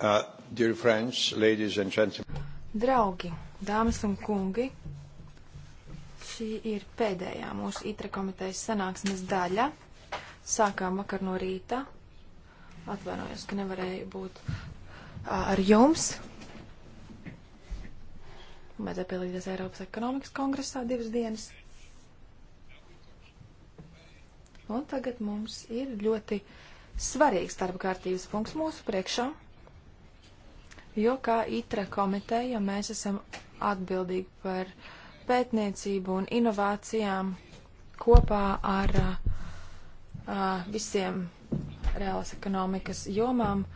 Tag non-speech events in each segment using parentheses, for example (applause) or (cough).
Uh, dear friends, ladies and gentlemen. Draugi, dāmas un kungi, šī ir pēdējā mūsu itra komitejas sanāksmes daļa. Sākām vakar no rīta. Atvainojos, ka nevarēju būt ar jums. Vajadzēja pielīdzēs Eiropas ekonomikas kongresā divas dienas. Un tagad mums ir ļoti svarīgs darba kārtības punkts mūsu priekšā jo kā ITRA e komiteja mēs esam atbildīgi par pētniecību un inovācijām kopā ar a, a, visiem reālas ekonomikas jomām a,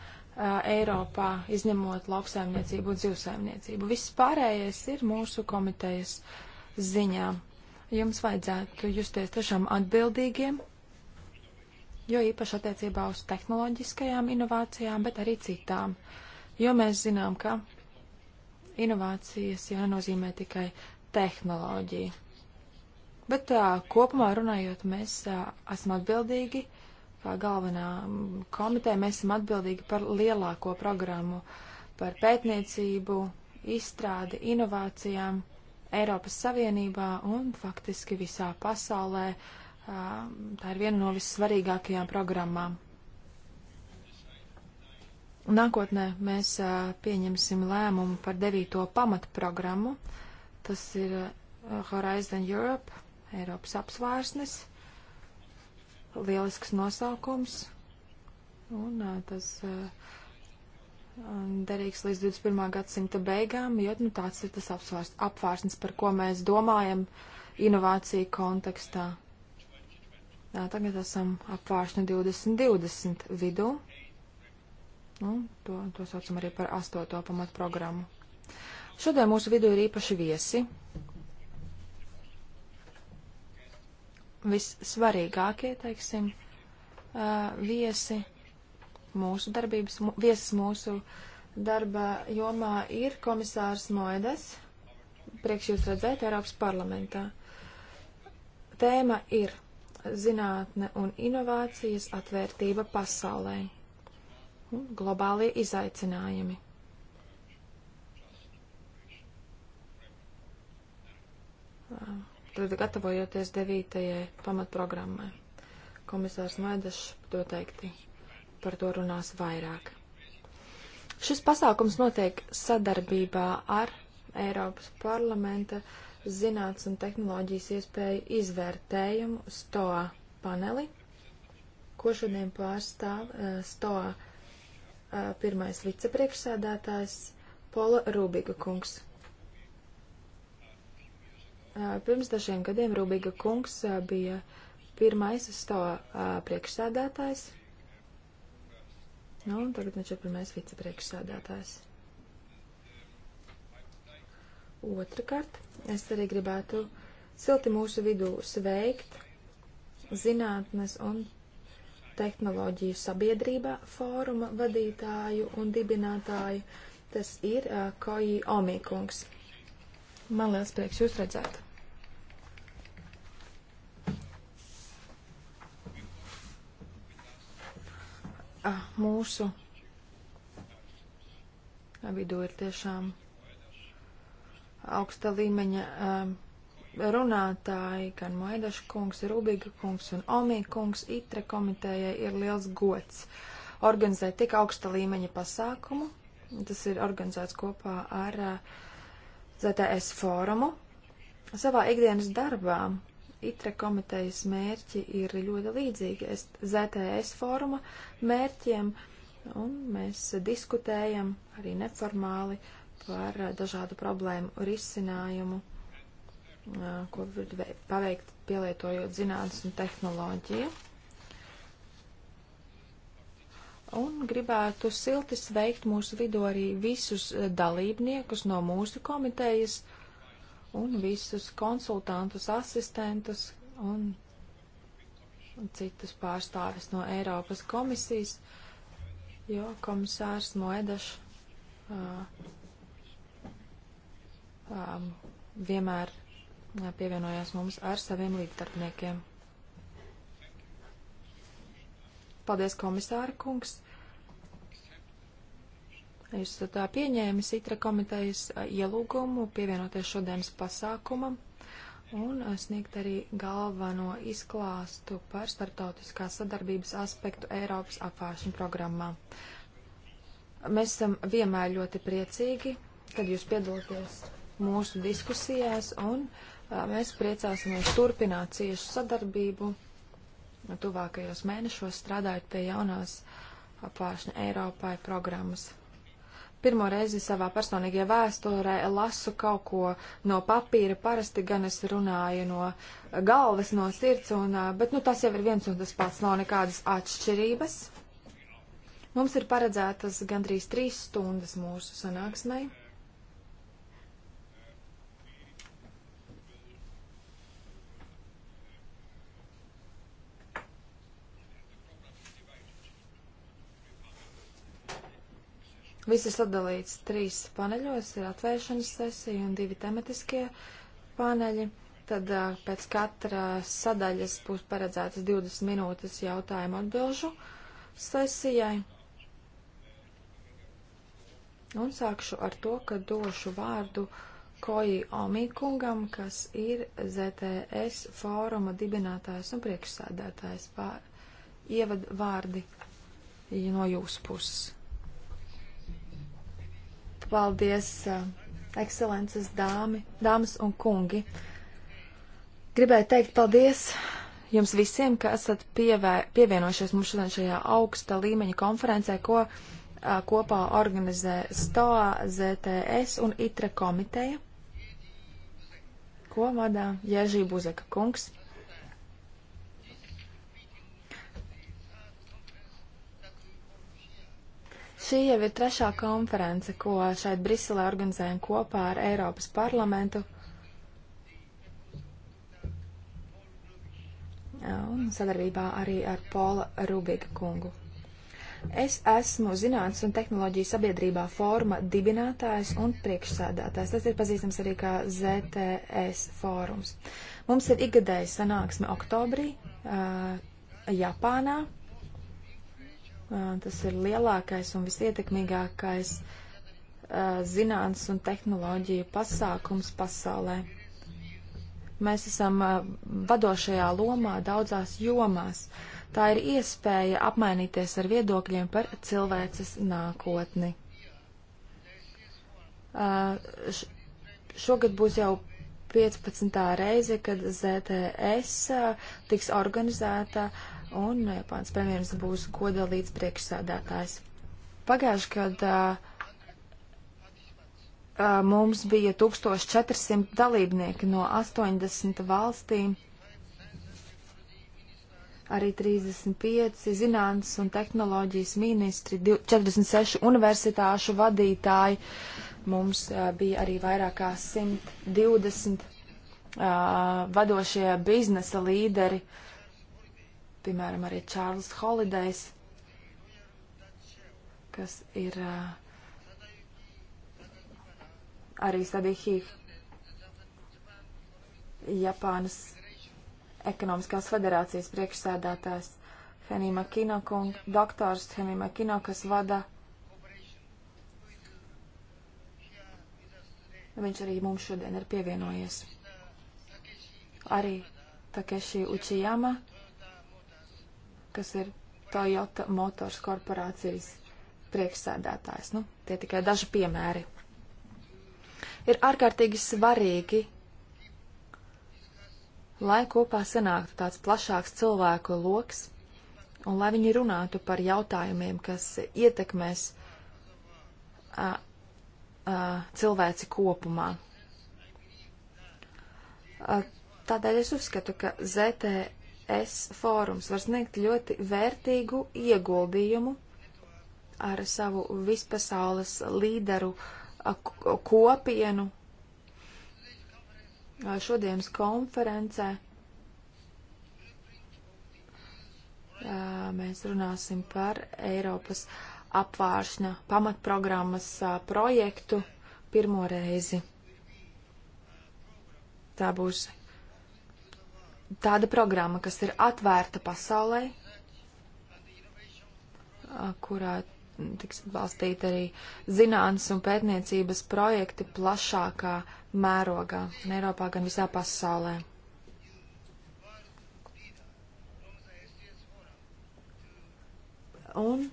Eiropā, izņemot lauksaimniecību un dzīvsaimniecību. Viss pārējais ir mūsu komitejas ziņā. Jums vajadzētu justies tiešām atbildīgiem, jo īpaši attiecībā uz tehnoloģiskajām inovācijām, bet arī citām. Uh, jo mēs zinām, ka inovācijas jānozīmē tikai tehnoloģija. Bet tā, kopumā runājot, mēs tā, esam atbildīgi, kā galvenā komiteja, mēs esam atbildīgi par lielāko programmu, par pētniecību, izstrādi, inovācijām Eiropas Savienībā un faktiski visā pasaulē. Tā ir viena no vissvarīgākajām programmām. Nākotnē mēs pieņemsim lēmumu par devīto pamatprogrammu. Tas ir Horizon Europe, Eiropas apsvērsnes. Lielisks nosaukums. Un tas derīgs līdz 21. gadsimta beigām, jo nu, tāds ir tas apsvārs, apvārsnes, par ko mēs domājam inovāciju kontekstā. Jā, tagad esam apvāršņu 2020 vidū. Nu, to, to saucam arī par astoto pamatprogrammu. Šodien mūsu vidū ir īpaši viesi. Vissvarīgākie, teiksim, viesi mūsu darbības, viesas mūsu darba jomā ir komisārs Moedas, priekš jūs redzēt, Eiropas parlamentā. Tēma ir zinātne un inovācijas atvērtība pasaulē un globālie izaicinājumi. Tad gatavojoties devītajai pamatprogrammai, komisārs Maidešs noteikti par to runās vairāk. Šis pasākums notiek sadarbībā ar Eiropas parlamenta zinātnes un tehnoloģijas iespēju izvērtējumu STOA paneli, ko šodien pārstāv uh, eh, STOA uh, Uh, pirmais vicepriekšsēdētājs Pola Rūbiga kungs. Uh, pirms dažiem gadiem Rūbiga kungs uh, bija pirmais sto priekšsēdētājs. Nu, un tagad viņš ir pirmais vicepriekšsēdētājs. Otrakārt, es arī gribētu silti mūsu vidū sveikt zinātnes un tehnoloģiju sabiedrībā fóruma vadītāju un dibinātāju. Tas ir uh, Koji Omikungs. Man liels prieks jūs redzēt. Ah, mūsu vidū ir tiešām augsta līmeņa. Uh, runātāji, gan Maidaša kungs, Rūbīga kungs un Omī kungs itre komitējai ir liels gods organizēt tik augsta līmeņa pasākumu. Tas ir organizēts kopā ar eh, ZTS fórumu. Savā ikdienas darbā itre komitejas mērķi ir ļoti līdzīgi ZTS fóruma mērķiem, un mēs diskutējam arī neformāli par eh, dažādu problēmu risinājumu ko var paveikt pielietojot zinātnes un tehnoloģiju. Un gribētu silti sveikt mūsu vidū arī visus dalībniekus no mūsu komitejas un visus konsultantus, asistentus un citus pārstāvis no Eiropas komisijas, jo komisārs Moedašs uh, um, vienmēr pievienojās mums ar saviem līdzdarbiniekiem. Paldies, komisāra kungs! Es tā pieņēmu Sitra komitejas ielūgumu pievienoties šodienas pasākumam un sniegt arī galveno izklāstu par startautiskās sadarbības aspektu Eiropas apvāršņu programmā. Mēs esam vienmēr ļoti priecīgi, kad jūs piedalāties mūsu diskusijās un uh, Mēs priecāsimies turpināt ciešu sadarbību tuvākajos mēnešos strādājot pie jaunās apvāršana Eiropai programmas. Pirmo reizi savā personīgajā vēsturē lasu kaut ko no papīra, parasti gan es runāju no galvas, no sirds, un, bet nu, tas jau ir viens un tas pats, nav nekādas atšķirības. Mums ir paredzētas gandrīz trīs stundas mūsu sanāksmai. Viss ir sadalīts trīs paneļos, ir atvēršanas sesija un divi tematiskie paneļi. Tad pēc katras sadaļas būs paredzētas 20 minūtes jautājumu atbilžu sesijai. Un sākšu ar to, ka došu vārdu Koji Omikungam, kas ir ZTS fóruma dibinātājs un priekšsēdētājs. Pār ievadvārdi no jūsu puses. Paldies, ekscelences dāmi, dāmas un kungi. Gribēju teikt paldies jums visiem, ka esat pievē, pievienojušies mums šodien šajā augsta līmeņa konferencē, ko a, kopā organizē STOA, ZTS un ITRE komiteja ko vadā Jēžī Buzeka kungs. Šī jau ir trešā konference, ko šeit Briselē organizējam kopā ar Eiropas parlamentu. Un sadarbībā arī ar Pola Rubika kungu. Es esmu Zinātnes un tehnoloģiju sabiedrībā fóruma dibinātājs un priekšsēdētājs. Tas ir pazīstams arī kā ZTS fórums. Mums ir ikgadēja sanāksme oktobrī uh, Japānā. Uh, tas ir lielākais un visietekmīgākais uh, zinātnes un tehnoloģiju pasākums pasaulē. Mēs esam uh, vadošajā lomā daudzās jomās. Tā ir iespēja apmainīties ar viedokļiem par cilvēces nākotni. Šogad būs jau 15. reize, kad ZTS tiks organizēta uh, un Japāns eh, premjeras būs goda līdz priekšsēdētājs. Pagājuši, kad uh, eh, mums bija 1400 dalībnieki no 80 valstīm, arī 35 zinātnes un tehnoloģijas ministri, 46 universitāšu vadītāji. Mums uh, bija arī vairāk kā 120 uh, vadošie biznesa līderi. Uh, piemēram, arī Čārls Holidejs, kas ir uh, arī Sabihī Japānas ekonomiskās federācijas priekšsēdētājs Henīma Kino, kung, doktors Henīma Kino, kas vada. Viņš arī mums šodien ir pievienojies. Arī Takeshi Uchijama kas ir Toyota Motors korporācijas priekšsēdētājs. Nu, tie tikai daži piemēri. Ir ārkārtīgi svarīgi, lai kopā sanāktu tāds plašāks cilvēku loks un lai viņi runātu par jautājumiem, kas ietekmēs a, a, cilvēci kopumā. A, tādēļ es uzskatu, ka ZTE ES fórums var sniegt ļoti vērtīgu ieguldījumu ar savu vispasaules līderu kopienu šodienas konferencē. Mēs runāsim par Eiropas apvāršņa pamatprogrammas projektu pirmo reizi. Tā būs tāda programma, kas ir atvērta pasaulē, kurā tiks atbalstīti arī zinātnes un pētniecības projekti plašākā mērogā, gan Eiropā, gan visā pasaulē. Un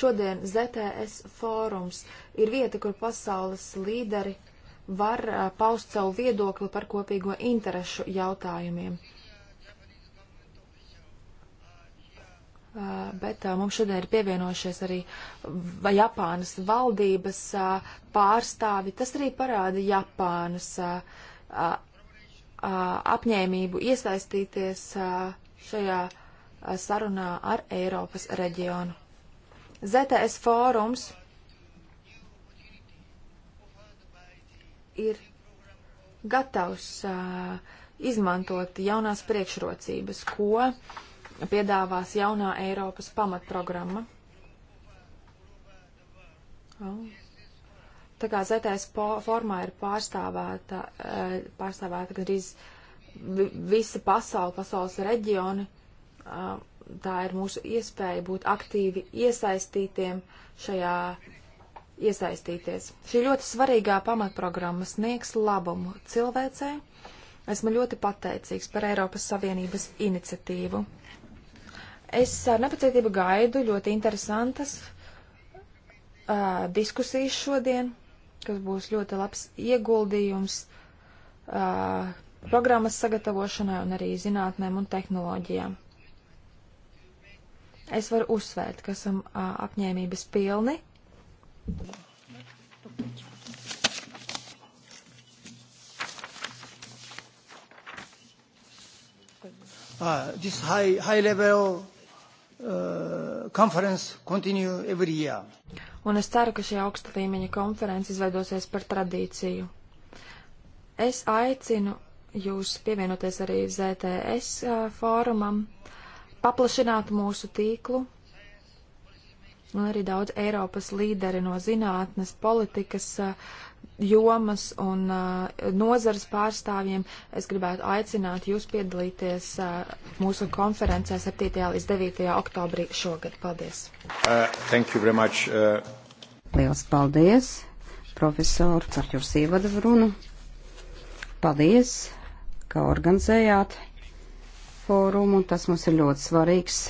šodien ZTS fórums ir vieta, kur pasaules līderi var paust savu viedokli par kopīgo interešu jautājumiem. Bet mums šodien ir pievienojušies arī Japānas valdības pārstāvi. Tas arī parāda Japānas apņēmību iesaistīties šajā sarunā ar Eiropas reģionu. ZTS fórums ir gatavs uh, izmantot jaunās priekšrocības, ko piedāvās jaunā Eiropas pamatprogramma. Oh. Tā kā ZTS formā ir pārstāvēta, uh, pārstāvēta gandrīz visa pasaule, pasaules reģioni, uh, tā ir mūsu iespēja būt aktīvi iesaistītiem šajā iesaistīties. Šī ļoti svarīgā pamatprogramma sniegs labumu cilvēcei. Esmu ļoti pateicīgs par Eiropas Savienības iniciatīvu. Es ar nepacietību gaidu ļoti interesantas uh, diskusijas šodien, kas būs ļoti labs ieguldījums uh, programmas sagatavošanai un arī zinātnēm un tehnoloģijām. Es varu uzsvērt, ka esam uh, apņēmības pilni Uh, this high, high level uh, conference continue every year. Un es ceru, ka šī augsta līmeņa konference izveidosies par tradīciju. Es aicinu jūs pievienoties arī ZTS uh, fórumam, paplašināt mūsu tīklu un arī daudz Eiropas līderi no zinātnes, politikas jomas un nozares pārstāvjiem. Es gribētu aicināt jūs piedalīties mūsu konferencē 7. līdz 9. oktobrī šogad. Paldies! Uh, uh... Liels paldies, profesori, par jūsu ievadu runu. Paldies, ka organizējāt fórumu. Tas mums ir ļoti svarīgs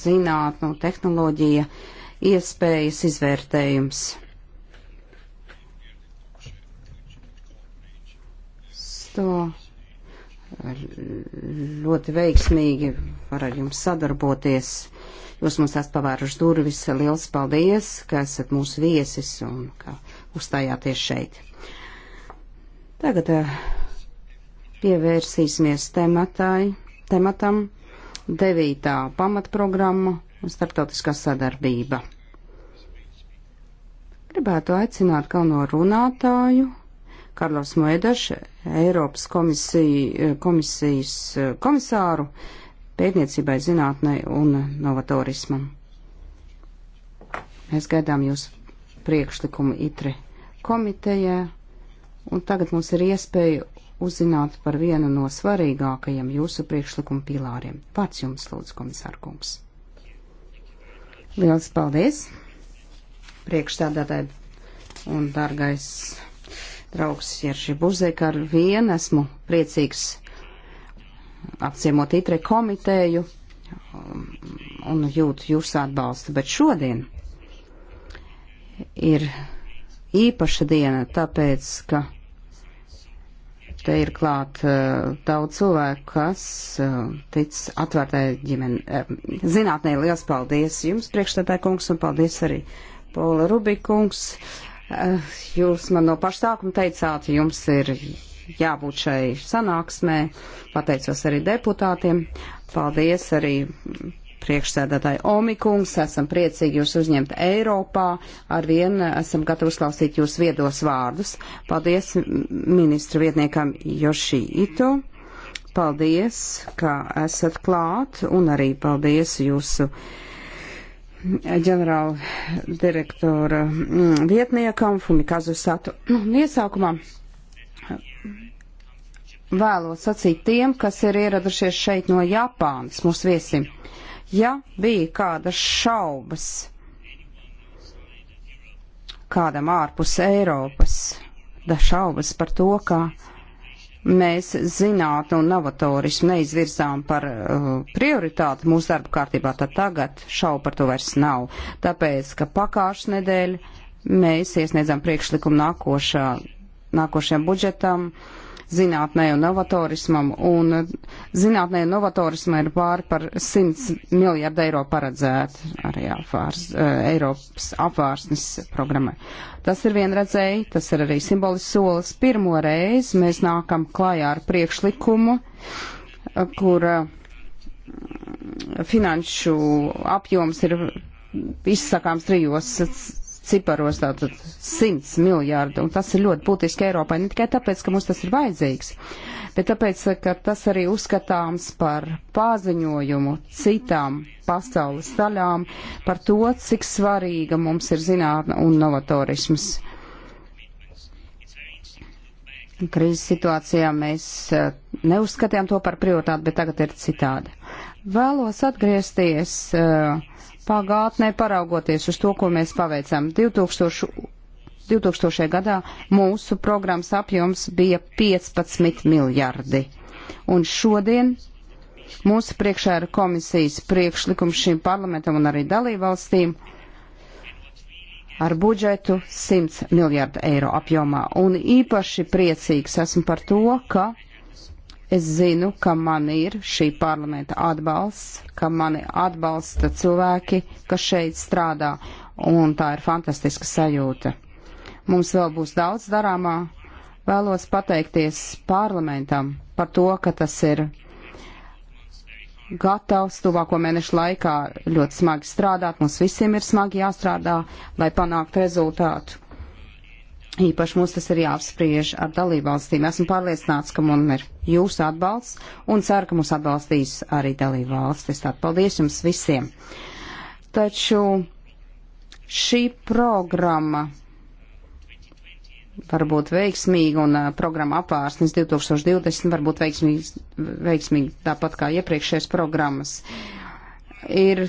zinātnu no tehnoloģija iespējas izvērtējums. To ļoti veiksmīgi var ar jums sadarboties. Jūs mums esat pavēruši durvis. Liels paldies, ka esat mūsu viesis un ka uzstājāties šeit. Tagad eh, pievērsīsimies tematai, tematam devītā pamatprogramma un starptautiskā sadarbība. Gribētu aicināt galveno runātāju Karlos Moedašu, Eiropas komisiju, komisijas eh, komisāru pētniecībai, zinātnei un novatorismam. Mēs gaidām jūs priekšlikumu ITRE komitejā, un tagad mums ir iespēja uzzināt par vienu no svarīgākajiem jūsu priekšlikumu pilāriem. Pats jums, lūdzu, komisārkungs. Liels paldies, priekšstādātāji un dārgais draugs Jerši Buzek, ar vienu esmu priecīgs apciemot itre komiteju un jūtu jūsu atbalstu, bet šodien ir īpaša diena, tāpēc, ka Te ir klāt uh, daudz cilvēku, kas uh, tic atvērtai ģimeni. Uh, eh, zinātnē liels paldies jums, priekšstādāja kungs, un paldies arī Paula Rubikungs. Uh, jūs man no pašsākuma teicāt, jums ir jābūt šai sanāksmē. Pateicos arī deputātiem. Paldies arī priekšsēdētāji Omikungs, esam priecīgi jūs uzņemt Eiropā, arvien esam gatavi uzklausīt jūs viedos vārdus. Paldies ministra vietniekam Joši Ito, paldies, ka esat klāt, un arī paldies jūsu ģenerāla direktora mm, vietniekam Fumikazu Satu. Nu, iesākumā vēlos sacīt tiem, kas ir ieradušies šeit no Japānas, mūsu viesim. Ja bija kādas šaubas kādam ārpus Eiropas, da šaubas par to, ka mēs zinātu un novatorismu neizvirzām par uh, prioritāti mūsu darba kārtībā, tad tagad šaubu par to vairs nav. Tāpēc, ka pakāšu nedēļu mēs iesniedzām priekšlikumu nākošā, nākošajam budžetam. Uh, zinātnē un novatorismam, un zinātnē un novatorismam ir pāri par 100 miljārdu eiro paredzēti arī apvārs, eh, Eiropas apvārsnes programmai. Tas ir vienredzēji, tas ir arī simbolisks solis. Pirmo reizi mēs nākam klājā ar priekšlikumu, eh, kur eh, finanšu apjoms ir izsakāms trijos ciparos tātad 100 miljārdu, un tas ir ļoti būtiski Eiropai, ne tikai tāpēc, ka mums tas ir vajadzīgs, bet tāpēc, ka tas arī uzskatāms par paziņojumu citām pasaules daļām par to, cik svarīga mums ir zinātne un novatorisms. Krīzes situācijā mēs eh, neuzskatījām to par prioritāti, bet tagad ir citādi. Vēlos atgriezties uh, pagātnē paraugoties uz to, ko mēs paveicam. 2000, 2000. gadā mūsu programmas apjoms bija 15 miljardi. Un šodien mūsu priekšā ir komisijas priekšlikums šim parlamentam un arī dalībvalstīm ar budžetu 100 miljardu eiro apjomā. Un īpaši priecīgs esmu par to, ka Es zinu, ka man ir šī parlamenta atbalsts, ka mani atbalsta cilvēki, kas šeit strādā, un tā ir fantastiska sajūta. Mums vēl būs daudz darāmā. Vēlos pateikties parlamentam par to, ka tas ir gatavs tuvāko mēnešu laikā ļoti smagi strādāt. Mums visiem ir smagi jāstrādā, lai panāktu rezultātu. Īpaši mums tas ir jāapspriež ar dalībvalstīm. Esmu pārliecināts, ka man ir jūsu atbalsts un ceru, ka mūs atbalstīs arī dalībvalstis. Tātad paldies jums visiem. Taču šī programma var būt veiksmīga un programma apvārsnes 2020 var būt veiksmīga, veiksmīga tāpat kā iepriekšējās programmas. Ir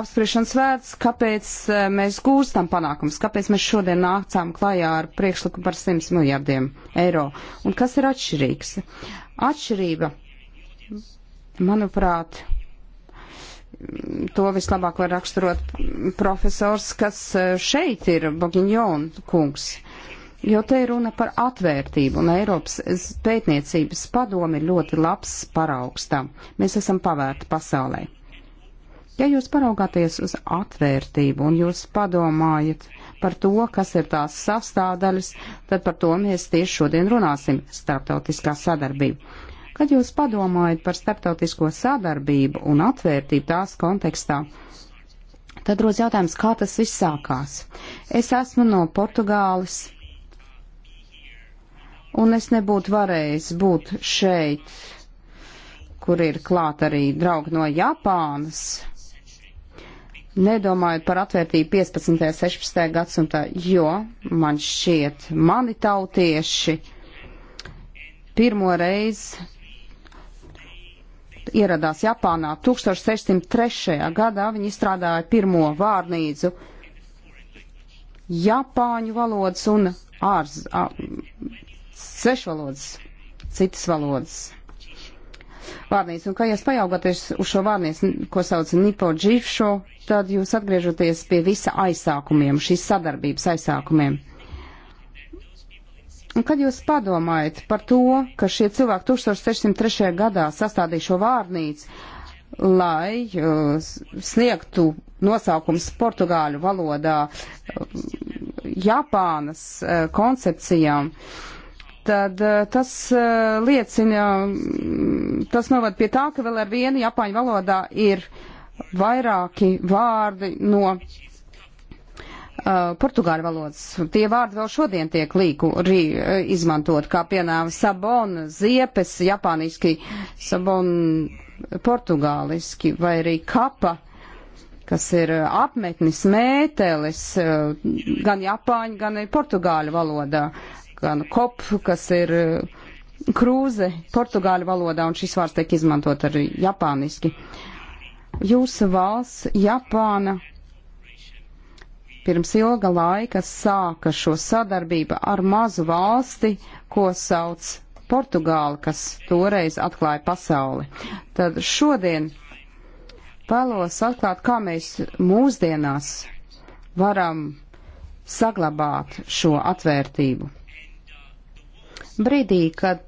apspriešanas vērts, kāpēc eh, mēs gūstam panākums, kāpēc mēs šodien nācām klajā ar priekšlikumu par 100 miljardiem eiro. Un kas ir atšķirīgs? Atšķirība, manuprāt, to vislabāk var raksturot profesors, kas eh, šeit ir Bogiņjona kungs. Jo te ir runa par atvērtību, un Eiropas pētniecības padomi ir ļoti labs paraugstam. Mēs esam pavērti pasaulē. Ja jūs paraugāties uz atvērtību un jūs padomājat par to, kas ir tās sastāvdaļas, tad par to mēs tieši šodien runāsim - starptautiskā sadarbība. Kad jūs padomājat par starptautisko sadarbību un atvērtību tās kontekstā, tad rodas jautājums, kā tas viss sākās. Es esmu no Portugāles, un es nebūtu varējis būt šeit, kur ir klāt arī draugi no Japānas, nedomāju par atvērtību 15. un 16. gadsimtā, jo man šķiet, mani tautieši pirmo reizi ieradās Japānā 1603. gadā, viņi izstrādāja pirmo vārnīcu Japāņu valodas un ārz, a, sešvalodas, citas valodas vārnīcu. Un kā jūs pajaugoties uz šo vārnīcu, ko sauc Nipo Džifšo, tad jūs atgriežoties pie visa aizsākumiem, šīs sadarbības aizsākumiem. Un kad jūs padomājat par to, ka šie cilvēki 1603. gadā sastādīja šo vārnīcu, lai uh, sniegtu nosaukums portugāļu valodā uh, Japānas uh, koncepcijām, uh, tad eh, tas eh, liecina, mm, tas novad pie tā, ka vēl ar vienu japāņu valodā ir vairāki vārdi no Uh, portugāļu valodas. Tie vārdi vēl šodien tiek līku arī uh, izmantot, kā piemēram sabon, ziepes, japāniski, sabon, portugāliski, vai arī kapa, kas ir apmetnis, mētelis, uh, gan japāņu, gan arī portugāļu valodā gan kop, kas ir eh, krūze portugāļu valodā, un šis vārds tiek izmantot arī japāniski. Jūsu valsts, Japāna, pirms ilga laika sāka šo sadarbību ar mazu valsti, ko sauc Portugāli, kas toreiz atklāja pasauli. Tad šodien vēlos atklāt, kā mēs mūsdienās varam saglabāt šo atvērtību. Brīdī, kad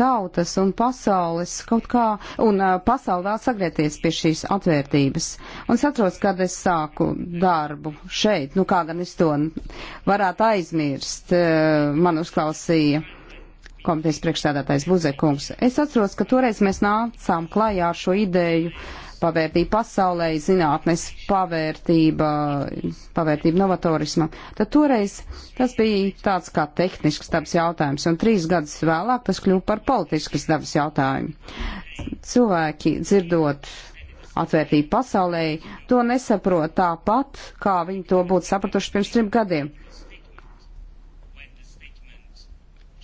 tautas un pasaules kaut kā, un uh, pasaulē sagrieties pie šīs atvērtības. Un saprotu, kad es sāku darbu šeit, nu kā gan es to varētu aizmirst, uh, man uzklausīja komitejas priekšstādātais Buzekungs. Es atceros, ka toreiz mēs nācām klajā ar šo ideju pavērtība pasaulē, zinātnes pavērtība, pavērtība novatorismam, tad toreiz tas bija tāds kā tehnisks dabas jautājums, un trīs gadus vēlāk tas kļūpa par politiskas dabas jautājumu. Cilvēki dzirdot atvērtību pasaulē, to nesaprot tāpat, kā viņi to būtu sapratuši pirms trim gadiem.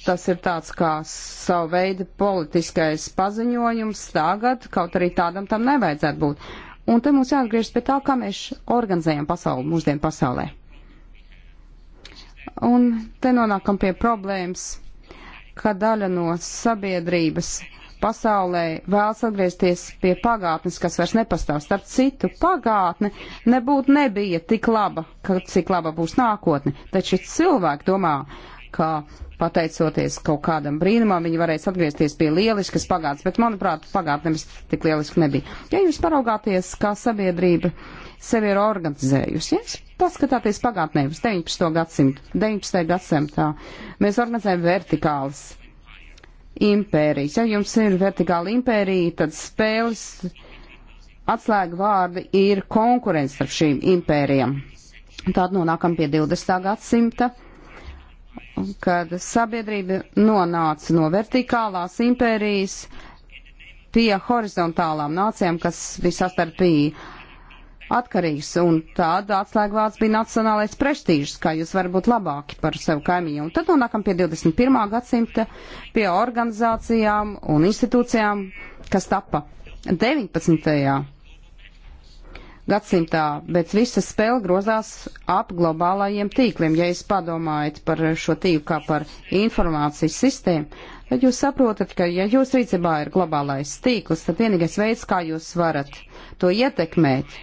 tas ir tāds kā savu veidu politiskais paziņojums tagad, kaut arī tādam tam nevajadzētu būt. Un te mums jāatgriežas pie tā, kā mēs organizējam pasauli mūsdienu pasaulē. Un te nonākam pie problēmas, ka daļa no sabiedrības pasaulē vēlas atgriezties pie pagātnes, kas vairs nepastāv. Starp citu, pagātne nebūtu nebija tik laba, ka cik laba būs nākotne. Taču cilvēki domā, kā pateicoties kaut kādam brīnumam, viņi varēs atgriezties pie lieliskas pagātnes, bet, manuprāt, pagātne nemaz tik lieliski nebija. Ja jūs paraugāties, kā sabiedrība sevi ir organizējusi, ja jūs paskatāties pagātnē uz 19. gadsimtu, 19. gadsimtā, mēs organizējam vertikālas impērijas. Ja jums ir vertikāla impērija, tad spēles atslēga vārdi ir konkurence starp šīm impērijām. Tad nonākam pie 20. gadsimta kad sabiedrība nonāca no vertikālās impērijas pie horizontālām nācijām, kas visastarpīgi atkarīgs, un tāda atslēgvārds bija nacionālais prestižs, kā jūs varat būt labāki par savu kaimiņu. Un tad nonākam pie 21. gadsimta, pie organizācijām un institūcijām, kas tapa 19 gadsimtā, bet visa spēle grozās ap globālajiem tīkliem. Ja jūs padomājat par šo tīklu kā par informācijas sistēmu, tad jūs saprotat, ka ja jūs rīcībā ir globālais tīkls, tad vienīgais veids, kā jūs varat to ietekmēt,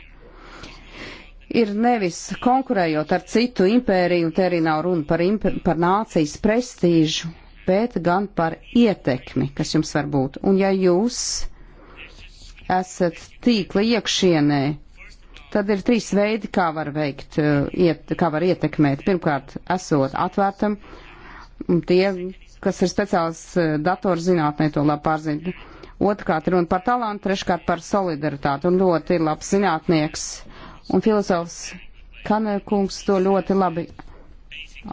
ir nevis konkurējot ar citu impēriju, un te arī nav runa par, par nācijas prestīžu, bet gan par ietekmi, kas jums var būt. Un ja jūs esat tīkla iekšienē, Tad ir trīs veidi, kā var veikt, eh, iet, kā var ietekmēt. Pirmkārt, esot atvērtam, tie, kas ir speciāls eh, datorzinātnē, to labi pārzina. Otrkārt, runa par talantu, treškārt par solidaritāti. Un ļoti labs zinātnieks un filozofs Kanekungs to ļoti labi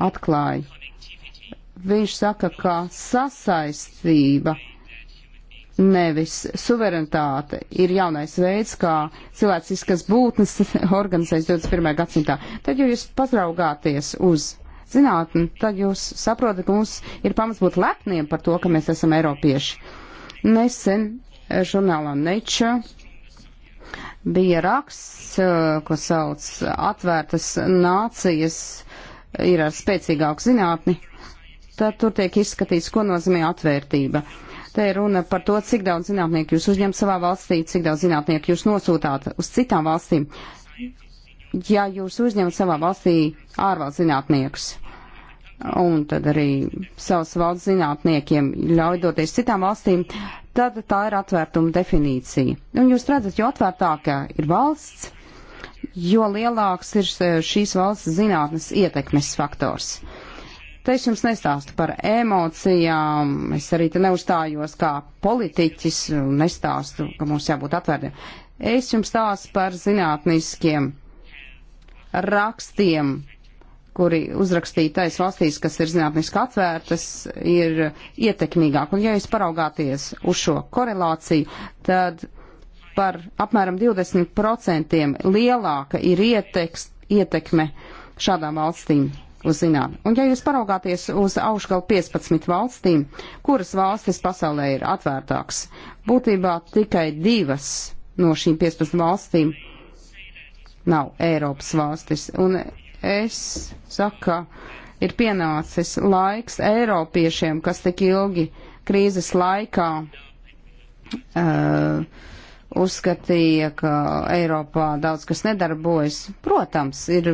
atklāja. Viņš saka, ka sasaistība nevis suverenitāte ir jaunais veids, kā cilvēciskas būtnes (laughs) organizēs 21. gadsimtā. Tad, ja jūs patraugāties uz zinātni, tad jūs saprotat, ka mums ir pamats būt lepniem par to, ka mēs esam eiropieši. Nesen eh, žurnālā Nature bija raksts, eh, ko sauc atvērtas nācijas, ir ar spēcīgāku zinātni, tad tur tiek izskatīts, ko nozīmē atvērtība. Uh, Te ir runa par to, cik daudz zinātnieku jūs uzņemat savā valstī, cik daudz zinātnieku jūs nosūtāt uz citām valstīm. Ja jūs uzņemat savā valstī ārvalstu zinātniekus, un tad arī savas valsts zinātniekiem ļauj doties citām valstīm, tad tā ir atvērtuma definīcija. Un jūs redzat, jo atvērtākā ir valsts, jo lielāks ir šīs valsts zinātnes ietekmes faktors. Uh, Te es jums nestāstu par emocijām, es arī te neuzstājos kā politiķis un nestāstu, ka mums jābūt atvērtiem. Es jums stāstu par zinātniskiem rakstiem, kuri uzrakstītais valstīs, kas ir zinātniski atvērtas, ir ietekmīgāk. Un ja jūs paraugāties uz šo korelāciju, tad par apmēram 20% lielāka ir ieteks, ietekme šādām valstīm uz zinām. Un ja jūs paraugāties uz augšgalu 15 valstīm, kuras valstis pasaulē ir atvērtāks, būtībā tikai divas no šīm 15 valstīm nav Eiropas valstis. Un es saku, ka ir pienācis laiks Eiropiešiem, kas tik ilgi krīzes laikā uh, uzskatīja, ka Eiropā daudz kas nedarbojas. Protams, ir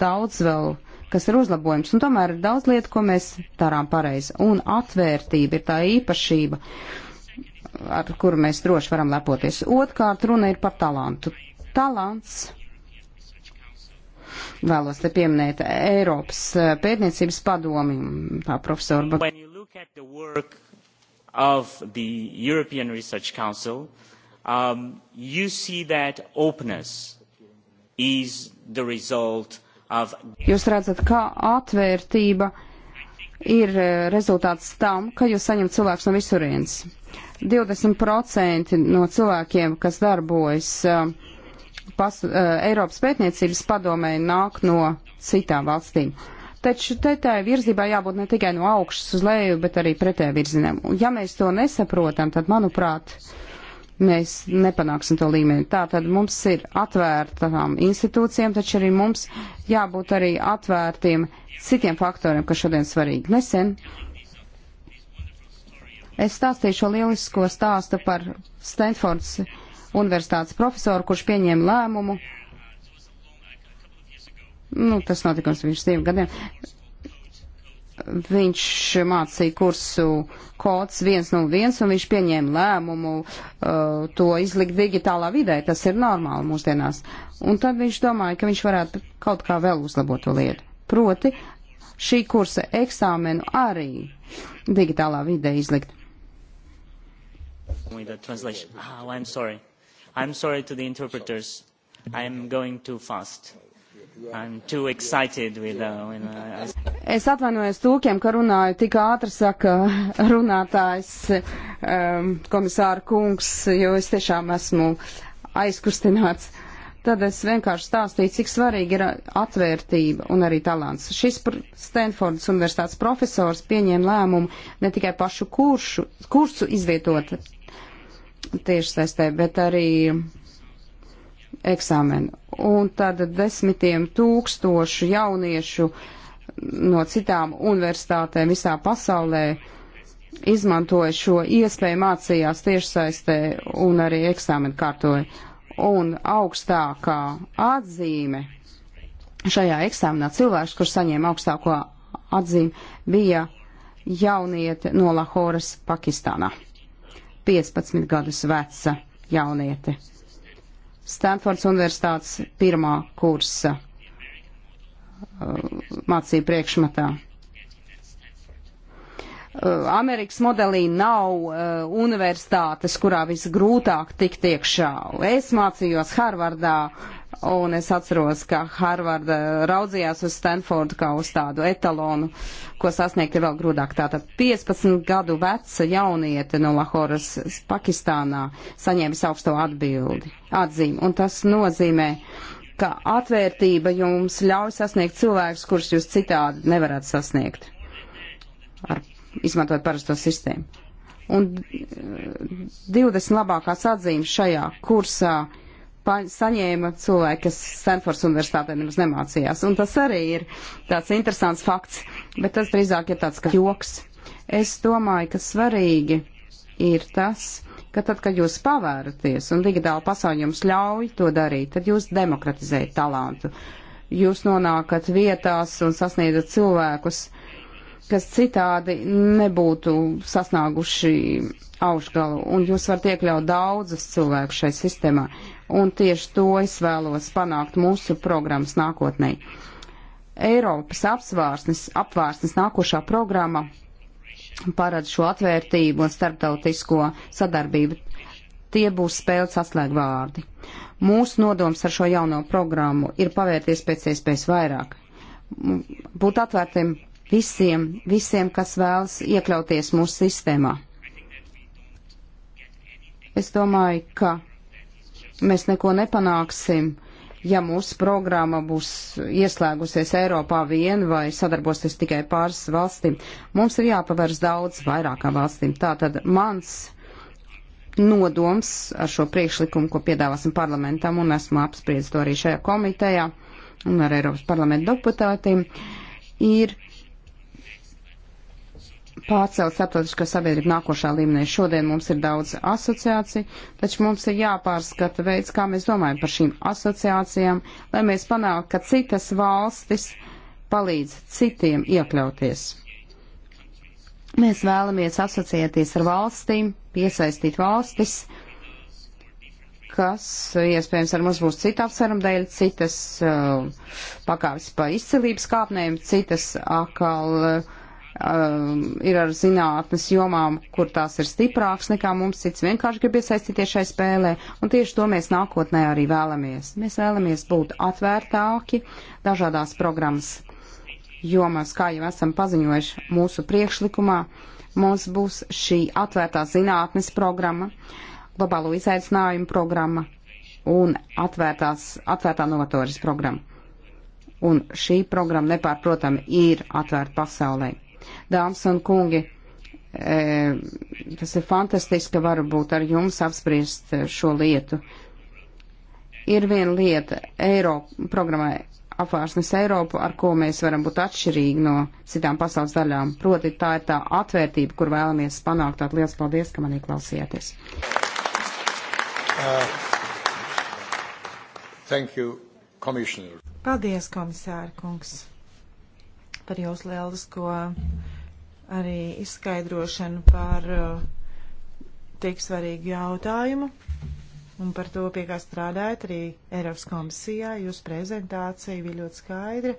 daudz vēl kas ir uzlabojums. Un tomēr ir daudz lietu, ko mēs darām pareizi. Un atvērtība ir tā īpašība, ar kuru mēs droši varam lepoties. Otkārt runa ir par talantu. Talants. Vēlos te pieminēt Eiropas eh, pētniecības padomi, tā profesora. Council, um, you see that openness is the result of Jūs redzat, kā atvērtība ir e, rezultāts tam, ka jūs saņemat cilvēkus no visurienes. 20% no cilvēkiem, kas darbojas e, pas, e, Eiropas pētniecības padomē, nāk no citām valstīm. Taču te tā virzībā jābūt ne tikai no augšas uz leju, bet arī pretē virzienam. Ja mēs to nesaprotam, tad, manuprāt, uh, mēs nepanāksim to līmeni. Tātad mums ir atvērtām institūcijām, taču arī mums jābūt arī atvērtiem citiem faktoriem, kas šodien svarīgi. Nesen es stāstīju šo lielisko stāstu par Stanfords universitātes profesoru, kurš pieņēma lēmumu. Nu, tas notikums viņš diviem gadiem viņš mācīja kursu kods 101 un viņš pieņēma lēmumu uh, to izlikt digitālā vidē. Tas ir normāli mūsdienās. Un tad viņš domāja, ka viņš varētu kaut kā vēl uzlabot to lietu. Proti šī kursa eksāmenu arī digitālā vidē izlikt. Oh, I'm sorry. I'm sorry to the interpreters. I'm going too fast. With, uh, when, uh, (laughs) es atvainojos tūkiem, ka runāju tik ātri, saka (laughs) runātājs um, komisāra kungs, jo es tiešām esmu aizkustināts. Tad es vienkārši stāstīju, cik svarīgi ir atvērtība un arī talants. Šis Stanfordas universitātes profesors pieņēma lēmumu ne tikai pašu kuršu, kursu izvietot tieši saistē, bet arī eksāmenu. Un tad desmitiem tūkstošu jauniešu no citām universitātēm visā pasaulē izmantoja šo iespēju mācījās tiešsaistē un arī eksāmenu kārtoja. Un augstākā atzīme šajā eksāmenā cilvēks, kurš saņēma augstāko atzīmi, bija jauniete no Lahoras, Pakistānā. 15 gadus veca jauniete. Stanfords Universitātes pirmā kursa uh, mācību priekšmatā. Uh, Amerikas modelī nav uh, universitātes, kurā visgrūtāk tikt iekšā. Es mācījos Harvardā, uh, Un es atceros, ka Harvarda raudzījās uz Stanfordu kā uz tādu etalonu, ko sasniegt ir vēl grūtāk. Tātad 15 gadu veca jauniete no Lahoras Pakistānā saņēmis augsto atbildi, atzīmi. Un tas nozīmē, ka atvērtība jums ļauj sasniegt cilvēkus, kurus jūs citādi nevarat sasniegt, ar, izmantojot parasto sistēmu. Un 20 eh, labākās atzīmes šajā kursā saņēma cilvēki, kas Stanfords universitātē nemaz nemācījās. Un tas arī ir tāds interesants fakts, bet tas drīzāk ir tāds kā joks. Es domāju, ka svarīgi ir tas, ka tad, kad jūs pavēraties un digitāla pasaule jums ļauj to darīt, tad jūs demokratizējat talantu. Jūs nonākat vietās un sasniedzat cilvēkus, kas citādi nebūtu sasnāguši augšgalu, un jūs varat iekļaut daudzus cilvēkus šai sistēmā un tieši to es vēlos panākt mūsu programmas nākotnē. Eiropas apsvārsnes, apvārsnes nākošā programma parāda šo atvērtību un starptautisko sadarbību. Tie būs spēles atslēgvārdi. Mūsu nodoms ar šo jauno programmu ir pavērties pēc iespējas vairāk. Būt atvērtiem visiem, visiem, kas vēlas iekļauties mūsu sistēmā. Es domāju, ka mēs neko nepanāksim, ja mūsu programma būs ieslēgusies Eiropā vien vai sadarbosies tikai pāris valstīm. Mums ir jāpavērs daudz vairākām valstīm. Tātad mans nodoms ar šo priekšlikumu, ko piedāvāsim parlamentam, un esmu apspriedis to arī šajā komitejā un ar Eiropas parlamentu deputātiem, ir pārcelt starptautisko sabiedrību nākošā līmenī. Šodien mums ir daudz asociāciju, taču mums ir jāpārskata veids, kā mēs domājam par šīm asociācijām, lai mēs panāktu, ka citas valstis palīdz citiem iekļauties. Mēs vēlamies asociēties ar valstīm, piesaistīt valstis, kas iespējams ar mums būs cita apsveruma dēļ, citas uh, pakāpes pa izcilības kāpnēm, citas akal. Uh, um, ir ar zinātnes jomām, kur tās ir stiprākas nekā mums cits vienkārši grib iesaistīties šai spēlē, un tieši to mēs nākotnē arī vēlamies. Mēs vēlamies būt atvērtāki dažādās programmas jomās, kā jau esam paziņojuši mūsu priekšlikumā. Mums būs šī atvērtā zinātnes programma, globālo izaicinājumu programma un atvērtās, atvērtā novatoris programma. Un šī programma nepārprotami ir atvērta pasaulē. Dāmas un kungi, e, tas ir fantastiski, ka varu būt ar jums apspriest šo lietu. Ir viena lieta Eiropa, programmai apvārsnes Eiropu, ar ko mēs varam būt atšķirīgi no citām pasaules daļām. Proti tā ir tā atvērtība, kur vēlamies panākt. Tātad liels paldies, ka manī klausījāties. Uh, you, paldies, komisāra kungs par jūsu lielisko arī izskaidrošanu par uh, tik svarīgu jautājumu un par to, pie kā strādājat arī Eiropas komisijā. Jūsu prezentācija bija ļoti skaidra.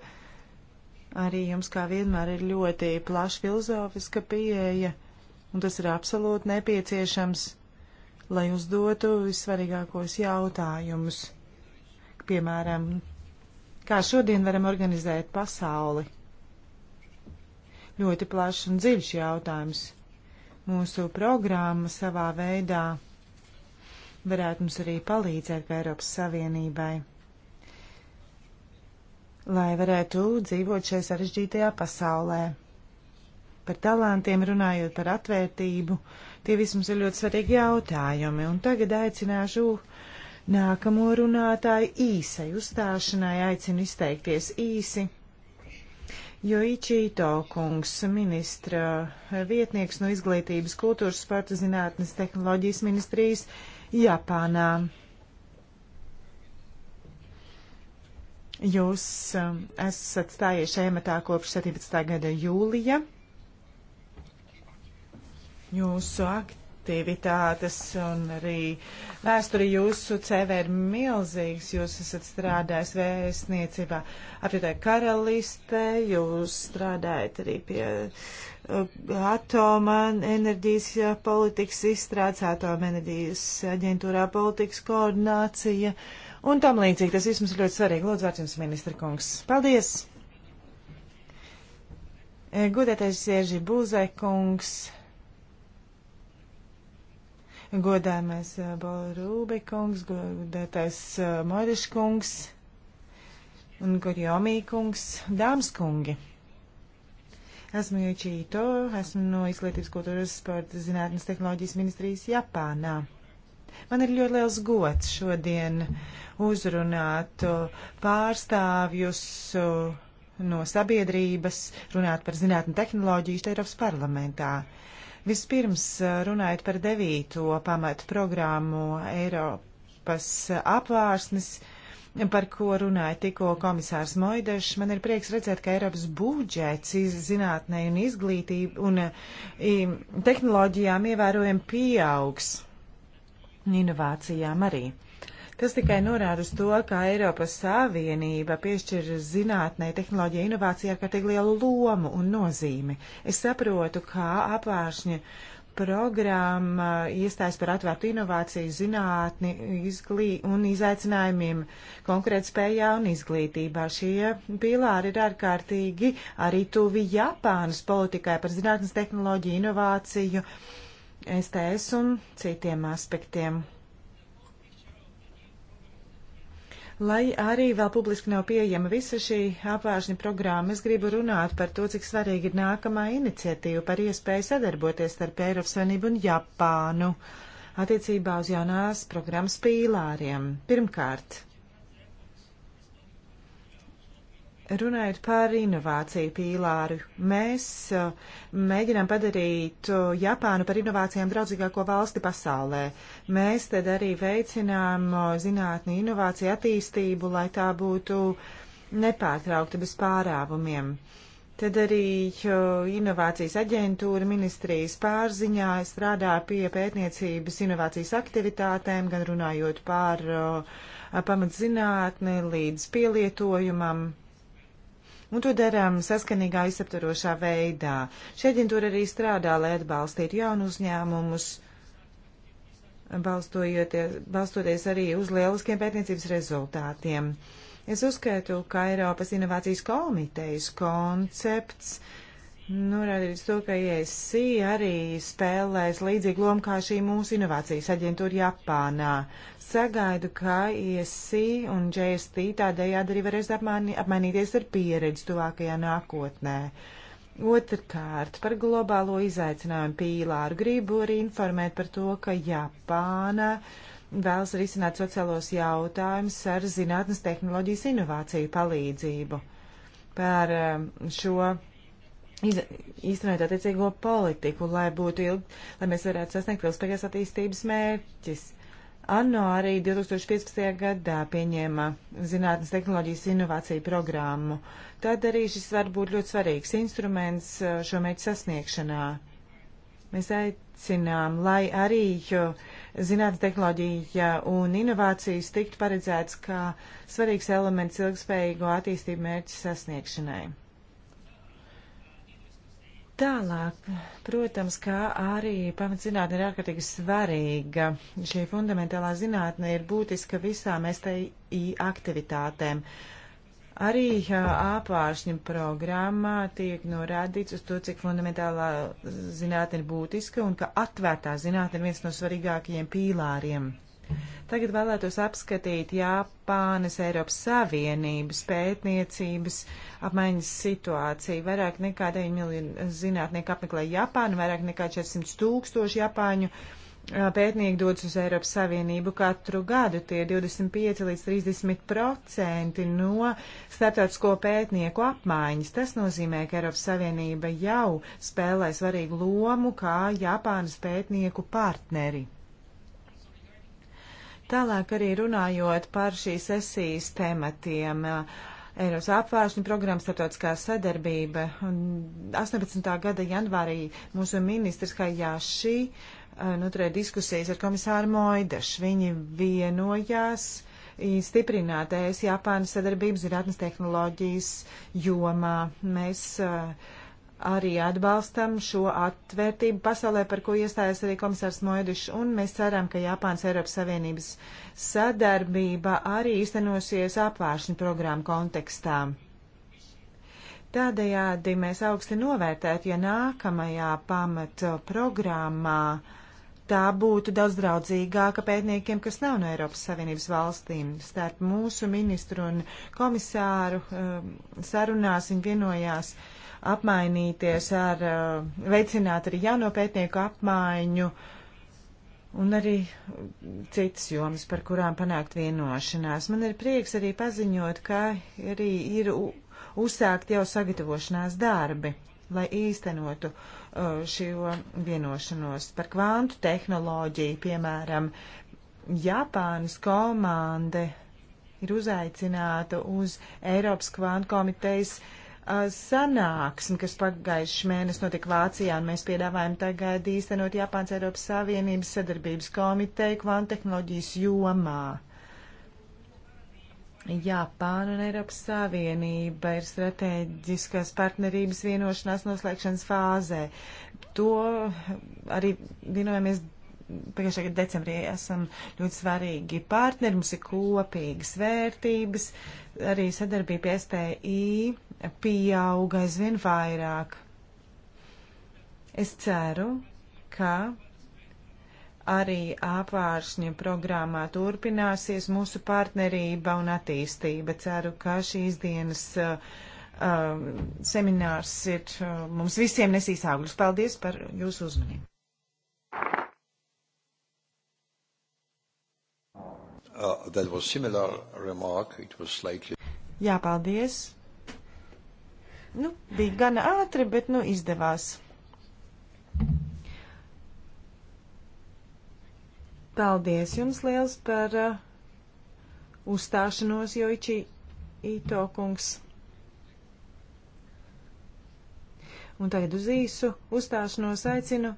Arī jums, kā vienmēr, ir ļoti plaša filozofiska pieeja, un tas ir absolūti nepieciešams, lai uzdotu vissvarīgākos jautājumus. Piemēram, kā šodien varam organizēt pasauli? ļoti plašs un dziļš jautājums. Mūsu programma savā veidā varētu mums arī palīdzēt kā Eiropas Savienībai, lai varētu dzīvot šajā sarežģītajā pasaulē. Par talantiem runājot par atvērtību, tie vismaz ir ļoti svarīgi jautājumi, un tagad aicināšu nākamo runātāju īsai uzstāšanai, aicinu izteikties īsi Joichi Ito kungs, ministra vietnieks no izglītības, kultūras, sporta zinātnes, tehnoloģijas ministrijas Japānā. Jūs um, esat stājies ēmatā kopš 17. gada jūlija. Jūsu akti aktivitātes un arī vēsturi jūsu CV ir milzīgs. Jūs esat strādājis vēstniecībā apvienotāju karalistē, jūs strādājat arī pie uh, atoma enerģijas politikas izstrādes, atoma enerģijas aģentūrā politikas koordinācija un tam līdzīgi. Tas viss mums ir ļoti svarīgi. Lūdzu, vārds jums, ministra kungs. Paldies! Gudētais Sieži Būzē kungs godāmais eh, Balrūbekungs, godētais eh, Moriškungs un Gorjomīkungs, dāmas kungi. Esmu Jočīto, esmu no Izglītības kultūras sporta zinātnes tehnoloģijas ministrijas Japānā. Man ir ļoti liels gods šodien uzrunāt eh, pārstāvjus no sabiedrības, runāt par zinātnu tehnoloģiju Eiropas parlamentā. Uh, Vispirms runājot par devīto pamatu programmu Eiropas apvārsnes, par ko runāja tikko komisārs Moidešs. Man ir prieks redzēt, ka Eiropas budžets zinātnē un izglītība un tehnoloģijām ievērojami pieaugs. Inovācijām arī. Tas tikai norāda uz to, ka Eiropas Savienība piešķir zinātnē, tehnoloģija, inovācijā kārtīgi lielu lomu un nozīmi. Es saprotu, kā apvāršņa programma iestājas par atvērtu inovāciju, zinātni izglī, un izaicinājumiem konkurētspējā un izglītībā. Šie pīlāri ir ārkārtīgi arī tuvi Japānas politikai par zinātnes tehnoloģiju, inovāciju, STS un citiem aspektiem. lai arī vēl publiski nav pieejama visa šī apvāršņa programma, es gribu runāt par to, cik svarīgi ir nākamā iniciatīva par iespēju sadarboties starp Eiropas Savienību un Japānu attiecībā uz jaunās programmas pīlāriem. Pirmkārt, Runājot par inovāciju pīlāru, mēs uh, mēģinām padarīt uh, Japānu par inovācijām draudzīgāko valsti pasaulē. Mēs tad arī veicinām uh, zinātni inovāciju attīstību, lai tā būtu nepārtraukta bez pārāvumiem. Tad arī inovācijas aģentūra ministrijas pārziņā strādā pie pētniecības inovācijas aktivitātēm, gan runājot par pamatzinātni līdz pielietojumam un to darām saskanīgā izsaptarošā veidā. Šī aģentūra arī strādā, lai atbalstītu jaunu uzņēmumus, balstoties arī uz lieliskiem pētniecības rezultātiem. Es uzskaitu, ka Eiropas inovācijas komitejas koncepts norādījis to, ka ESC arī spēlēs līdzīgu lomu kā šī mūsu inovācijas aģentūra Japānā. Uh, sagaidu, ka ISI un JST tādējādi arī varēs apmaini, apmainīties ar pieredzi tuvākajā nākotnē. Otrkārt, par globālo izaicinājumu pīlāru gribu arī informēt par to, ka Japāna vēlas risināt sociālos jautājumus ar zinātnes tehnoloģijas inovāciju palīdzību. Par um, šo īstenot attiecīgo politiku, lai būtu ilgi, lai mēs varētu sasniegt ilgspējīgas attīstības mērķis. ANO arī 2015. gadā pieņēma zinātnes tehnoloģijas inovāciju programmu. Tad arī šis var būt ļoti svarīgs instruments uh, šo mērķu sasniegšanā. Mēs aicinām, lai arī zinātnes tehnoloģija un inovācijas tiktu paredzēts kā svarīgs elements ilgspējīgo attīstību mērķu sasniegšanai. Tālāk, protams, kā arī pamatzinātne ir ārkārtīgi svarīga. Šī fundamentālā zinātne ir būtiska visām STI aktivitātēm. Arī āpāršņa programmā tiek norādīts uz to, cik fundamentālā zinātne ir būtiska un ka atvērtā zinātne ir viens no svarīgākajiem pīlāriem Tagad vēlētos apskatīt Japānas Eiropas Savienības pētniecības apmaiņas situāciju. Vairāk nekā 9 miljoni zinātnieku apmeklē Japānu, vairāk nekā 400 tūkstoši Japāņu pētnieki dodas uz Eiropas Savienību katru gadu. Tie 25 līdz 30 procenti no starptautisko pētnieku apmaiņas. Tas nozīmē, ka Eiropas Savienība jau spēlē svarīgu lomu kā Japānas pētnieku partneri. Tālāk arī runājot par šīs sesijas tematiem. Eiros apvāršņu programmas starptautiskā sadarbība. 18. gada janvārī mūsu ministrs Hajāši eh, noturēja diskusijas ar komisāru Moidašu. Viņi vienojās stiprināt ES Japānas sadarbības zinātnes tehnoloģijas jomā. Mēs uh, arī atbalstam šo atvērtību pasaulē, par ko iestājas arī komisārs Moedišs, un mēs ceram, ka Japāns Eiropas Savienības sadarbība arī īstenosies apvāršņu programmu kontekstā. Tādējādi mēs augsti novērtētu, ja nākamajā pamat programmā tā būtu daudz draudzīgāka pētniekiem, kas nav no Eiropas Savienības valstīm. Starp mūsu ministru un komisāru um, sarunās viņi vienojās uh, apmainīties ar, eh, veicināt arī jauno pētnieku apmaiņu un arī citas jomas, par kurām panākt vienošanās. Man ir prieks arī paziņot, ka arī ir uzsākt jau sagatavošanās darbi, lai īstenotu eh, šo vienošanos par kvantu tehnoloģiju, piemēram, Japānas komande ir uzaicināta uz Eiropas kvantu komitejas uh, sanāksmi, kas pagājušajā mēnesī notika Vācijā, un mēs piedāvājam tagad īstenot Japāns Eiropas Savienības sadarbības komiteju kvantehnoloģijas jomā. Japāna un Eiropas Savienība ir strateģiskās partnerības vienošanās noslēgšanas fāzē. To arī vienojamies pagājušā gada decembrī esam ļoti svarīgi partneri, mums ir kopīgas vērtības, arī sadarbība SPI pieauga aizvien vairāk. Es ceru, ka arī apvāršņa programmā turpināsies mūsu partnerība un attīstība. Ceru, ka šīs dienas uh, uh, seminārs ir uh, mums visiem nesīs augļus. Paldies par jūsu uzmanību. Uh, slightly... Jā, paldies. Nu, bija gana ātri, bet nu izdevās. Paldies jums liels par uh, uzstāšanos, Joiči Ito kungs. Un tagad uz īsu uzstāšanos aicinu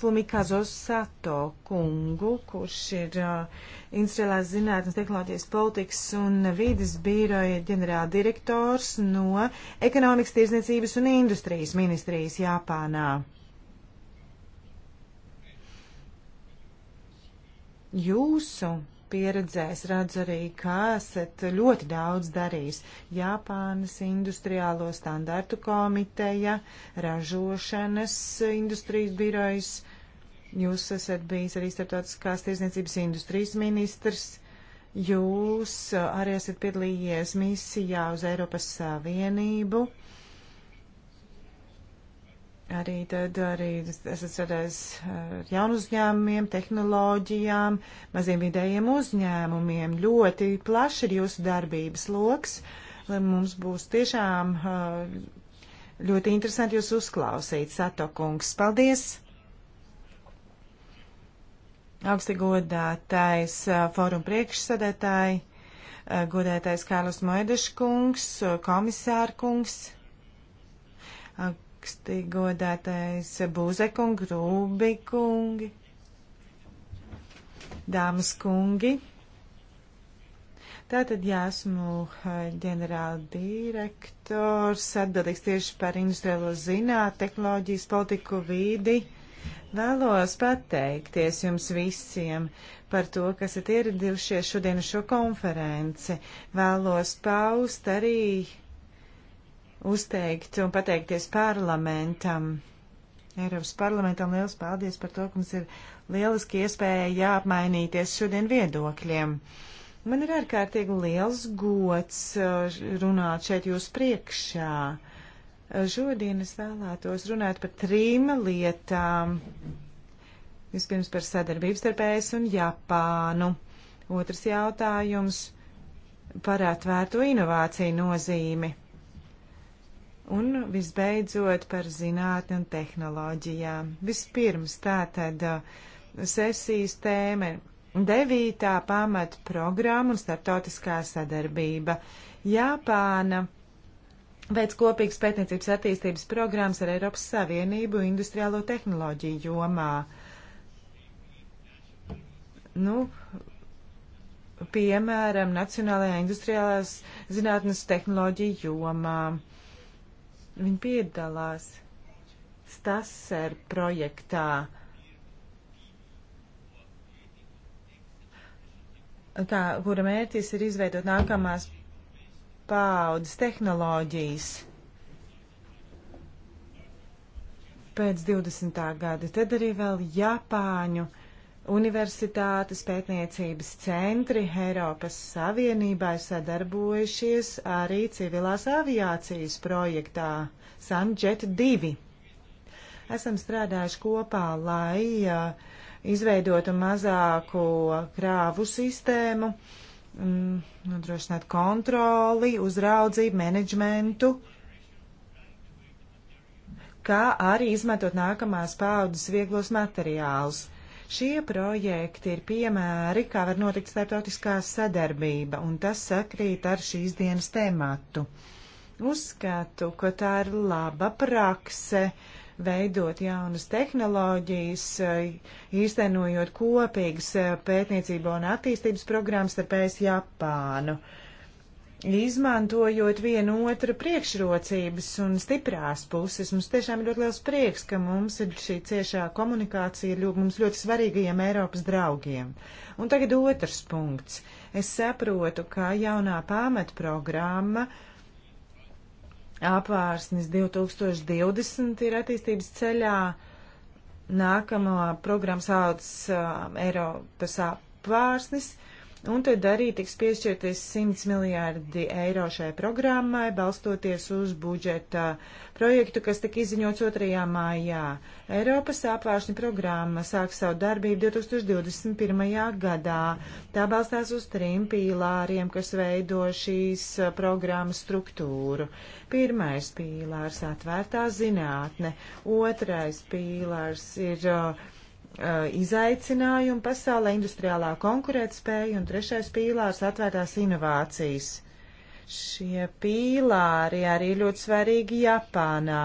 Fumikazo Sato kungu, kurš ir uh, Instrēlās zinātnes tehnoloģijas politikas un vīdes bīroja ģenerāldirektors no Ekonomikas, Tirzniecības un Industrijas ministrijas Japānā. Jūsu pieredzējis, redzu arī, ka esat ļoti daudz darījis. Japānas industriālo standartu komiteja, ražošanas industrijas birojas, jūs esat bijis arī starptautiskās tiesniecības industrijas ministrs, jūs arī esat piedalījies misijā uz Eiropas Savienību Arī tad arī esat strādājis eh, ar jaunu uzņēmumiem, tehnoloģijām, maziem vidējiem uzņēmumiem. Ļoti plaši ir jūsu darbības loks, lai mums būs tiešām eh, ļoti interesanti jūs uzklausīt, Satokungs. Paldies! Augsti godātais eh, fórum priekšsadētāji, godētais Kārlis Moedeškungs, komisārkungs raksti, godātais Būzekung, Grūbikungi, dāmas kungi. Tātad, jā, esmu ģenerāla direktors, atbildīgs tieši par industriālo zināt, tehnoloģijas politiku vīdi. Vēlos pateikties jums visiem par to, kas esat ieradušies šodien uz šo konferenci. Vēlos paust arī uzteikt un pateikties parlamentam. Eiropas parlamentam liels paldies par to, ka mums ir lieliski iespēja jāapmainīties šodien viedokļiem. Man ir ārkārtīgi liels gods uh, runāt šeit jūs priekšā. Uh, šodien es vēlētos runāt par trim lietām. Vispirms par sadarbību starp ES un Japānu. Otrs jautājums par atvērto inovāciju nozīmi Un visbeidzot par zinātni un tehnoloģijām. Vispirms tā tad uh, sesijas tēma devītā pamata programma un starptautiskā sadarbība. Japāna veids kopīgas pētniecības attīstības programmas ar Eiropas Savienību industriālo tehnoloģiju jomā. Nu, piemēram, Nacionālajā industriālās zinātnes tehnoloģiju jomā. Uh, Viņi piedalās Stasser projektā. Tā, kura mērķis ir izveidot nākamās paaudzes tehnoloģijas pēc 20. gada. Tad arī vēl Japāņu Universitātes pētniecības centri Eiropas Savienībā ir sadarbojušies arī civilās aviācijas projektā Sanjet 2. Esam strādājuši kopā, lai uh, izveidotu mazāku krāvu sistēmu, mm, nodrošināt kontroli, uzraudzību, menedžmentu, kā arī izmantot nākamās paudzes vieglos materiālus. Šie projekti ir piemēri, kā var notikt starptautiskā sadarbība, un tas sakrīt ar šīs dienas tēmatu. Uzskatu, ka tā ir laba prakse veidot jaunas tehnoloģijas, īstenojot kopīgas pētniecību un attīstības programmas starp ES Japānu. Uh, izmantojot vienu otru priekšrocības un stiprās puses. Mums tiešām ir ļoti liels prieks, ka mums ir šī ciešā komunikācija ar mums ļoti svarīgajiem Eiropas draugiem. Un tagad otrs punkts. Es saprotu, ka jaunā pamatprogramma apvārsnis 2020 ir attīstības ceļā. Nākamā programma sauc uh, Eiropas apvārsnis. Uh, Un tad arī tiks piešķirties 100 miljārdi eiro šai programmai, balstoties uz budžeta projektu, kas tika izziņots 2. mājā. Eiropas apvāršņa programma sāk savu darbību 2021. gadā. Tā balstās uz trim pīlāriem, kas veido šīs programmas struktūru. Pirmais pīlārs - atvērtā zinātne, otrais pīlārs ir uh, Eh, izaicinājumi pasaulē, industriālā konkurētspēja un trešais pīlārs - atvērtās inovācijas. Šie pīlāri arī ļoti svarīgi Japānā.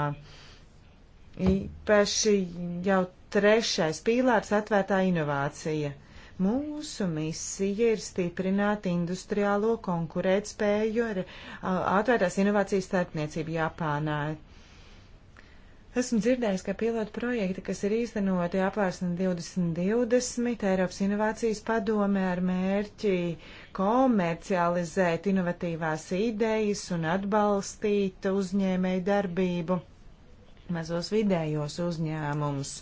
Īpaši jau trešais pīlārs - atvērtā inovācija. Mūsu misija ir stiprināt industriālo konkurētspēju ar eh, atvērtās inovācijas starpniecību Japānā. Esmu dzirdējis, ka pilotu projekti, kas ir īstenoti apvērsni 2020 Eiropas inovācijas padome ar mērķi komercializēt inovatīvās idejas un atbalstīt uzņēmēju darbību mazos vidējos uzņēmumus.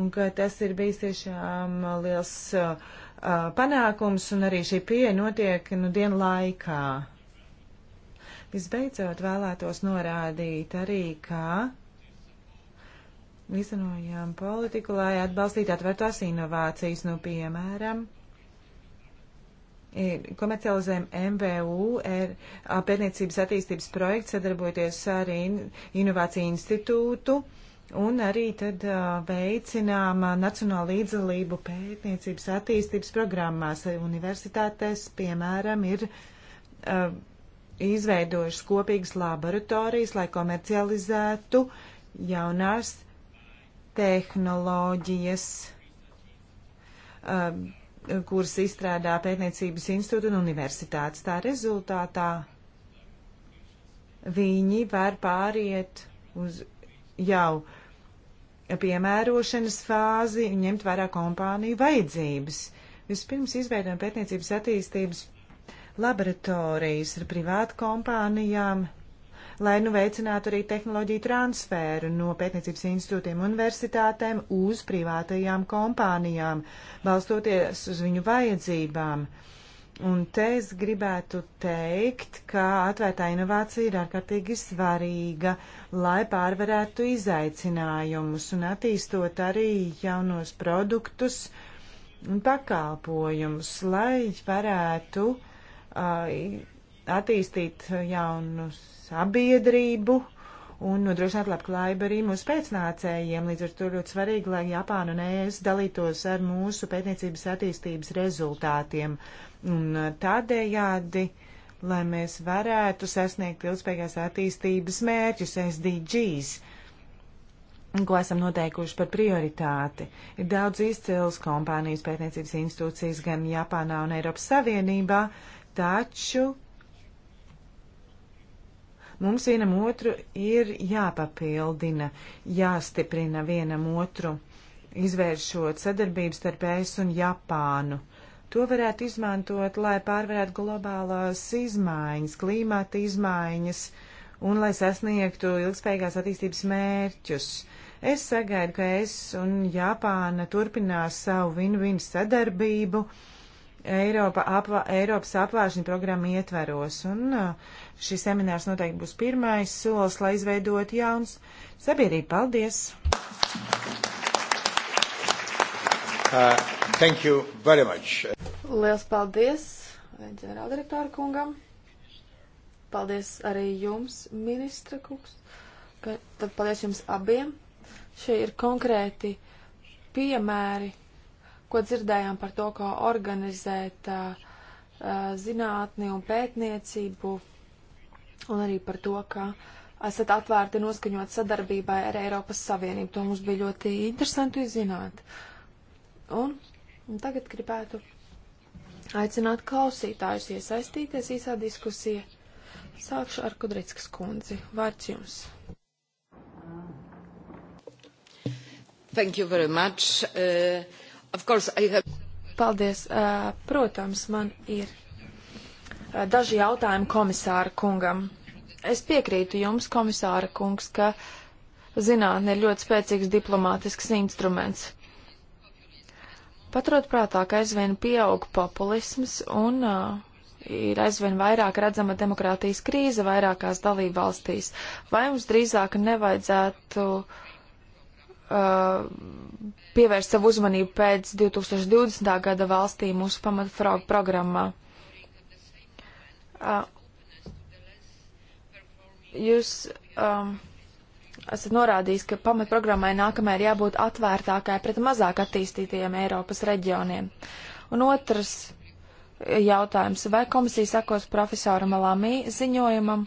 Un ka tas ir bijis tiešām liels uh, panākums, un arī šī pieeja notiek nu, dienu laikā. Visbeidzot, vēlētos norādīt arī, ka izanojām politiku, lai atbalstītu atvērtās inovācijas, nu, piemēram, komercializējam MVU er, pētniecības attīstības projektu, sadarbojoties ar in, Inovāciju institūtu. Uh, Un arī tad veicinām nacionālu līdzdalību pētniecības attīstības programmās. Universitātēs, piemēram, ir uh, izveidojušas kopīgas laboratorijas, lai komercializētu jaunās tehnoloģijas, uh, kuras izstrādā pētniecības institūta un universitātes. Tā rezultātā viņi var pāriet uz jau piemērošanas fāzi un ņemt vērā kompāniju vajadzības. Vispirms izveidojam pētniecības attīstības laboratorijas ar privātu kompānijām, lai nu veicinātu arī tehnoloģiju transferu no pētniecības institūtiem universitātēm uz privātajām kompānijām, balstoties uz viņu vajadzībām. Uh, Un te es gribētu teikt, ka atvērtā inovācija ir ārkārtīgi svarīga, lai pārvarētu izaicinājumus un attīstot arī jaunos produktus un pakalpojumus, lai varētu uh, attīstīt jaunu sabiedrību un nodrošināt labklājību arī mūsu pēcnācējiem. Līdz ar to ļoti svarīgi, lai Japāna un ES dalītos ar mūsu pētniecības attīstības rezultātiem. Uh, Un uh, tādējādi, lai mēs varētu sasniegt ilgspējīgās attīstības mērķus SDGs, ko esam noteikuši par prioritāti. Ir daudz izcils kompānijas pētniecības institūcijas gan Japānā un Eiropas Savienībā, taču mums vienam otru ir jāpapildina, jāstiprina vienam otru, izvēršot sadarbības starp ES un Japānu. To varētu izmantot, lai pārvarētu globālās izmaiņas, klimata izmaiņas un lai sasniegtu ilgspējīgās attīstības mērķus. Es sagaidu, ka es un Japāna turpinās savu win-win sadarbību. Eiropa apvā, Eiropas apvāršņu programmu ietveros, un uh, šis seminārs noteikti būs pirmais solis, lai izveidot jauns sabiedrību. Paldies! Uh, thank you very much. Liels paldies ģenerāldirektora kungam. Paldies arī jums, ministra kungs. Ka, tad paldies jums abiem. Šie ir konkrēti piemēri, ko dzirdējām par to, kā organizēt uh, uh zinātni un pētniecību, un arī par to, ka esat atvērti noskaņot sadarbībai ar Eiropas Savienību. To mums bija ļoti interesanti uzzināt. Uh, Un, un tagad gribētu aicināt klausītājus iesaistīties īsā diskusija. Sākšu ar Kudrickas kundzi. Vārds jums. Thank you very much. Uh, of course I have... Paldies. Uh, protams, man ir uh, daži jautājumi komisāra kungam. Es piekrītu jums, komisāra kungs, ka zinātne ir ļoti spēcīgs diplomātisks instruments. Paturot prātā, ka aizvien pieaug populisms un uh, ir aizvien vairāk redzama demokrātijas krīze vairākās dalībvalstīs. Vai mums drīzāk nevajadzētu uh, pievērst savu uzmanību pēc 2020. gada valstī mūsu pamatfrauga programmā? Uh, jūs um, esat norādījis, ka pamatprogrammai nākamajai ir jābūt atvērtākai pret mazāk attīstītajiem Eiropas reģioniem. Un otrs jautājums, vai komisija sakos profesoram Lamī ziņojumam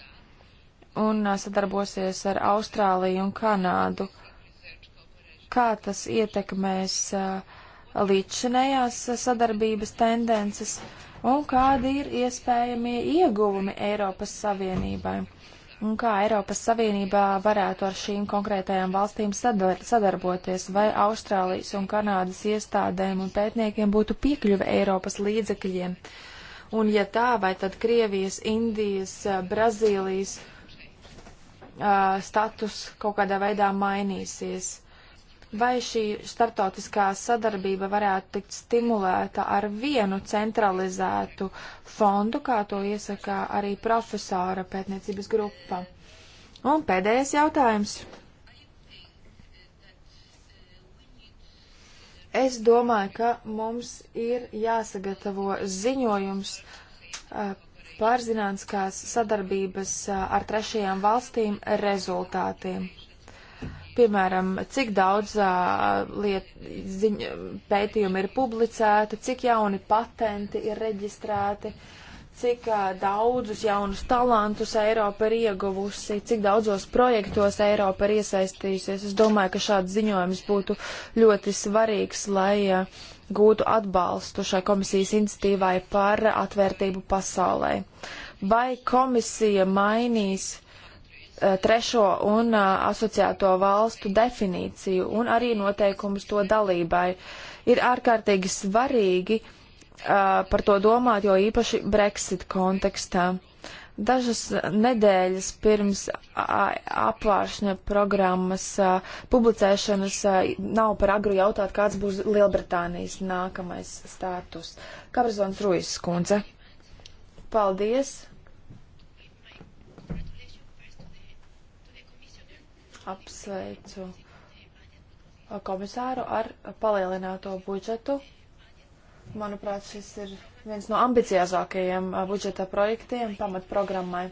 un sadarbosies ar Austrāliju un Kanādu? Kā tas ietekmēs līdzšinējās sadarbības tendences un kādi ir iespējamie ieguvumi Eiropas Savienībai? un kā Eiropas Savienībā varētu ar šīm konkrētajām valstīm sadar sadarboties, vai Austrālijas un Kanādas iestādēm un pētniekiem būtu piekļuve Eiropas līdzekļiem. Un ja tā, vai tad Krievijas, Indijas, eh, Brazīlijas uh, status kaut kādā veidā mainīsies? Vai šī startautiskā sadarbība varētu tikt stimulēta ar vienu centralizētu fondu, kā to iesaka arī profesora pētniecības grupa? Un pēdējais jautājums. Es domāju, ka mums ir jāsagatavo ziņojums eh, par zinātniskās sadarbības eh, ar trešajām valstīm rezultātiem piemēram, cik daudz uh, liet, ziņ, pētījumi ir publicēti, cik jauni patenti ir reģistrēti, cik uh, daudzus jaunus talantus Eiropa ir ieguvusi, cik daudzos projektos Eiropa ir iesaistījusies. Es domāju, ka šāds ziņojums būtu ļoti svarīgs, lai uh, gūtu atbalstu šai komisijas iniciatīvai par atvērtību pasaulē. Vai komisija mainīs uh, Eh, trešo un eh, asociēto valstu definīciju un arī noteikumus to dalībai. Ir ārkārtīgi svarīgi uh, par to domāt, jo īpaši Brexit kontekstā. Dažas nedēļas pirms apvāršņa programmas uh, publicēšanas uh, nav par agru jautāt, kāds būs Lielbritānijas nākamais status. Kabrizons Ruijas skundze. Paldies! Apsveicu uh, komisāru ar palielināto budžetu. Manuprāt, šis ir viens no ambiciozākajiem uh, budžeta projektiem pamatprogrammai.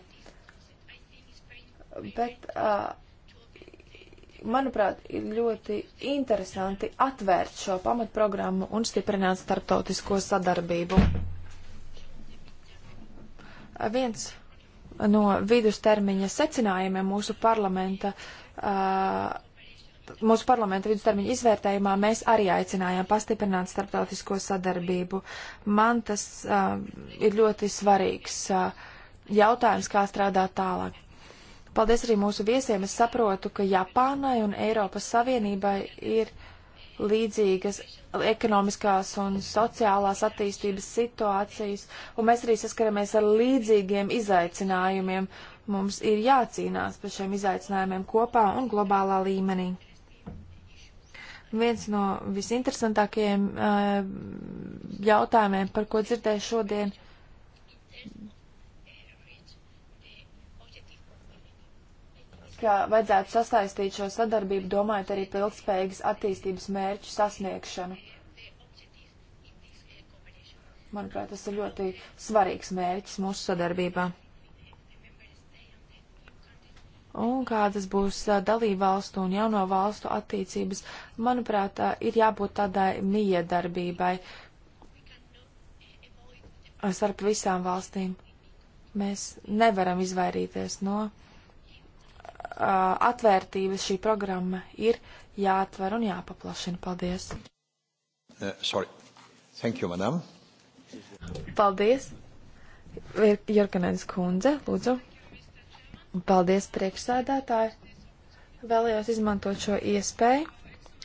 Bet, uh, manuprāt, ir ļoti interesanti atvērt šo pamatprogrammu un stiprināt starptautisko sadarbību. Viens no vidustermiņa secinājumiem mūsu parlamenta uh, Uh, mūsu parlamenta vidustermiņa izvērtējumā mēs arī aicinājām pastiprināt starptautisko sadarbību. Man tas uh, ir ļoti svarīgs uh, jautājums, kā strādāt tālāk. Paldies arī mūsu viesiem. Es saprotu, ka Japānai un Eiropas Savienībai ir līdzīgas ekonomiskās un sociālās attīstības situācijas, un mēs arī saskaramies ar līdzīgiem izaicinājumiem, Mums ir jācīnās par šiem izaicinājumiem kopā un globālā līmenī. Viens no visinteresantākajiem eh, jautājumiem, par ko dzirdēju šodien, ka vajadzētu sasaistīt šo sadarbību, domājot arī par ilgspējīgas attīstības mērķu sasniegšanu. Manuprāt, tas ir ļoti svarīgs mērķis mūsu sadarbībā un kādas būs dalībvalstu un jauno valstu attīstības, manuprāt, ir jābūt tādai miedarbībai starp visām valstīm. Mēs nevaram izvairīties no atvērtības. Šī programma ir jāatver un jāpaplašina. Paldies! Uh, sorry. Thank you, madam. Paldies! Jurkanēns kundze, lūdzu. Paldies, priekšsēdētāji! Vēlējos izmantot šo iespēju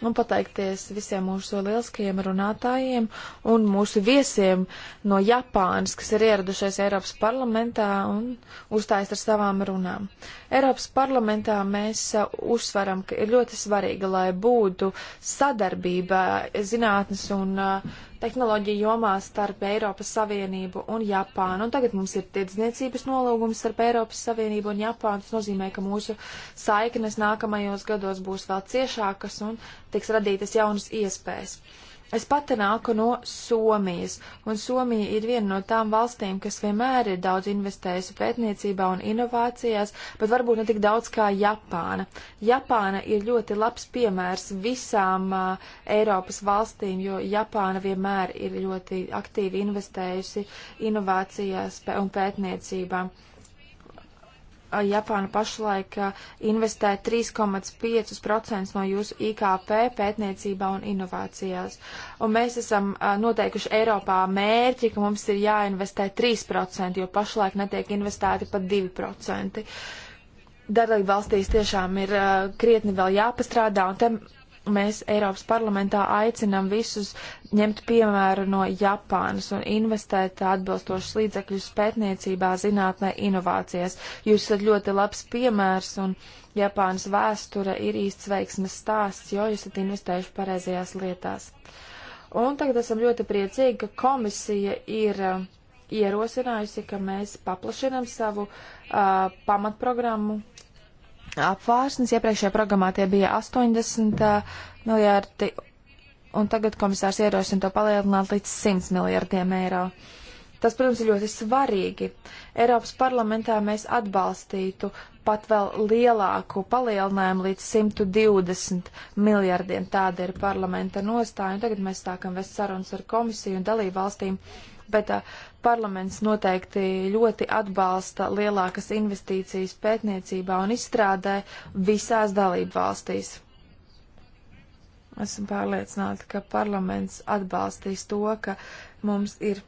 un pateikties visiem mūsu lieliskajiem runātājiem un mūsu viesiem no Japānas, kas ir ieradušies Eiropas parlamentā un uzstājas ar savām runām. Eiropas parlamentā mēs uzsveram, ka ir ļoti svarīgi, lai būtu sadarbība zinātnes un uh, tehnoloģiju jomā starp Eiropas Savienību un Japānu. Un tagad mums ir tirdzniecības nolūgums starp Eiropas Savienību un Japānu. Tas nozīmē, ka mūsu saiknes nākamajos gados būs vēl ciešākas un tiks radītas jaunas iespējas. Es pati nāku no Somijas, un Somija ir viena no tām valstīm, kas vienmēr ir daudz investējusi pētniecībā un inovācijās, bet varbūt ne tik daudz kā Japāna. Japāna ir ļoti labs piemērs visām uh, Eiropas valstīm, jo Japāna vienmēr ir ļoti aktīvi investējusi inovācijās un pētniecībā. Uh, Japāna pašlaik investē 3,5% no jūsu IKP pētniecībā un inovācijās. Un mēs esam noteikuši Eiropā mērķi, ka mums ir jāinvestē 3%, jo pašlaik netiek investēti pat 2%. Dalību valstīs tiešām ir krietni vēl jāpastrādā, un te mēs Eiropas parlamentā aicinam visus ņemt piemēru no Japānas un investēt atbilstošus līdzekļus pētniecībā, zinātnē, inovācijās. Jūs esat ļoti labs piemērs un Japānas vēsture ir īsts veiksmes stāsts, jo jūs esat investējuši pareizajās lietās. Un tagad esam ļoti priecīgi, ka komisija ir uh, ierosinājusi, ka mēs paplašinam savu uh, pamatprogrammu apvārsnes. Iepriekšējā programmā tie bija 80 miljardi, un tagad komisārs ierosina to palielināt līdz 100 miljardiem eiro. Tas, protams, ir ļoti svarīgi. Eiropas parlamentā mēs atbalstītu pat vēl lielāku palielinājumu līdz 120 miljardiem. Tāda ir parlamenta nostāja, un tagad mēs sākam vest sarunas ar komisiju un dalību valstīm. Bet uh, Parlaments noteikti ļoti atbalsta lielākas investīcijas pētniecībā un izstrādē visās dalību valstīs. Esmu pārliecināta, ka parlaments atbalstīs to, ka mums ir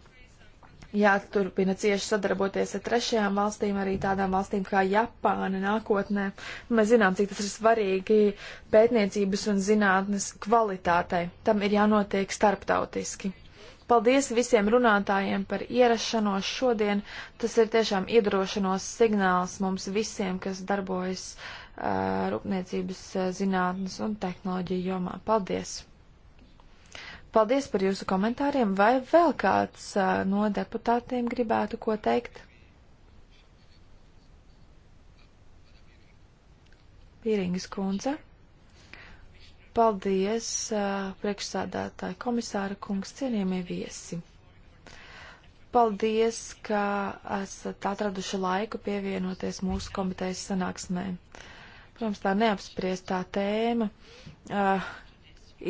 jāturpina cieši sadarboties ar trešajām valstīm, arī tādām valstīm kā Japāna nākotnē. Mēs zinām, cik tas ir svarīgi pētniecības un zinātnes kvalitātei. Tam ir jānotiek starptautiski. Paldies visiem runātājiem par ierašanos šodien. Tas ir tiešām iedrošinos signāls mums visiem, kas darbojas uh, rūpniecības uh, zinātnes un tehnoloģiju jomā. Paldies! Paldies par jūsu komentāriem. Vai vēl kāds uh, no deputātiem gribētu ko teikt? Pīringas kundze. Paldies, priekšsādātāji komisāra kungs, cienījamie viesi. Paldies, ka esat atraduši laiku pievienoties mūsu komitejas sanāksmē. Protams, tā neapspriestā tēma uh,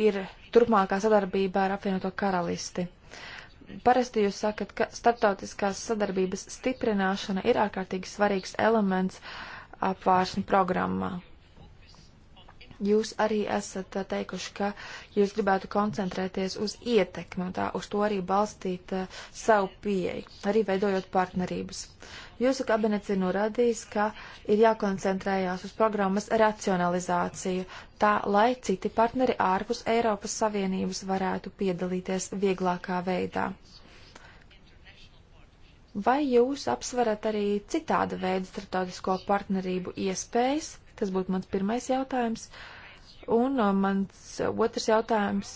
ir turpmākā sadarbība ar apvienoto karalisti. Parasti jūs sakat, ka starptautiskās sadarbības stiprināšana ir ārkārtīgi svarīgs elements apvāršņu programmā. Jūs arī esat eh, teikuši, ka jūs gribētu koncentrēties uz ietekmi un tā uz to arī balstīt uh, savu pieeju, arī veidojot partnerības. Jūsu kabinets ir norādījis, ka ir jākoncentrējās uz programmas racionalizāciju, tā lai citi partneri ārpus Eiropas Savienības varētu piedalīties vieglākā veidā. Vai jūs apsverat arī citāda veida starptautisko partnerību iespējas? Tas būtu mans pirmais jautājums. Un uh, mans otrs jautājums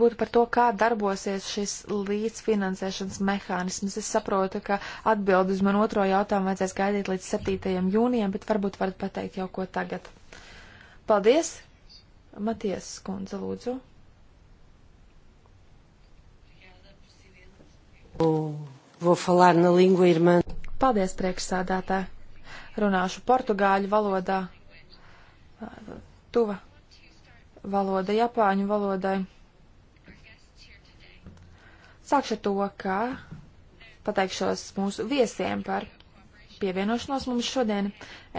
būtu par to, kā darbosies šis līdzfinansēšanas mehānisms. Es saprotu, ka atbildi uz man otro jautājumu vajadzēs gaidīt līdz 7. jūnijam, bet varbūt varat pateikt jau ko tagad. Paldies! Maties Skundze, lūdzu. Vou falar na língua irmã. Paldies, priekšsādātāji! Runāšu portugāļu valodā, tuva valoda japāņu valodai. Sākšu ar to, ka pateikšos mūsu viesiem par pievienošanos mums šodien.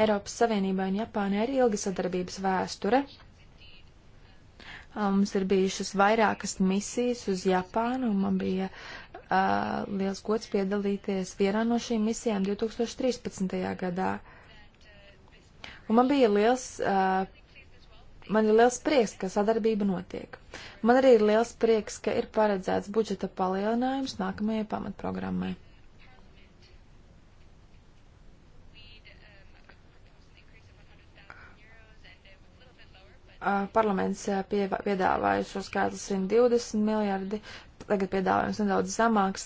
Eiropas Savienībai un Japānai ir ilga sadarbības vēsture. Mums ir bijušas vairākas misijas uz Japānu, un man bija uh, liels gods piedalīties vienā no šīm misijām 2013. gadā. Un man bija liels, uh, man ir liels prieks, ka sadarbība notiek. Man arī ir liels prieks, ka ir paredzēts budžeta palielinājums nākamajai pamatprogrammai. Uh, parlaments uh, piedāvāja šo skaitli 120 miljardi, tagad piedāvājums nedaudz zamāks.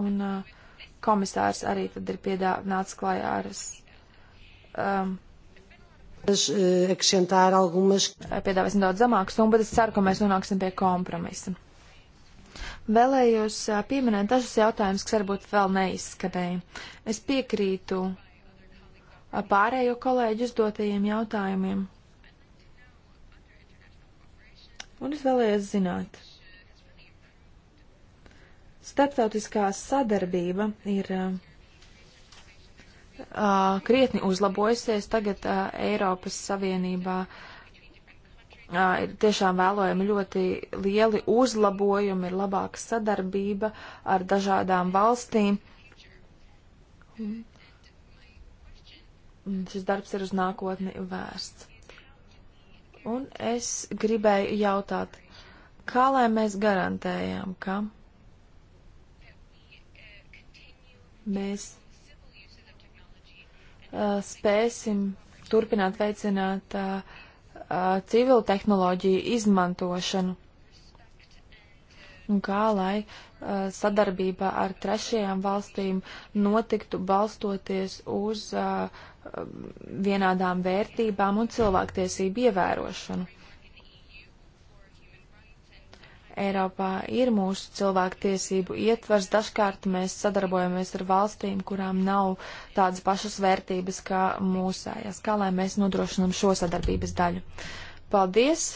Un uh, komisārs arī tad ir piedāvāts klājā ar. Um, uh, acrescentar algumas. Piedāvāsim daudz zemāku summu, bet es ceru, ka mēs nonāksim pie kompromisa. Vēlējos uh, pieminēt dažus jautājumus, kas varbūt vēl neizskanēja. Es piekrītu uh, pārējo kolēģu uzdotajiem jautājumiem. Un es vēlējos zināt, Starptautiskā sadarbība ir uh, krietni uzlabojusies. Tagad uh, Eiropas Savienībā uh, ir tiešām vēlojami ļoti lieli uzlabojumi, ir labāka sadarbība ar dažādām valstīm. Mm. Šis darbs ir uz nākotni vērsts. Un es gribēju jautāt, kā lai mēs garantējam, ka mēs uh, spēsim turpināt veicināt uh, uh, civilu tehnoloģiju izmantošanu un kā lai uh, sadarbība ar trešajām valstīm notiktu balstoties uz uh, vienādām vērtībām un cilvēktiesību ievērošanu. Eiropā ir mūsu cilvēktiesību ietvars. Dažkārt mēs sadarbojamies ar valstīm, kurām nav tādas pašas vērtības kā mūsējās. Kā lai mēs nodrošinām šo sadarbības daļu? Paldies!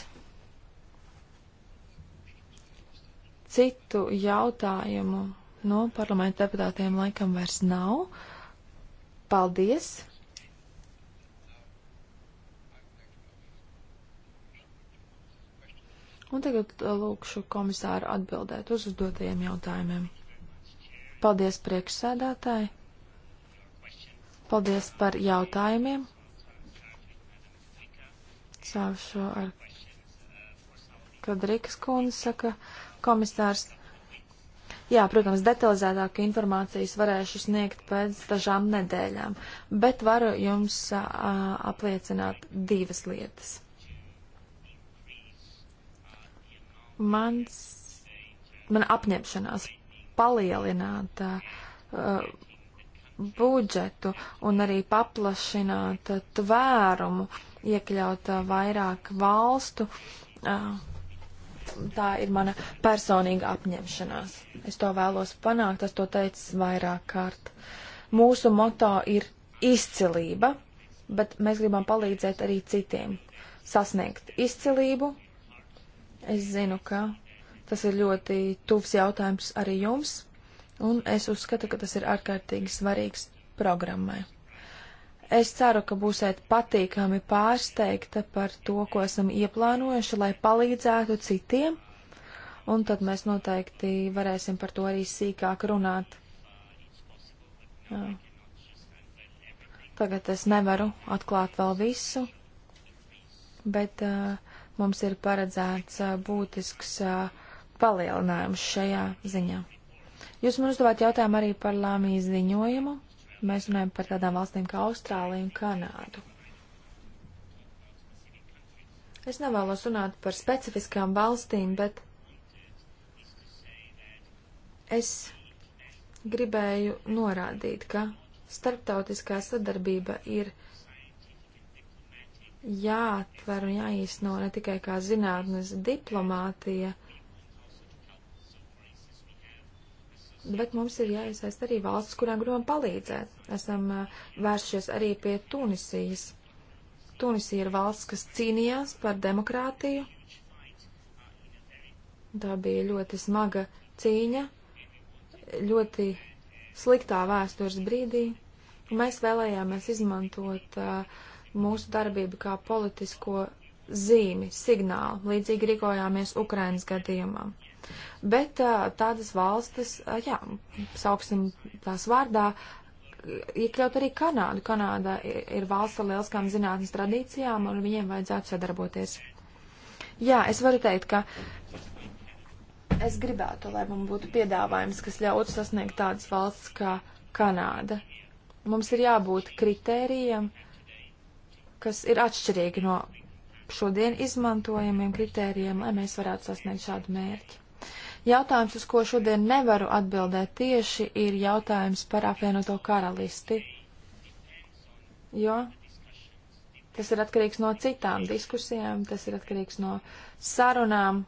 Citu jautājumu no parlamenta deputātiem laikam vairs nav. Paldies! Un tagad uh, lūkšu komisāru atbildēt uz uzdotajiem jautājumiem. Paldies priekšsēdētāji. Paldies par jautājumiem. Sākšu ar, kad Rikas kundze saka, komisārs. Jā, protams, detalizētāku informācijas varēšu sniegt pēc dažām nedēļām, bet varu jums a, uh, apliecināt divas lietas. mans, mana apņemšanās palielināt uh, budžetu un arī paplašināt uh, tvērumu, iekļaut uh, vairāk valstu. Uh, tā ir mana personīga apņemšanās. Es to vēlos panākt, es to teicu vairāk kārt. Mūsu moto ir izcilība, bet mēs gribam palīdzēt arī citiem sasniegt izcilību, Es zinu, ka tas ir ļoti tuvs jautājums arī jums, un es uzskatu, ka tas ir ārkārtīgi svarīgs programmai. Es ceru, ka būsiet patīkami pārsteigta par to, ko esam ieplānojuši, lai palīdzētu citiem, un tad mēs noteikti varēsim par to arī sīkāk runāt. Jā. Tagad es nevaru atklāt vēl visu, bet uh, mums ir paredzēts būtisks palielinājums šajā ziņā. Jūs man uzdevāt jautājumu arī par Lāmijas ziņojumu. Mēs runājam par tādām valstīm kā Austrālija un Kanādu. Es nevēlos runāt par specifiskām valstīm, bet es gribēju norādīt, ka starptautiskā sadarbība ir jāatver un jāīsno ne tikai kā zinātnes diplomātija, bet mums ir jāiesaist arī valsts, kurām gribam palīdzēt. Esam vēršies arī pie Tunisijas. Tunisija ir valsts, kas cīnījās par demokrātiju. Tā bija ļoti smaga cīņa, ļoti sliktā vēstures brīdī. Mēs vēlējāmies izmantot uh, mūsu darbību kā politisko zīmi, signālu. Līdzīgi rīkojāmies Ukrainas gadījumā. Bet tādas valstis, jā, sauksim tās vārdā, iekļaut arī Kanādu. Kanāda ir, ir valsts ar lieliskām zinātnes tradīcijām, un viņiem vajadzētu sadarboties. Jā, es varu teikt, ka es gribētu, lai man būtu piedāvājums, kas ļautu sasniegt tādas valsts kā Kanāda. Mums ir jābūt kritērijam, uh, kas ir atšķirīgi no šodien izmantojamiem kritērijiem, lai mēs varētu sasniegt šādu mērķi. Jautājums, uz ko šodien nevaru atbildēt tieši, ir jautājums par apvienoto karalisti, jo tas ir atkarīgs no citām diskusijām, tas ir atkarīgs no sarunām,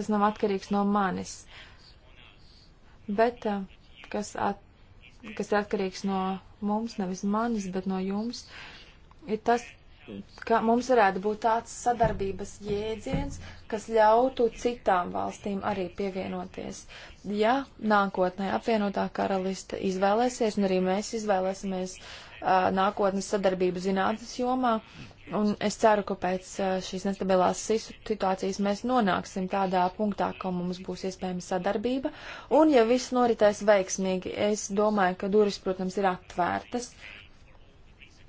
tas nav atkarīgs no manis. Bet eh, kas, at, kas ir atkarīgs no mums, nevis manis, bet no jums, uh, ir tas, ka mums varētu būt tāds sadarbības jēdziens, kas ļautu citām valstīm arī pievienoties. Ja nākotnē apvienotā karaliste izvēlēsies, un arī mēs izvēlēsimies uh, nākotnes sadarbību zinātnes jomā, un es ceru, ka pēc uh, šīs nestabilās situācijas mēs nonāksim tādā punktā, ka mums būs iespējama sadarbība, un ja viss noritēs veiksmīgi, es domāju, ka durvis, protams, ir atvērtas. Uh,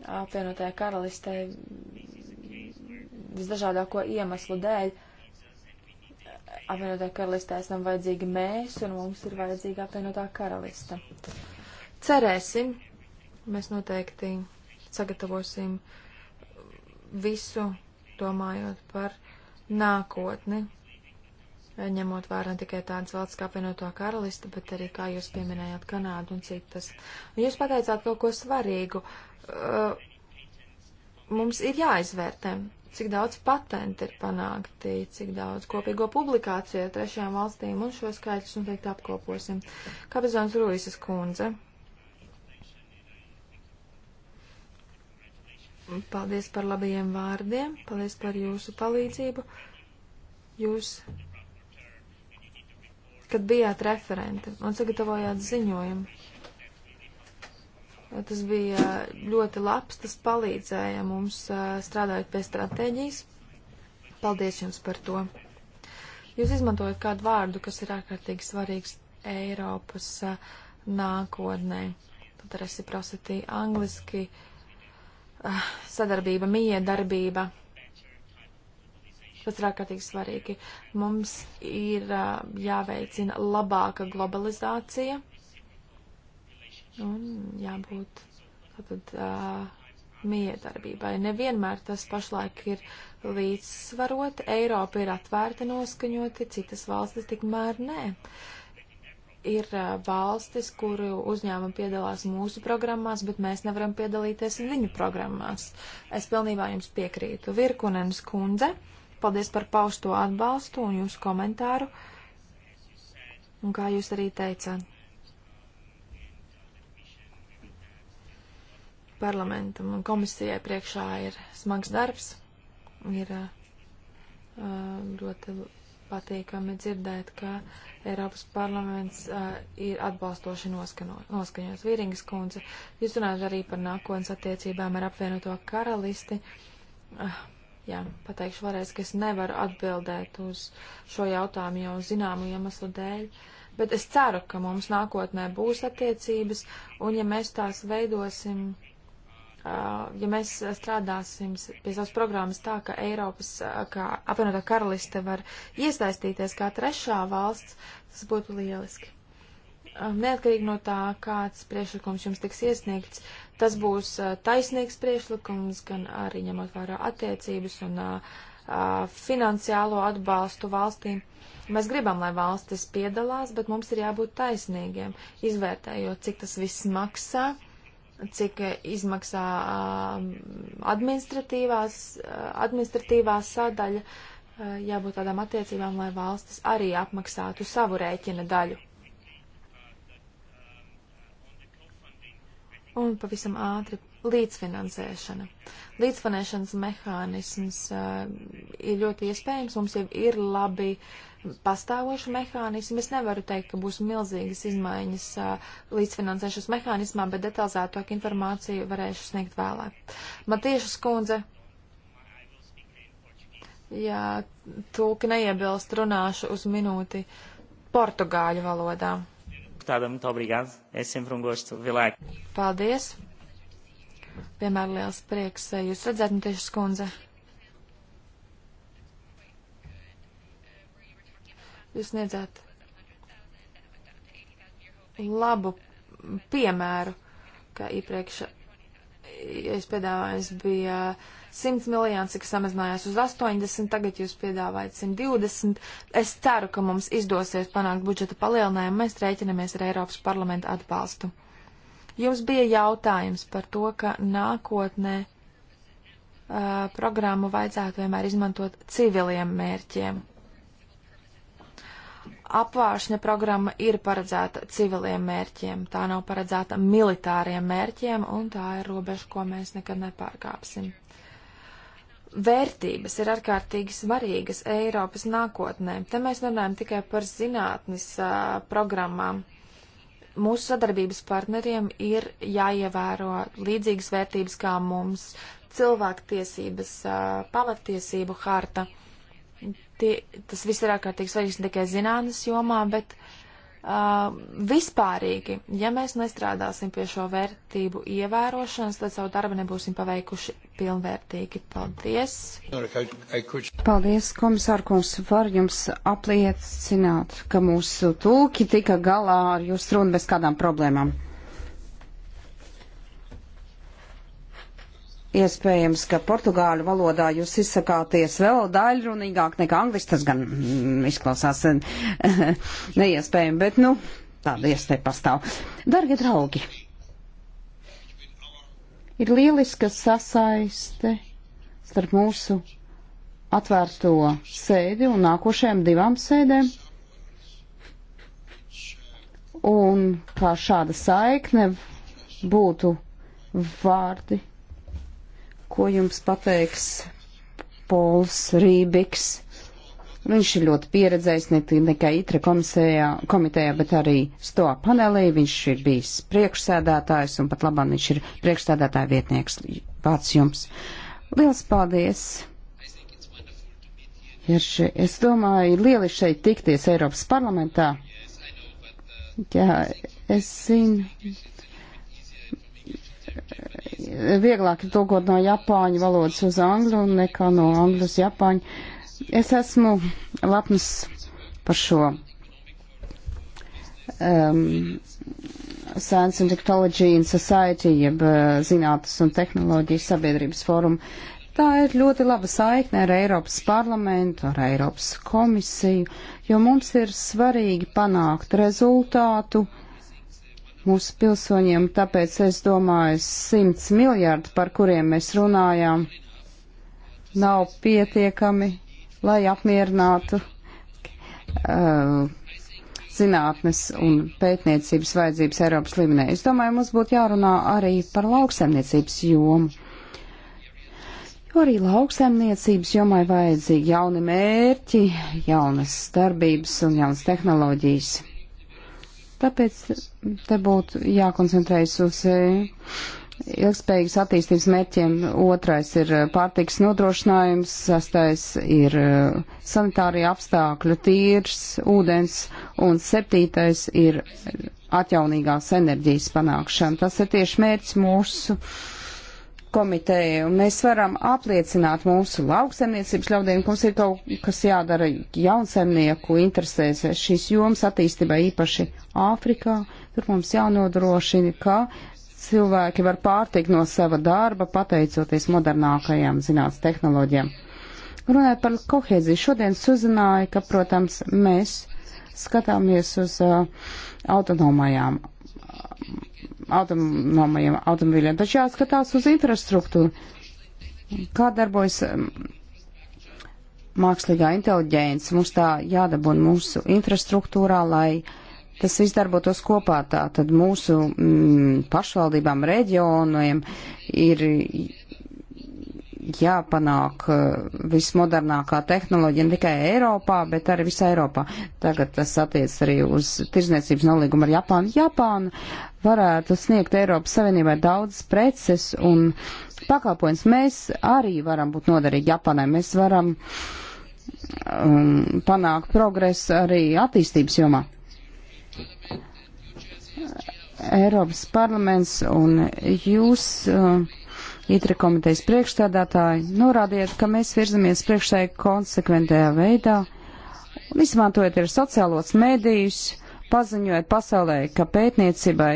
apvienotajā karalistē visdažādāko iemeslu dēļ. Apvienotajā karalistē esam vajadzīgi mēs, un mums ir vajadzīga apvienotā karalista. Cerēsim, mēs noteikti sagatavosim visu, domājot par nākotni ņemot vērā ne tikai tādas valsts kā apvienoto karalisti, bet arī, kā jūs pieminējāt, Kanādu un citas. Jūs pateicāt kaut ko svarīgu. Uh, mums ir jāizvērtē, cik daudz patenti ir panākti, cik daudz kopīgo publikāciju ar trešajām valstīm, un šo skaitļus noteikti apkoposim. Kapizons Rūisas kundze. Paldies par labajiem vārdiem, paldies par jūsu palīdzību. Jūs kad bijāt referenti un sagatavojāt ziņojumu. Tas bija ļoti labs, tas palīdzēja mums strādājot pie stratēģijas. Paldies jums par to. Jūs izmantojat kādu vārdu, kas ir ārkārtīgi svarīgs Eiropas nākotnē. Tad reciprocity angliski sadarbība, miedarbība. darbība Tas ir ārkārtīgi svarīgi. Mums ir jāveicina labāka globalizācija un jābūt tātad miedarbībai. Nevienmēr tas pašlaik ir līdzsvarot. Eiropa ir atvērta noskaņoti, citas valstis tikmēr nē. Ir valstis, kuru uzņēmumi piedalās mūsu programmās, bet mēs nevaram piedalīties viņu programmās. Es pilnībā jums piekrītu. Virkunenes kundze. Uh, Paldies par pausto atbalstu un jūsu komentāru. Un kā jūs arī teicāt, parlamentam un komisijai priekšā ir smags darbs, ir uh, uh, ļoti patīkami dzirdēt, ka Eiropas parlaments uh, ir atbalstoši noskano, noskaņots. Vīringas kundze, jūs runājat arī par nākotnes attiecībām ar apvienoto karalisti. Uh, Jā, pateikšu vēlreiz, ka es nevaru atbildēt uz šo jautājumu jau zināmu iemeslu dēļ, bet es ceru, ka mums nākotnē būs attiecības, un ja mēs tās veidosim, ja mēs strādāsim pie savas programmas tā, ka Eiropas, kā apvienotā karaliste var iesaistīties kā trešā valsts, tas būtu lieliski. Neatkarīgi no tā, kāds priekšlikums jums tiks iesniegts, Tas būs taisnīgs priešlikums, gan arī ņemot vērā attiecības un uh, finansiālo atbalstu valstīm. Mēs gribam, lai valstis piedalās, bet mums ir jābūt taisnīgiem, izvērtējot, cik tas viss maksā, cik izmaksā administratīvās, administratīvā sadaļa, jābūt tādām attiecībām, lai valstis arī apmaksātu savu rēķina daļu. Un pavisam ātri līdzfinansēšana. Līdzfinansēšanas mehānisms uh, ir ļoti iespējams, mums jau ir labi pastāvoši mehānismi. Es nevaru teikt, ka būs milzīgas izmaiņas uh, līdzfinansēšanas mehānismā, bet detalizētāk informāciju varēšu sniegt vēlāk. Matīša skundze. Jā, tūki neiebilst, runāšu uz minūti portugāļu valodā. Deputāda, muito obrigado. É sempre um gosto vê-la aqui. Paldies. Vienmēr liels prieks eh, jūs redzēt, Miteša skundze. Jūs sniedzāt labu piemēru, ka iepriekš, ja es piedāvājums bija uh, 100 miljonus, cik samazinājās uz 80, tagad jūs piedāvājat 120. Es ceru, ka mums izdosies panākt budžeta palielinājumu, mēs rēķinamies ar Eiropas parlamentu atbalstu. Jums bija jautājums par to, ka nākotnē uh, programmu vajadzētu vienmēr izmantot civiliem mērķiem. Apvāršņa programma ir paredzēta civiliem mērķiem, tā nav paredzēta militāriem mērķiem, un tā ir robeža, ko mēs nekad nepārkāpsim vērtības ir ārkārtīgi svarīgas Eiropas nākotnē. Te mēs runājam tikai par zinātnes uh, programmām. Mūsu sadarbības partneriem ir jāievēro līdzīgas vērtības kā mums cilvēktiesības, uh, pamatiesību harta. Tie, tas viss ir ārkārtīgi svarīgs ne tikai zinātnes jomā, bet uh, uh, vispārīgi. Ja mēs nestrādāsim pie šo vērtību ievērošanas, tad savu darbu nebūsim paveikuši pilnvērtīgi. Paldies! Paldies, komisārkums! Var jums apliecināt, ka mūsu tulki tika galā ar jūsu runu bez kādām problēmām? Iespējams, ka portugāļu valodā jūs izsakāties vēl daļrunīgāk nekā angliski, tas gan mm, izklausās eh, (laughs) neiespējami, bet, nu, tāda iespēja pastāv. Dargie draugi, ir lieliska sasaiste starp mūsu atvērto sēdi un nākošajām divām sēdēm. Un kā šāda saikne būtu vārdi ko jums pateiks Pols Rībiks. Viņš ir ļoti pieredzējis ne tikai ITRE komisējā, komitejā, bet arī STO panelī. Viņš ir bijis priekšsēdētājs un pat labāk viņš ir priekšsēdētāja vietnieks. Vārds jums. Liels paldies! Irši, es domāju, ir lieliski šeit tikties Eiropas parlamentā. Jā, es zinu, vieglāk ir tulkot no japāņu valodas uz angļu nekā no angļu uz japāņu. Es esmu lepns par šo um, Science and Technology in Society, jeb uh, zinātnes un tehnoloģijas sabiedrības forumu. Tā ir ļoti laba saikne ar Eiropas parlamentu, ar Eiropas komisiju, jo mums ir svarīgi panākt rezultātu uh, mūsu pilsoņiem, tāpēc es domāju, 100 miljārdi, par kuriem mēs runājām, nav pietiekami, lai apmierinātu uh, zinātnes un pētniecības vajadzības Eiropas līmenī. Es domāju, mums būtu jārunā arī par lauksaimniecības jomu. Jo arī lauksaimniecības jomai vajadzīgi jauni mērķi, jaunas darbības un jaunas tehnoloģijas. Tāpēc te būtu jākoncentrējas uz eh, ilgspējīgas attīstības mērķiem. Otrais ir eh, pārtiks nodrošinājums, sastais ir eh, sanitārija apstākļu tīrs, ūdens un septītais ir atjaunīgās enerģijas panākšana. Tas ir tieši mērķis mūsu komiteju, mēs varam apliecināt mūsu lauksemniecības ļaudīm, ka mums ir kaut kas jādara jaunsemnieku interesēs šīs jomas attīstībai īpaši Āfrikā. Tur mums jānodrošina, ka cilvēki var pārtikt no sava darba, pateicoties modernākajām zinātnes tehnoloģijām. Runājot par kohēziju, šodien uzzināju, ka, protams, mēs skatāmies uz uh, autonomajām autonomajiem automobīļiem, taču jāskatās uz infrastruktūru. Kā darbojas um, mākslīgā inteliģence? Mums tā jādabūna mūsu infrastruktūrā, lai tas viss darbotos kopā. Tā tad mūsu mm, pašvaldībām, reģioniem ir jāpanāk eh, vismodernākā tehnoloģija ne tikai Eiropā, bet arī visā Eiropā. Tagad tas attiec arī uz tirzniecības nolīgumu ar Japānu. Japāna varētu sniegt Eiropas Savienībai daudz preces un pakalpojums. Mēs arī varam būt noderīgi Japānai. Mēs varam um, panākt progresu arī attīstības jomā. Eiropas parlaments un jūs. Uh, Itri komitejas priekšstādātāji, norādiet, ka mēs virzamies priekšai konsekventajā veidā un izmantojot ir sociālos mēdījus, paziņojot pasaulē, ka pētniecībai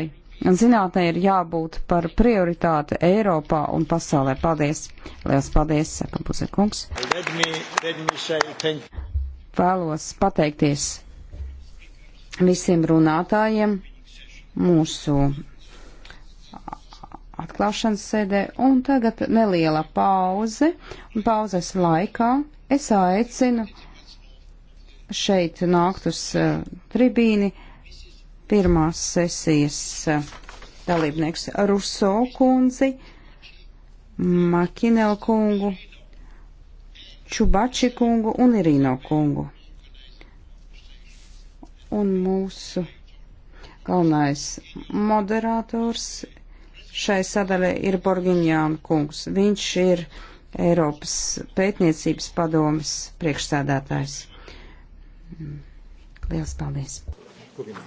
un zinātnē ir jābūt par prioritāti Eiropā un pasaulē. Paldies! Lielas paldies, saka Buzekungs. Vēlos pateikties visiem runātājiem mūsu atklāšanas sēdē, un tagad neliela pauze, un pauzes laikā es aicinu šeit nākt uz uh, tribīni pirmās sesijas uh, dalībnieks Ruso kundzi, Makinel kungu, Čubači kungu un Irino kungu. Un mūsu galvenais moderators šai sadaļai ir Borgiņāna kungs. Viņš ir Eiropas pētniecības padomas priekšsādātājs. Lielas paldies! Kurina.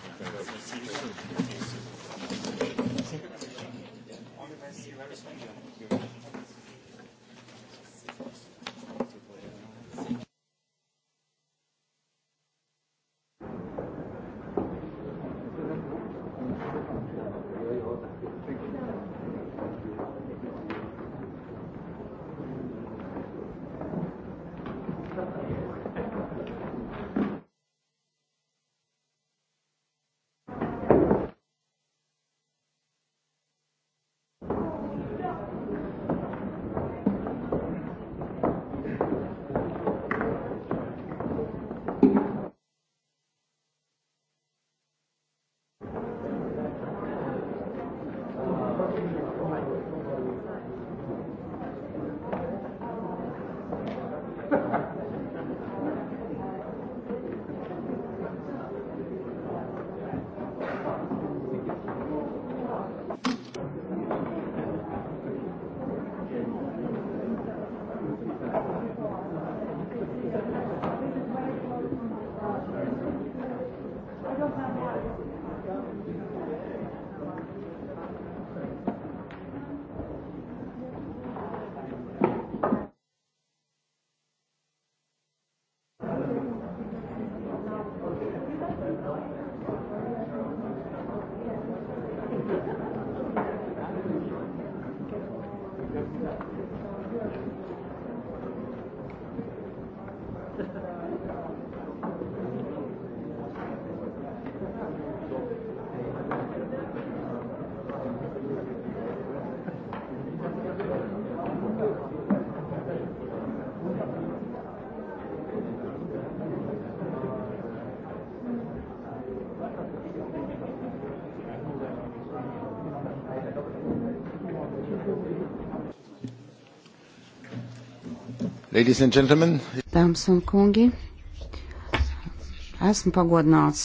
Ladies and gentlemen. Dāmas un kungi, esmu pagodināts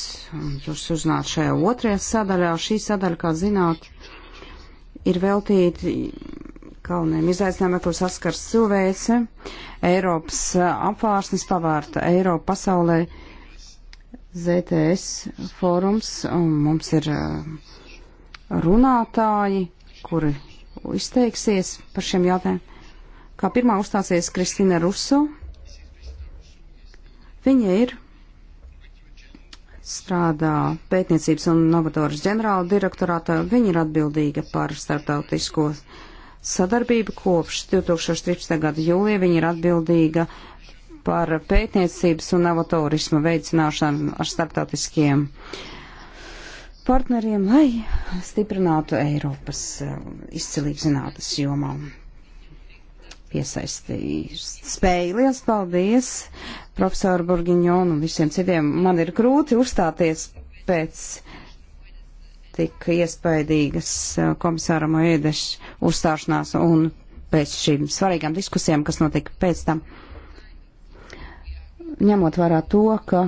jūs uzzināt šajā otrajā sadaļā. Šī sadaļa, kā zināt, ir veltīta galvenajiem izaicinājumiem, kur saskars cilvēce, Eiropas apvārsnes pavārta Eiropa pasaulē, ZTS fórums, un mums ir uh, runātāji, kuri izteiksies par šiem jautājumiem. Kā pirmā uzstāsies Kristina Ruso. Viņa ir strādā pētniecības un novatoras ģenerāla direktorātā. Viņa ir atbildīga par starptautisko sadarbību kopš 2013. gada jūlija. Viņa ir atbildīga par pētniecības un novatorismu veicināšanu ar starptautiskiem partneriem, lai stiprinātu Eiropas eh, izcilības zinātnes jomām piesaistīs spēju. Liels paldies profesoru Burgiņonu un visiem citiem. Man ir grūti uzstāties pēc tik iespaidīgas eh, komisāra Moedeša uzstāšanās un pēc šīm svarīgām diskusijām, kas notika pēc tam. Ņemot vērā to, ka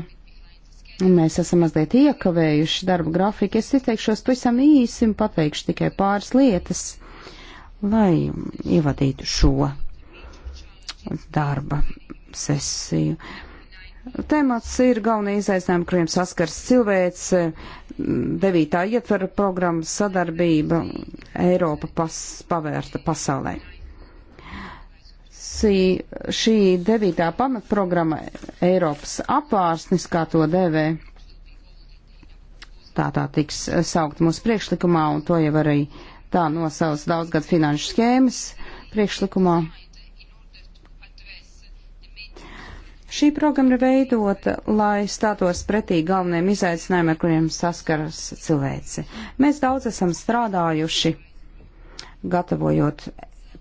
mēs esam mazliet iekavējuši darba grafiku, es izteikšos pavisam īsi un pateikšu tikai pāris lietas, lai ievadītu šo darba sesiju. Temats ir galvenie izaicinājumi, kuriem saskars cilvēks, devītā ietvara programma sadarbība Eiropa pas, pavērta pasaulē. Sī, šī devītā pamatprogramma Eiropas apvārsnis, kā to devē, tā tā tiks saukt mūsu priekšlikumā, un to jau arī tā nosauc daudzgad finanšu schēmas priekšlikumā Šī programma ir veidota, lai stātos pretī galveniem izaicinājumiem, ar kuriem saskaras cilvēci. Mēs daudz esam strādājuši, gatavojot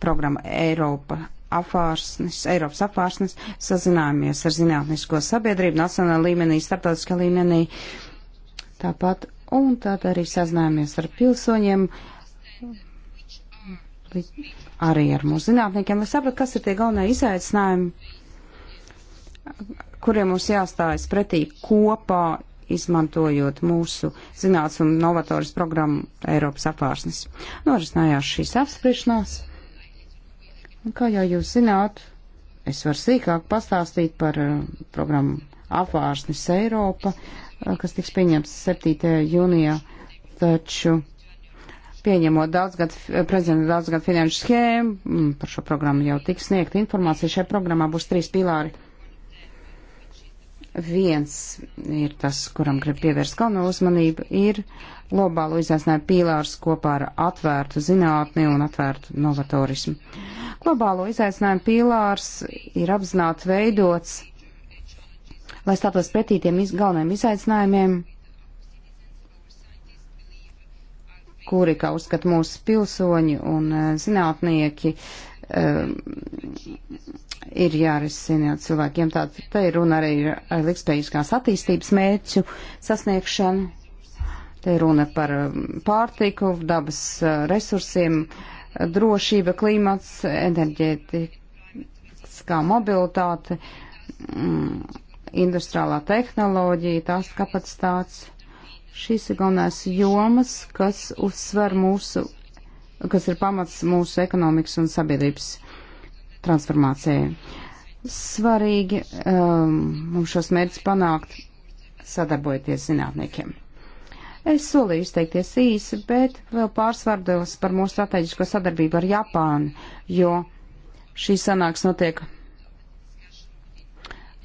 programmu Eiropa apvārsnes, Eiropas apvārsnes, sazinājāmies ar zinātnisko sabiedrību nacionālā līmenī, starptautiskā līmenī, tāpat, un tad arī sazinājāmies ar pilsoņiem, arī ar mūsu zinātniekiem, lai saprastu, kas ir tie galvenie izaicinājumi kuriem mums jāstājas pretī kopā, izmantojot mūsu zinātnes un novatoras programmu Eiropas apvārsnes. Norisinājās šīs apspriešanās. Un kā jau jūs zināt, es varu sīkāk pastāstīt par eh, programmu apvārsnes Eiropa, eh, kas tiks pieņemts 7. jūnijā, taču pieņemot daudzgad, prezidenta daudzgad finanšu schēmu, mm, par šo programmu jau tiks sniegta informācija. Šajā programmā būs trīs pilāri Viens ir tas, kuram grib pievērst galveno uzmanību, ir globālo izaicinājumu pīlārs kopā ar atvērtu zinātni un atvērtu novatorismu. Globālo izaicinājumu pīlārs ir apzināti veidots, lai stātos pretī tiem iz, galvenajiem izaicinājumiem, kuri, kā uzskata mūsu pilsoņi un eh, zinātnieki, uh, Ehm, ir jārisina cilvēkiem. Tā te ir runa arī ar likspējiskās attīstības mērķu sasniegšanu. Te ir runa par ehm, pārtiku, dabas eh, resursiem, eh, drošība, klimats, enerģētiskā mobilitāte, mm, industriālā tehnoloģija, tās kapacitātes. Šīs ir galvenās jomas, kas uzsver mūsu kas ir pamats mūsu ekonomikas un sabiedrības transformācijai. Svarīgi um, mums šos mērķus panākt, sadarbojoties zinātniekiem. Es solīju izteikties īsi, bet vēl pāris vārdos par mūsu strateģisko sadarbību ar Japānu, jo šī sanāks notiek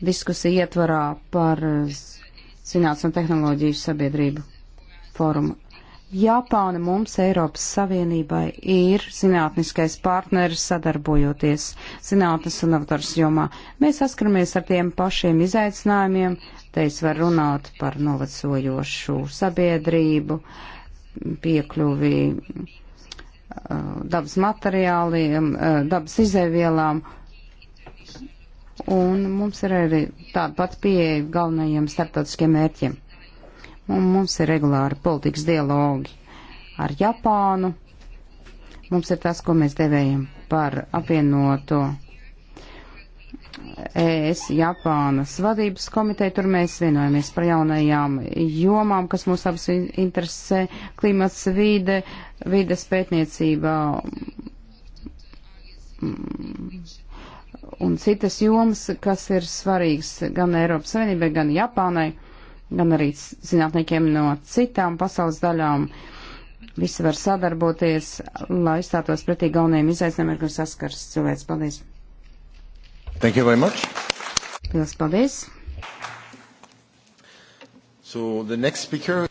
diskusija ietvarā par zinātnes un tehnoloģiju sabiedrību fórumu Japāna mums Eiropas Savienībai ir zinātniskais partneris sadarbojoties zinātnes un novators jomā. Mēs saskaramies ar tiem pašiem izaicinājumiem, te es varu runāt par novecojošu sabiedrību, piekļuvi uh, dabas materiāliem, uh, dabas izēvielām. Un mums ir arī tāda pat pieeja galvenajiem starptautiskiem mērķiem un mums ir regulāri politikas dialogi ar Japānu. Mums ir tas, ko mēs devējam par apvienoto ES Japānas vadības komiteju. Tur mēs vienojamies par jaunajām jomām, kas mūs abas interesē - klimats vīde, vīdes pētniecībā mm, un citas jomas, kas ir svarīgas gan Eiropas Savienībai, gan Japānai gan arī zinātniekiem no citām pasaules daļām. Visi var sadarboties, lai izstātos pretī galvenajiem izaicinājumiem, ar kuriem saskars cilvēks. Paldies! Thank you very much! Pils, paldies! So the next speaker...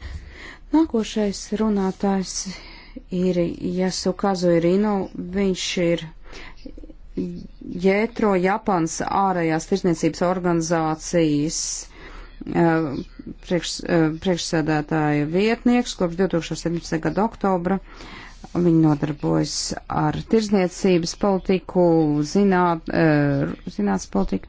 Nākošais runātājs ir Jasukazu Irino. Viņš ir Jētro Japānas ārējās tirsniecības organizācijas uh, priekš, eh, priekšsēdētāja vietnieks kopš 2017. gada oktobra. Viņi nodarbojas ar tirzniecības politiku, zināt, eh, zinātnes politiku.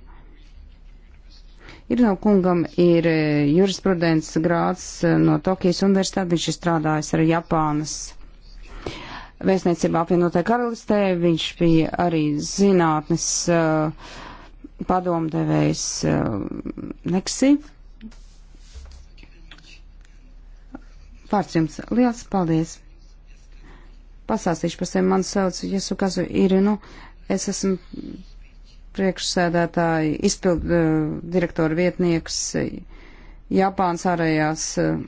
Ir no kungam ir eh, jurisprudents grāds no Tokijas universitātes, viņš ir strādājis ar Japānas vēstniecībā apvienotajā karalistē, viņš bija arī zinātnes uh, padomdevējs uh, Neksi. Vārds jums liels paldies! Pasāstīšu par sevi, man sauc Jesukazu Irinu, es esmu priekšsēdētāji, izpildu eh, direktoru vietnieks eh, Japānas ārējās eh,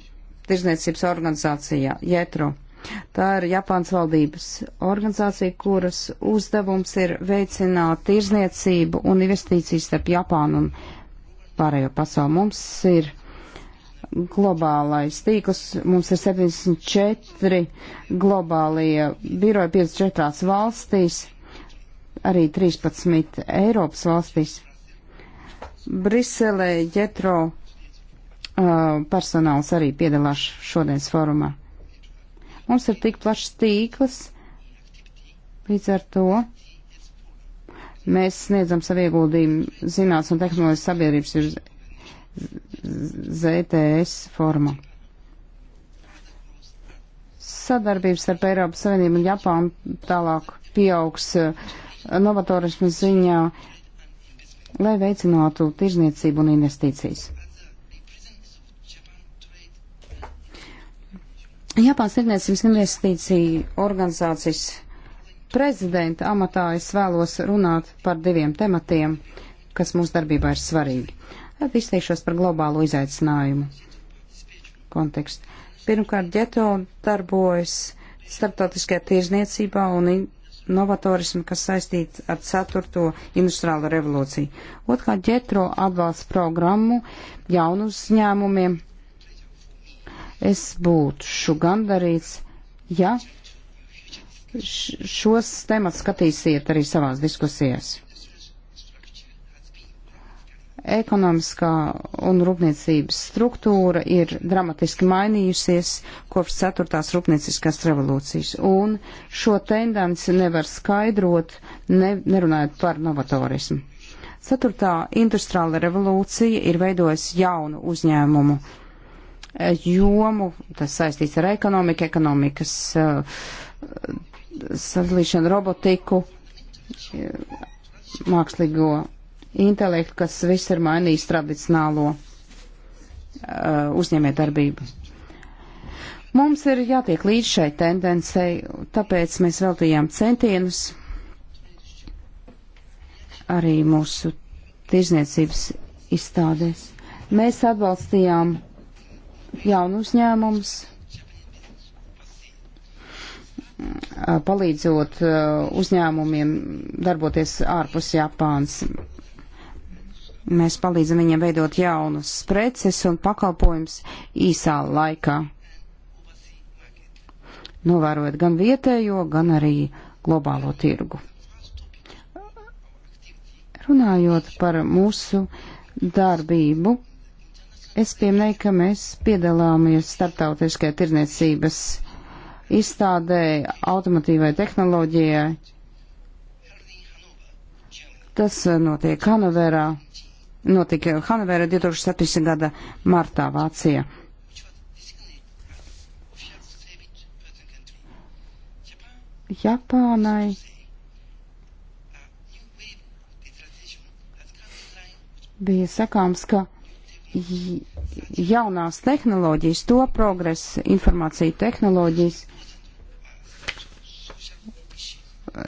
tirzniecības organizācijā JETRO. Tā ir Japānas valdības organizācija, kuras uzdevums ir veicināt tirzniecību un investīcijas starp Japānu un pārējo pasauli. Mums ir globālais tīkls. Mums ir 74 globālie biroji 54 valstīs, arī 13 Eiropas valstīs. Briselē ģetro uh, personāls arī piedalās šodienas forumā. Mums ir tik plašs tīkls, līdz ar to mēs sniedzam savu ieguldījumu zinātnes un tehnoloģijas sabiedrības ZTS forma. Sadarbības starp Eiropas Savienību un Japānu tālāk pieaugs eh, novatorismu ziņā, lai veicinātu tirzniecību un investīcijas. Japāns tirzniecības investīcija organizācijas prezidenta amatā es vēlos runāt par diviem tematiem, kas mūsu darbībā ir svarīgi. Tad izteikšos par globālo izaicinājumu kontekstu. Pirmkārt, ģeto darbojas starptautiskajā tirzniecībā un novatorismu, kas saistīts ar 4. industriālo revolūciju. Otkārt, ģetro atbalsta programmu jaunu uzņēmumiem. Es būtu gandarīts, ja šos temats skatīsiet arī savās diskusijās. Ekonomiskā un rūpniecības struktūra ir dramatiski mainījusies kopš 4. rūpnieciskās revolūcijas, un šo tendenci nevar skaidrot, ne, nerunājot par novatorismu. 4. industriāla revolūcija ir veidojusi jaunu uzņēmumu jomu, tas saistīts ar ekonomiku, ekonomikas uh, sadalīšanu, robotiku, uh, mākslīgo intelektu, kas viss ir mainījis tradicionālo uh, uzņēmējdarbību. Mums ir jātiek līdz šai tendencei, tāpēc mēs veltījām centienus arī mūsu tirzniecības izstādēs. Mēs atbalstījām jaunu uzņēmumus, palīdzot uh, uzņēmumiem darboties ārpus Japānas. Mēs palīdzam viņiem veidot jaunus preces un pakalpojums īsā laikā. Novērojot gan vietējo, gan arī globālo tirgu. Runājot par mūsu darbību, es pieminēju, ka mēs piedalāmies starptautiskajā tirniecības izstādē automatīvai tehnoloģijai. Tas notiek Hanoverā, notika Hanoverā 2007. gada martā Vācija. Japānai bija sakāms, ka jaunās tehnoloģijas, to progresa informāciju tehnoloģijas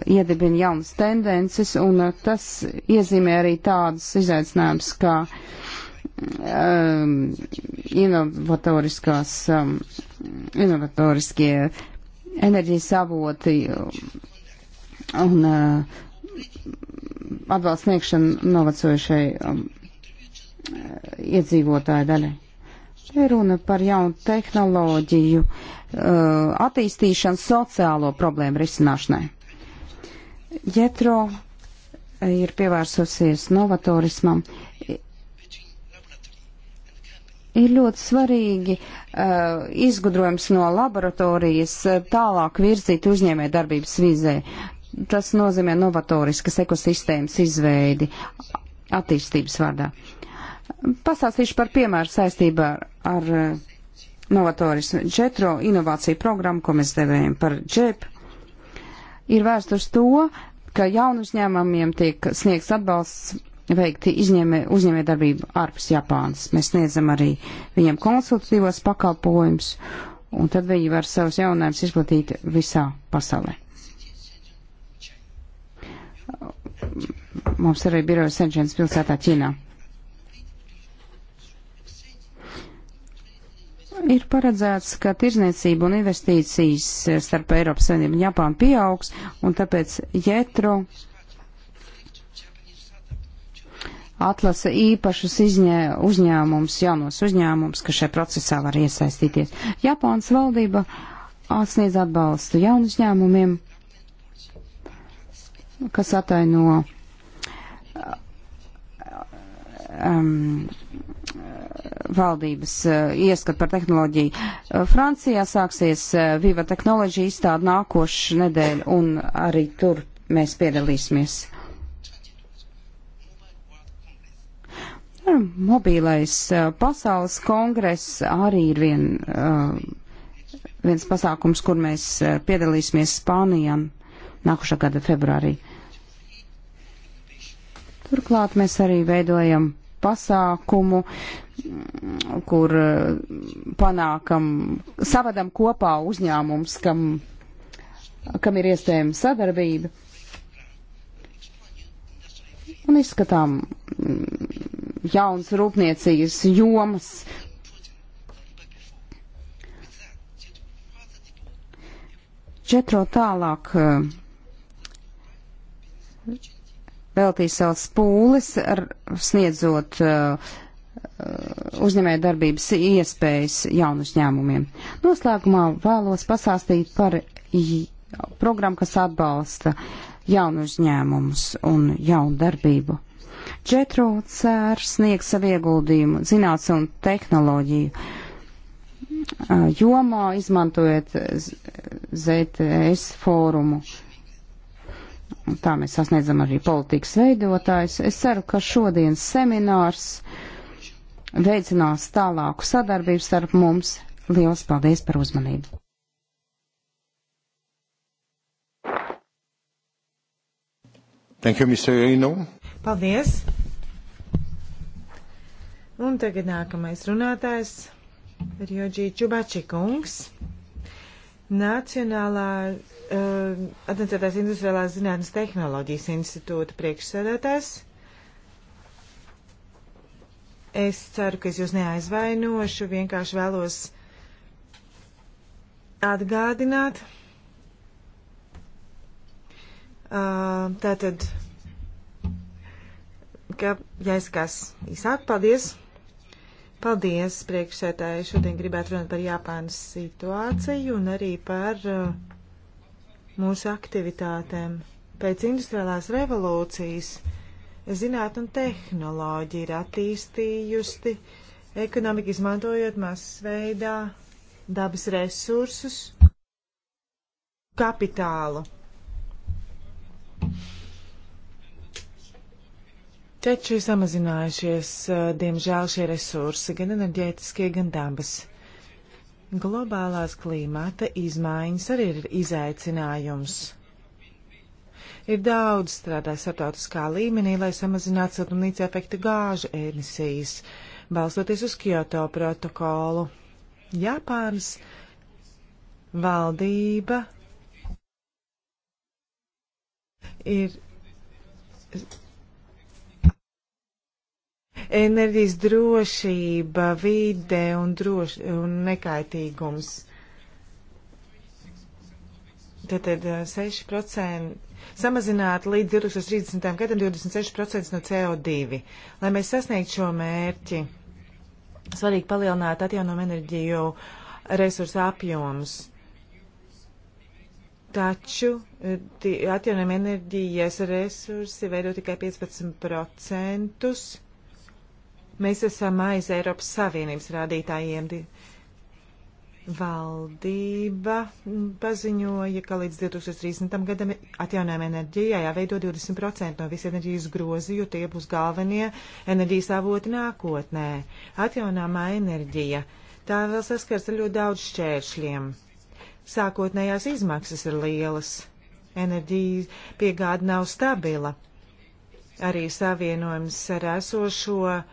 iedibina jaunas tendences, un uh, tas iezīmē arī tādas izaicinājumus kā um, inovatoriskās, um, inovatoriskie enerģijas avoti um, un uh, atbalsts sniegšana novacojušai um, iedzīvotāju daļai. Te runa par jaunu tehnoloģiju uh, attīstīšanu sociālo problēmu risināšanai. Jetro ir pievērsusies novatorismam. Ir ļoti svarīgi uh, izgudrojums no laboratorijas uh, tālāk virzīt uzņēmē darbības vizē. Tas nozīmē novatoriskas ekosistēmas izveidi attīstības vārdā. Pastāstīšu par piemēru saistībā ar, ar novatorismu. Džetro inovāciju programmu, ko mēs devējam par džepu ir vērst uz to, ka jaunu uzņēmumiem tiek sniegts atbalsts veikti izņēmē, uzņēmē darbību ārpus Japānas. Mēs sniedzam arī viņiem konsultatīvos pakalpojumus, un tad viņi var savus jaunājumus izplatīt visā pasaulē. Mums arī biroja senčienas pilsētā Ķīnā. Ir paredzēts, ka tirzniecība un investīcijas starp Eiropas Savienību un Japānu pieaugs, un tāpēc Jetro atlasa īpašus izņē, uzņēmums, jaunos uzņēmums, kas šajā procesā var iesaistīties. Japānas valdība sniedz atbalstu jaunu uzņēmumiem, kas ataino um, valdības eh, ieskat par tehnoloģiju. Eh, Francijā sāksies eh, Viva Technology izstāde nākošu nedēļu, un arī tur mēs piedalīsimies. Mobīlais pasaules kongress arī ir vien, viens pasākums, kur mēs piedalīsimies Spānijā nākošā gada februārī. Turklāt mēs arī veidojam pasākumu, kur mm, panākam, savadam kopā uzņēmums, kam, kam ir iespējama sadarbība. Un izskatām mm, jauns rūpniecības jomas. Četro tālāk uh, veltīja savas pūles, ar, sniedzot uh, uh uzņēmēju darbības iespējas jaunu uzņēmumiem. Noslēgumā vēlos pasāstīt par programmu, kas atbalsta jaunu uzņēmumus un jaunu darbību. Džetro cērs sniegs savu ieguldījumu zināts un tehnoloģiju uh, jomā, izmantojot ZTS fórumu. Uh, Tā mēs sasniedzam arī politikas veidotājus. Es ceru, ka šodienas seminārs veicinās tālāku sadarbību starp mums. Lielas paldies par uzmanību! Thank you, Mr. Ino. Paldies! Un tagad nākamais runātājs ir Joģī Čubači kungs. Nacionālā uh, eh, atnācētās industriālās zinātnes tehnoloģijas institūta priekšsēdētājs. Es ceru, ka es jūs neaizvainošu, vienkārši vēlos atgādināt. Uh, tātad, ka jāizskās īsāk, paldies! Paldies, priekšsētāji. Šodien gribētu runāt par Japānas situāciju un arī par uh, mūsu aktivitātēm. Pēc industriālās revolūcijas zinātne un tehnoloģija ir attīstījusi ekonomiku izmantojot masveidā dabas resursus, kapitālu. Taču ir samazinājušies, eh, diemžēl, šie resursi, gan enerģētiskie, gan dabas. Globālās klimata izmaiņas arī ir izaicinājums ir daudz strādājis starptautiskā līmenī, lai samazinātu siltumnīca efekta gāžu emisijas, balstoties uz Kyoto protokolu. Japānas valdība ir enerģijas drošība, vide un, droš, un nekaitīgums. Tātad 6% samazināt līdz 2030. gadam 26% no CO2. Lai mēs sasniegtu šo mērķi, svarīgi palielināt atjaunumu enerģiju resursu apjomus. Taču atjaunojama enerģijas resursi veido tikai 15% Mēs esam aiz Eiropas Savienības rādītājiem. Valdība paziņoja, ka līdz 2030. gadam atjaunojama enerģija jāveido 20% no visas enerģijas grozi, jo tie būs galvenie enerģijas avoti nākotnē. Atjaunāmā enerģija. Tā vēl saskars ar ļoti daudz šķēršļiem. Sākotnējās izmaksas ir lielas. Enerģija piegāda nav stabila. Arī savienojums ar esošo uh,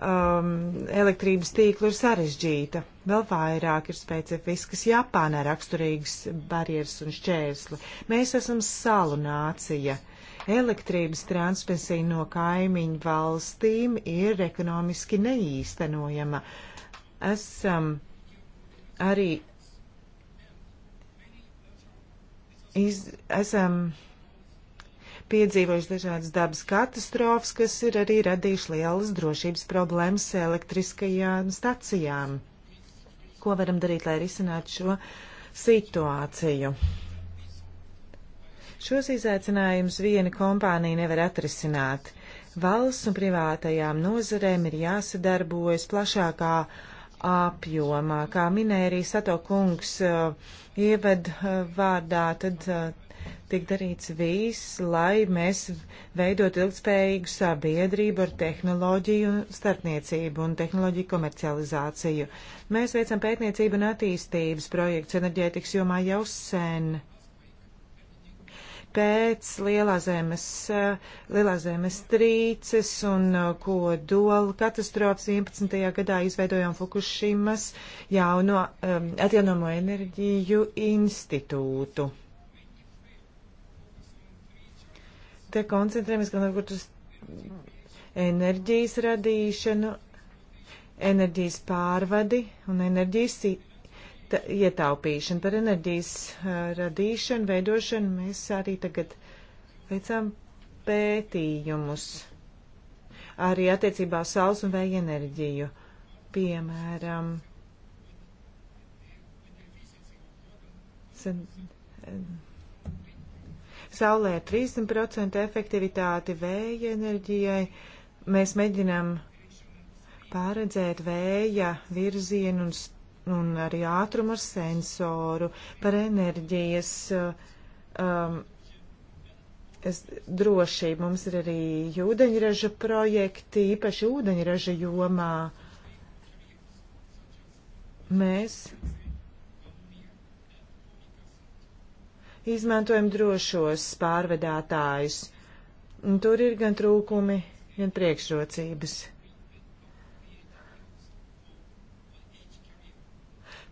um, elektrības tīklu ir sarežģīta. Vēl vairāk ir specifiskas Japānā raksturīgas barjeras un šķērsli. Mēs esam salu nācija. Elektrības transmisija no kaimiņu valstīm ir ekonomiski neīstenojama. Esam arī iz, esam piedzīvojuši dažādas dabas katastrofas, kas ir arī radījuši lielas drošības problēmas elektriskajām stacijām. Ko varam darīt, lai risinātu šo situāciju? Šos izaicinājumus viena kompānija nevar atrisināt. Valsts un privātajām nozarēm ir jāsadarbojas plašākā apjomā, kā minēja arī Sato kungs uh, ievad uh, vārdā, tad uh, tiek darīts viss, lai mēs veidot ilgspējīgu sabiedrību ar tehnoloģiju starpniecību un tehnoloģiju komercializāciju. Mēs veicam pētniecību un attīstības projekts enerģētikas jomā jau sen. Pēc Lielā zemes, Lielā zemes trīces un kodola katastrofas 11. gadā izveidojām Fukushimas jauno um, atjaunomo enerģiju institūtu te koncentrējamies galvenokārt uz enerģijas radīšanu, enerģijas pārvadi un enerģijas ietaupīšanu. Par enerģijas uh, radīšanu, veidošanu mēs arī tagad veicām pētījumus arī attiecībā uz saules un vēja enerģiju. Piemēram, sen, saulē 30% efektivitāti vēja enerģijai. Mēs mēģinām pārredzēt vēja virzienu un, un arī ātrumu ar sensoru par enerģijas uh, um, es, drošību. Mums ir arī ūdeņraža projekti, īpaši ūdeņraža jomā. Mēs izmantojam drošos pārvedātājus. Un tur ir gan trūkumi, gan priekšrocības.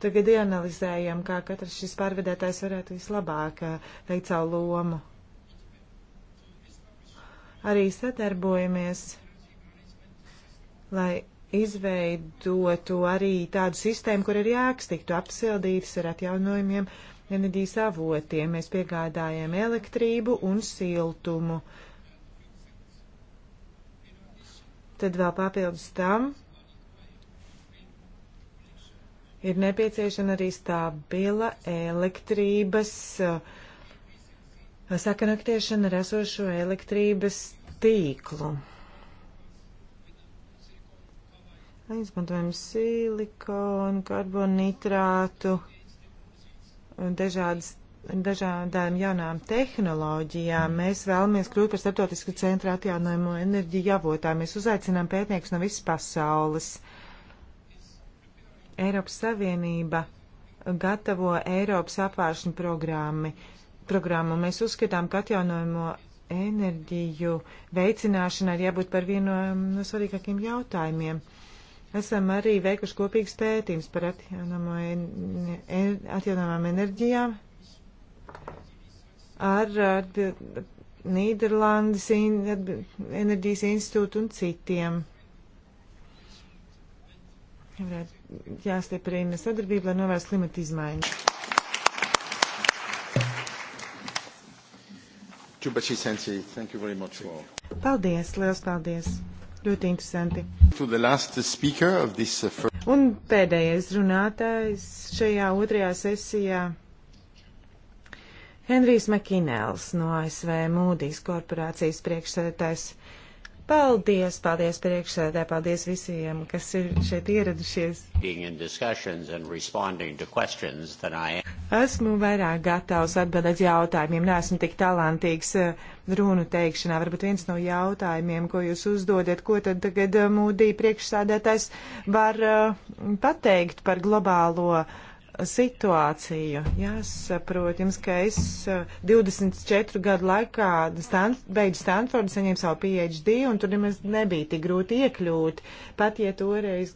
Tagad analizējam, kā katrs šis pārvedētājs varētu vislabāk eh, veikt savu lomu. Arī sadarbojamies, lai izveidotu arī tādu sistēmu, kur ir jēgas tiktu apsildītas ar atjaunojumiem, uh, Ganadīs avotiem. Mēs piegādājam elektrību un siltumu. Tad vēl papildus tam ir nepieciešama arī stabila elektrības uh, sakanaktiešana ar esošo elektrības tīklu. Izmantojam silikonu, karbonitrātu. nitrātu dažādas, dažādām jaunām tehnoloģijām. Mēs vēlamies kļūt par starptautisku centru atjaunojumu enerģiju javotā. Mēs uzaicinām pētniekus no visas pasaules. Eiropas Savienība gatavo Eiropas apvāršņu programmu. programmu. Mēs uzskatām, ka atjaunojumu enerģiju veicināšana ir jābūt par vienu no svarīgākiem jautājumiem. Uh, Esam arī veikuši kopīgas pētījums par atjaunamām enerģijām ar, ar Nīderlandes in, enerģijas institūtu un citiem. Varētu jāstieprina sadarbība, lai novērstu klimata izmaiņas. Paldies, liels paldies! Ļoti interesanti. This, uh, Un pēdējais runātājs šajā otrajā sesijā - Henrijs Makinēls no ASV Mūdijas korporācijas priekšsēdētājs. Paldies, paldies priekšsēdē, paldies visiem, kas ir šeit ieradušies. Esmu vairāk gatavs atbildēt jautājumiem, neesmu tik talantīgs eh, runu teikšanā. Varbūt viens no jautājumiem, ko jūs uzdodat, ko tad tagad eh, mūdī priekšsēdētājs var eh, pateikt par globālo uh, situāciju. Jāsaprot jums, ka es 24 eh, gadu laikā stand, beidzu Stanfordu, saņēmu savu PhD, un tur nemaz nebija tik grūti iekļūt. Pat ja toreiz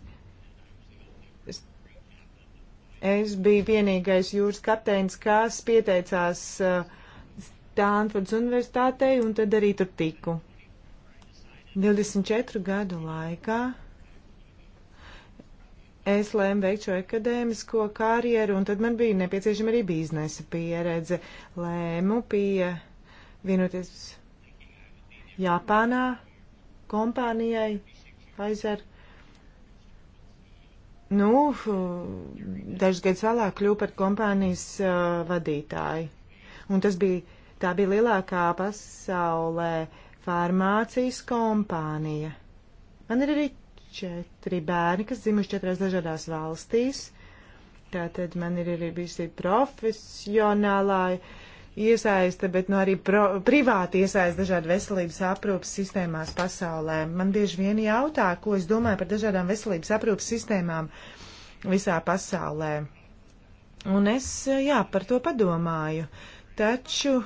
es biju vienīgais jūras kapteinis, kas pieteicās eh, Stanfordas universitātei, un tad arī tur tiku. 24 gadu laikā es lēmu veikt šo akadēmisko karjeru, un tad man bija nepieciešama arī biznesa pieredze. Lēmu pie vienoties Japānā kompānijai Pfizer. Nu, dažus gadus vēlāk kļuvu par kompānijas uh, vadītāju. Un tas bija, tā bija lielākā pasaulē farmācijas kompānija. Man ir arī četri bērni, kas dzimuši četrās dažādās valstīs. Tātad man ir arī bijusi profesionālā iesaista, bet nu, arī pro, privāti iesaista dažādu veselības aprūpas sistēmās pasaulē. Man bieži vien jautā, ko es domāju par dažādām veselības aprūpas sistēmām visā pasaulē. Un es, jā, par to padomāju. Taču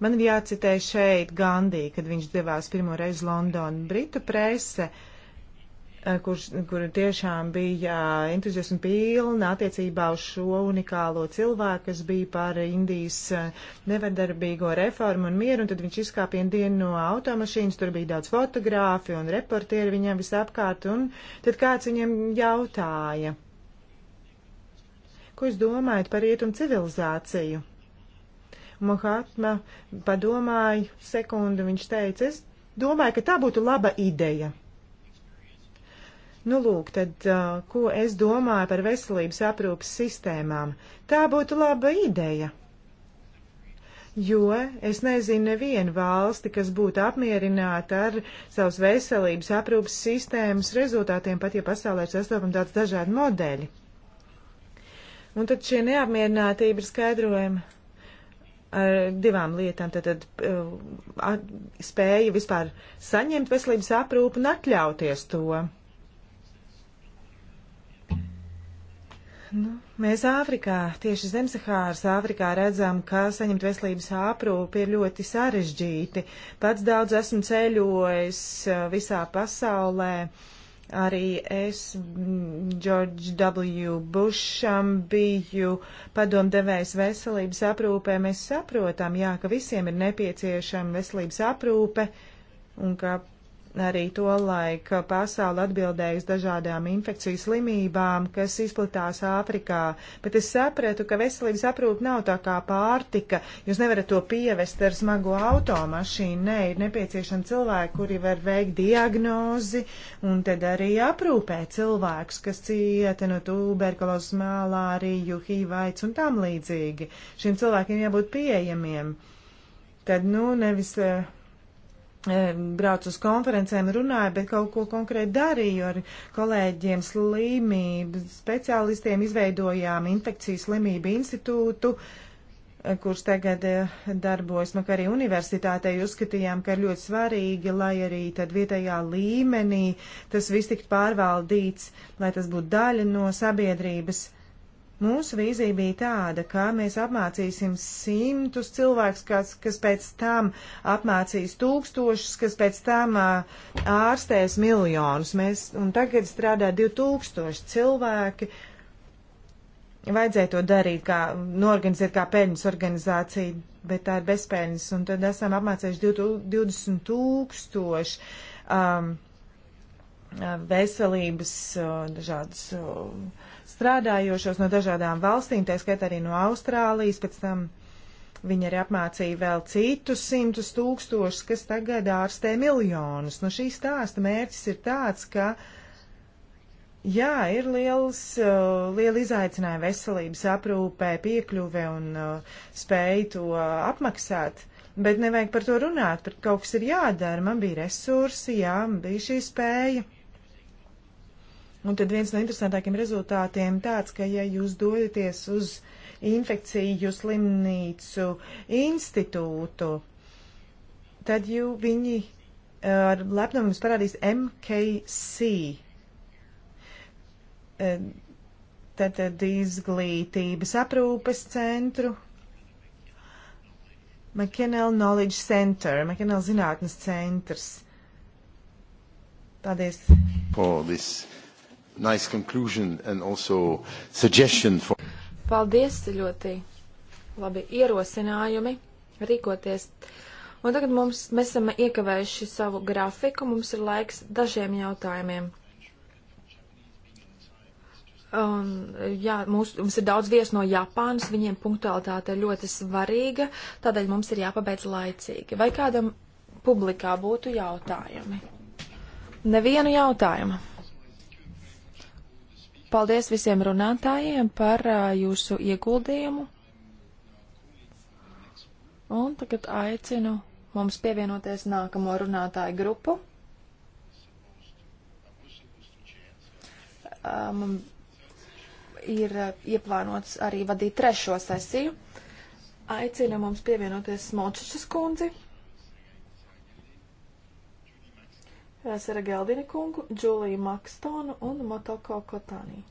Man ir jācitē šeit Gandī, kad viņš devās pirmo reizi Londonu. Britu prese, eh, kurš, kur tiešām bija eh, entuziasma pilna attiecībā uz šo unikālo cilvēku, kas bija par Indijas eh, nevardarbīgo reformu un mieru, un tad viņš izkāpien dienu no automašīnas, tur bija daudz fotogrāfi un reportieri viņam visapkārt, un tad kāds viņam jautāja ko jūs domājat par rietumu civilizāciju? Mohatma padomāja sekundu, viņš teica, es domāju, ka tā būtu laba ideja. Nu, lūk, tad, uh, ko es domāju par veselības aprūpas sistēmām? Tā būtu laba ideja. Jo es nezinu nevienu valsti, kas būtu apmierināta ar savas veselības aprūpas sistēmas rezultātiem, pat ja pasaulē ir sastopami daudz dažādi modeļi. Un tad šie neapmierinātība ir skaidrojama ar divām lietām. Tad, tad uh, spēja vispār saņemt veselības aprūpu un atļauties to. Nu, mēs Āfrikā, tieši Zemsahāras Āfrikā redzam, ka saņemt veselības aprūpi ir ļoti sarežģīti. Pats daudz esmu ceļojis uh, visā pasaulē. Uh, Arī es, George W. Busham, biju padomdevējs veselības aprūpē. Mēs saprotam, jā, ka visiem ir nepieciešama veselības aprūpe un ka arī to laika pasauli atbildējusi dažādām infekcijas slimībām, kas izplatās Āfrikā. Bet es sapratu, ka veselības aprūpe nav tā kā pārtika. Jūs nevarat to pievest ar smago automašīnu. Nē, ir nepieciešami cilvēki, kuri var veikt diagnozi un tad arī aprūpē cilvēkus, kas cieta no tuberkulozes, malāriju, hīvaits un tam līdzīgi. Šiem cilvēkiem jābūt pieejamiem. Tad, nu, nevis. Uh, braucu uz konferencēm, runāju, bet kaut ko konkrēti darīju ar kolēģiem, slimību speciālistiem, izveidojām infekciju slimību institūtu, eh, kurš tagad eh, darbojas Makarī nu, universitātei. Uzskatījām, ka ir ļoti svarīgi, lai arī tad vietējā līmenī tas viss tikt pārvaldīts, lai tas būtu daļa no sabiedrības Mūsu vīzija bija tāda, ka mēs apmācīsim simtus cilvēkus, kas, kas pēc tam apmācīs tūkstošus, kas pēc tam uh, ārstēs miljonus. Mēs, un tagad strādā 2000 cilvēki. Vajadzēja to darīt, kā norganizēt kā peļņas organizācija, bet tā ir bezpeļņas. Un tad esam apmācījuši 20 tūkstoši. Um, veselības, dažādas strādājošos no dažādām valstīm, tā skaitā arī no Austrālijas, pēc tam viņi arī apmācīja vēl citus simtus tūkstošus, kas tagad ārstē miljonus. Nu, šī stāsta mērķis ir tāds, ka, jā, ir liels, uh, liela izaicinājuma veselības aprūpē, piekļuve un uh, spēja to uh, apmaksāt. Bet nevajag par to runāt, par kaut kas ir jādara. Man bija resursi, jā, man bija šī spēja. Un tad viens no interesantākiem rezultātiem tāds, ka ja jūs dodaties uz infekciju slimnīcu institūtu, tad jū, viņi eh, ar lepnumu jums parādīs MKC. Tātad eh, izglītības aprūpes centru, McKinnell Knowledge Center, McKinnell zinātnes centrs. Paldies. Paldies nice conclusion and also suggestion for. Paldies, ļoti labi ierosinājumi rīkoties. Un tagad mums, mēs esam iekavējuši savu grafiku, mums ir laiks dažiem jautājumiem. Un, jā, mūs, mums ir daudz viesu no Japānas, viņiem punktualitāte ir ļoti svarīga, tādēļ mums ir jāpabeidz laicīgi. Vai kādam publikā būtu jautājumi? Nevienu jautājumu. Paldies visiem runātājiem par uh, jūsu ieguldījumu. Un tagad aicinu mums pievienoties nākamo runātāju grupu. Um, ir uh, ieplānots arī vadīt trešo sesiju. Aicinu mums pievienoties Smočišas kundzi. Sera Geldini kungu, Džuliju Makstonu un Motoko Kotanī.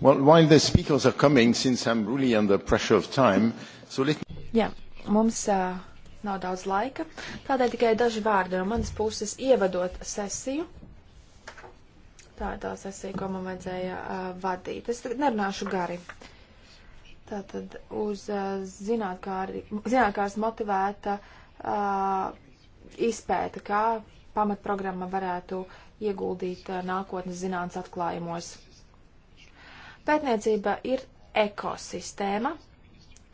Well, while the speakers are coming, since I'm really under pressure of time, so let me... Yeah. Mums uh, nav daudz laika, tādēļ tikai daži vārdi no manas puses ievadot sesiju. Tā ir tā sesija, ko man vajadzēja uh, vadīt. Es tagad nerunāšu gari. Tātad uz uh, zinātkārs motivēta uh, izpēta, kā pamatprogramma varētu ieguldīt uh, nākotnes zinātnes atklājumos. Pētniecība ir ekosistēma,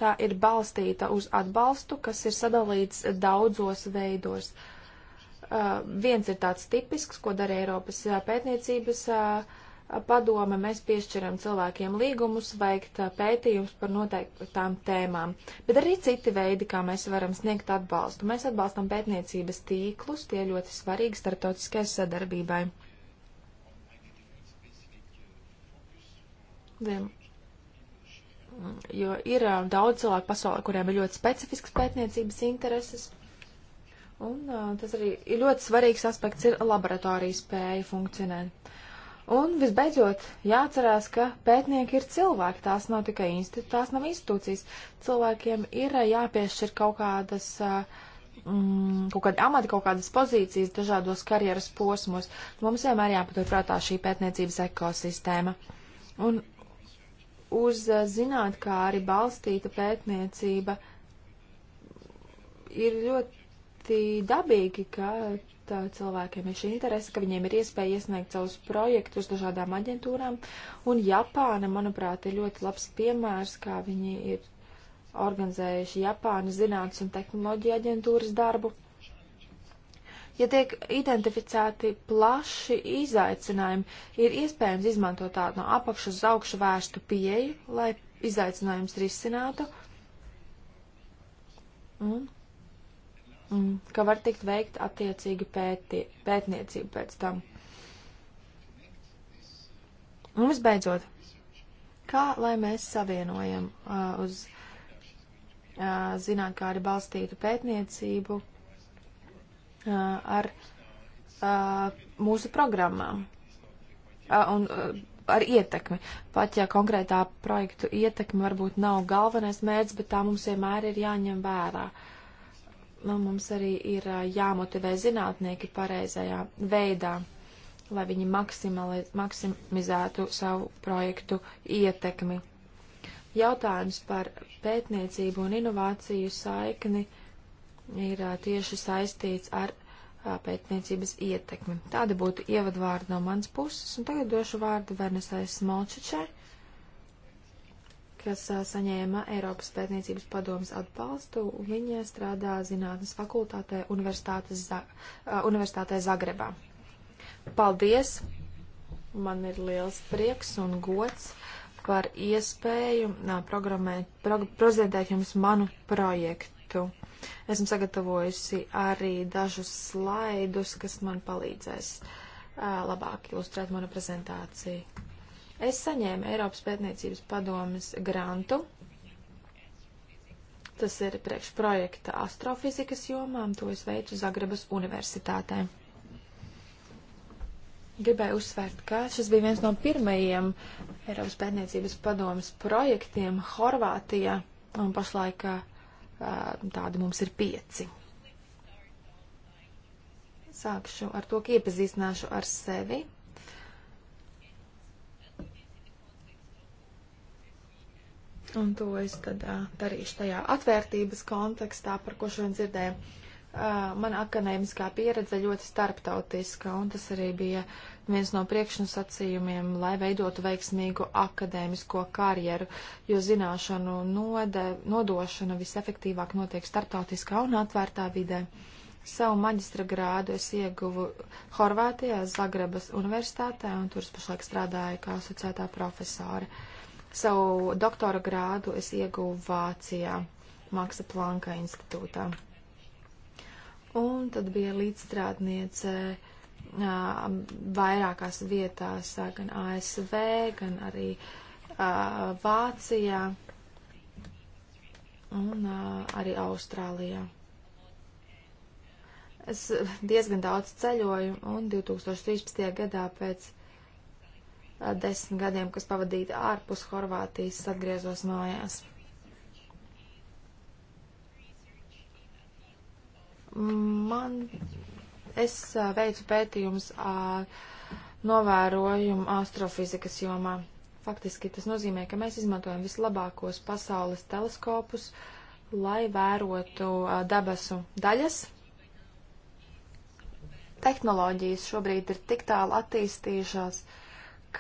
tā ir balstīta uz atbalstu, kas ir sadalīts daudzos veidos. Uh, viens ir tāds tipisks, ko dara Eiropas uh, pētniecības uh, padome. Mēs piešķiram cilvēkiem līgumus, veikt uh, pētījumus par noteiktām tēmām. Bet arī citi veidi, kā mēs varam sniegt atbalstu. Mēs atbalstam pētniecības tīklus, tie ļoti svarīgi startautiskai sadarbībai. Diem, jo ir uh, daudz cilvēku pasaulē, kuriem ir ļoti specifiskas pētniecības intereses. Un uh, tas arī ir ļoti svarīgs aspekts ir laboratorijas spēja funkcionēt. Un visbeidzot, jāatcerās, ka pētnieki ir cilvēki, tās nav tikai institūcijas, tās nav institūcijas. Cilvēkiem ir uh, jāpiešķir kaut kādas, uh, mm, kaut kādi amati, kaut kādas pozīcijas dažādos karjeras posmos. Mums vienmēr jāpatur prātā šī pētniecības ekosistēma. Un uz zinātkāri balstīta pētniecība ir ļoti dabīgi, ka tā cilvēkiem ir šī interese, ka viņiem ir iespēja iesniegt savus projektus dažādām aģentūrām. Un Japāna, manuprāt, ir ļoti labs piemērs, kā viņi ir organizējuši Japānas zinātnes un tehnoloģija aģentūras darbu. Ja tiek identificēti plaši izaicinājumi, ir iespējams izmantot tādu no apakšas uz augšu vērstu pieeju, lai izaicinājums risinātu, un, un ka var tikt veikt attiecīgi pēti, pētniecība pēc tam. Un visbeidzot, kā lai mēs savienojam uh, uz uh, zinātnē balstītu pētniecību ar mūsu programmām un ar ietekmi. Pat ja konkrētā projektu ietekme varbūt nav galvenais mērķis, bet tā mums vienmēr ir jāņem vērā. Nu, mums arī ir jāmotivē zinātnieki pareizajā veidā, lai viņi maksimizētu savu projektu ietekmi. Jautājums par pētniecību un inovāciju saikni uh, ir tieši saistīts ar pētniecības ietekmi. Tāda būtu ievadvārda no manas puses, un tagad došu vārdu Vernesai Smolčičai, kas saņēma Eiropas pētniecības padomas atbalstu. Viņa strādā zinātnes fakultātē Za Universitātē Zagrebā. Paldies! Man ir liels prieks un gods par iespēju nā, programmēt, pro, prezentēt jums manu projektu Esmu sagatavojusi arī dažus slaidus, kas man palīdzēs labāk ilustrēt manu prezentāciju. Es saņēmu Eiropas pētniecības padomas grantu. Tas ir priekšprojekta astrofizikas jomām, to es veicu Zagrebas universitātē gribēju uzsvērt, ka šis bija viens no pirmajiem Eiropas pētniecības padomas projektiem Horvātijā, un pašlaik Tādi mums ir pieci. Sākšu ar to, ka iepazīstināšu ar sevi. Un to es tad darīšu tajā atvērtības kontekstā, par ko šodien dzirdējām mana akadēmiskā pieredze ļoti starptautiska, un tas arī bija viens no priekšnosacījumiem, lai veidotu veiksmīgu akadēmisko karjeru, jo zināšanu node, nodošana visefektīvāk notiek starptautiskā un atvērtā vidē. Savu maģistra grādu es ieguvu Horvātijā, Zagrebas universitātē, un tur es pašlaik strādāju kā asociētā profesore. Savu doktora grādu es ieguvu Vācijā, Maksa Planka institūtā. Un tad bija līdzstrādniece vairākās vietās, gan ASV, gan arī Vācijā un arī Austrālijā. Es diezgan daudz ceļoju, un 2013. gadā pēc desmit gadiem, kas pavadīti ārpus Horvātijas, atgriezos mājās. Man, es veicu pētījumus novērojumu astrofizikas jomā. Faktiski tas nozīmē, ka mēs izmantojam vislabākos pasaules teleskopus, lai vērotu debesu daļas. Tehnoloģijas šobrīd ir tik tālu attīstījušās,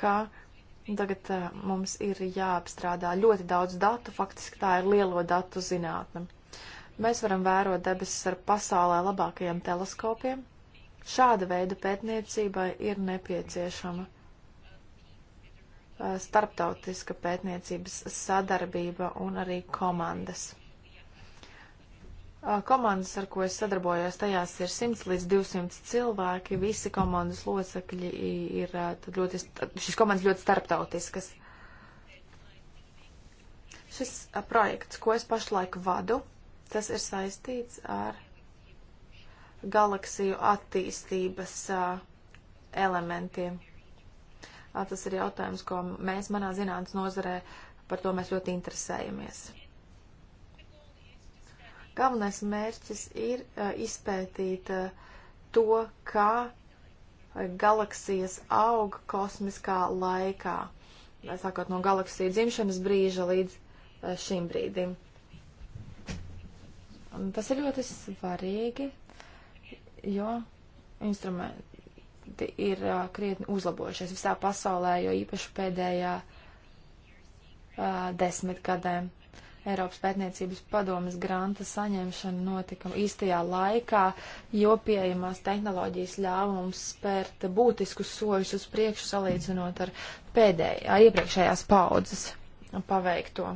ka tagad mums ir jāapstrādā ļoti daudz datu. Faktiski tā ir lielo datu zinātne. Mēs varam vērot debesis ar pasaulē labākajiem teleskopiem. Šāda veida pētniecībai ir nepieciešama eh, starptautiska pētniecības sadarbība un arī komandas. Eh, komandas, ar ko es sadarbojos, tajās ir 100 līdz 200 cilvēki. Visi komandas locekļi ir eh, ļoti, šis komandas ļoti starptautiskas. Šis projekts, ko es pašlaik vadu, Tas ir saistīts ar galaksiju attīstības uh, elementiem. Uh, tas ir jautājums, ko mēs manā zinātnes nozarē par to mēs ļoti interesējamies. Galvenais mērķis ir uh, izpētīt to, kā galaksijas aug kosmiskā laikā, sākot no galaksiju dzimšanas brīža līdz šim brīdim. Tas ir ļoti svarīgi, jo instrumenti ir uh, krietni uzlabojušies visā pasaulē, jo īpaši pēdējā uh, desmitgadē Eiropas pētniecības padomas granta saņemšana notika īstajā laikā, jo pieejamās tehnoloģijas ļāva mums spērt būtiskus soļus uz priekšu salīdzinot ar pēdējā, iepriekšējās paudzes paveikto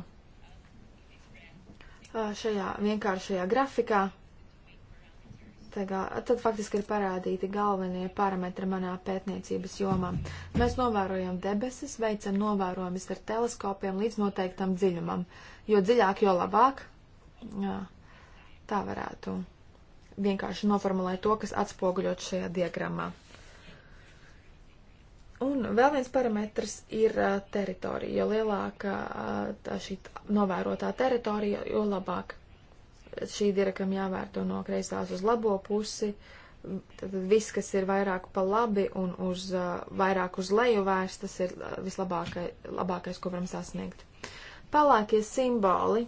šajā vienkāršajā grafikā. Tagad, tad faktiski ir parādīti galvenie parametri manā pētniecības jomā. Mēs novērojam debesis, veicam novērojumus ar teleskopiem līdz noteiktam dziļumam. Jo dziļāk, jo labāk. Jā, tā varētu vienkārši noformulēt to, kas atspoguļot šajā diagrammā. Un vēl viens parametrs ir teritorija. Jo lielāka šī novērotā teritorija, jo labāk šī direkam jāvērto no kreisās uz labo pusi. Tad viss, kas ir vairāk pa labi un uz, vairāk uz leju vērsts, tas ir vislabākais, labākais, ko varam sasniegt. Palākie simboli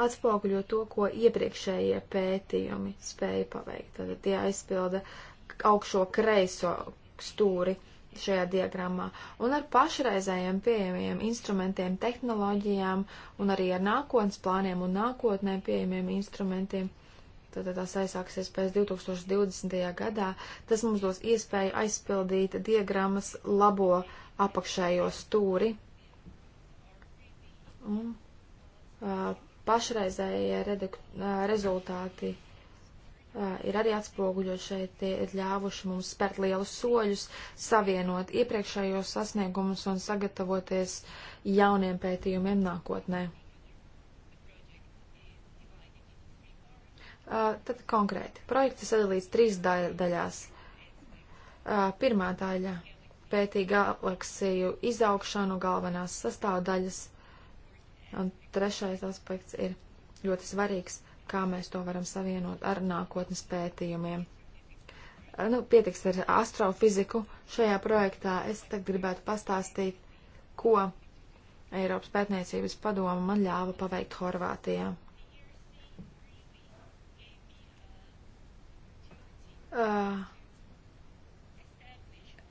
atspoguļo to, ko iepriekšējie pētījumi spēja paveikt. Tad tie aizpilda augšo kreiso stūri šajā diagrammā. Un ar pašreizējiem pieejamiem instrumentiem, tehnoloģijām un arī ar nākotnes plāniem un nākotnē pieejamiem instrumentiem, tad tas aizsāksies pēc 2020. gadā, tas mums dos iespēju aizpildīt diagrammas labo apakšējo stūri. Un, uh, pašreizējie rezultāti ir arī atspoguļot šeit, tie ir ļāvuši mums spērt lielus soļus, savienot iepriekšējos sasniegumus un sagatavoties jauniem pētījumiem nākotnē. Tad konkrēti. Projekts ir sadalīts trīs daļās. Pirmā daļa - pētī galaksiju izaugšanu galvenās sastāvdaļas – Un trešais aspekts ir ļoti svarīgs, kā mēs to varam savienot ar nākotnes pētījumiem. Nu, pietiks ar astrofiziku. Šajā projektā es tagad gribētu pastāstīt, ko Eiropas pētniecības padoma man ļāva paveikt Horvātijā. Uh,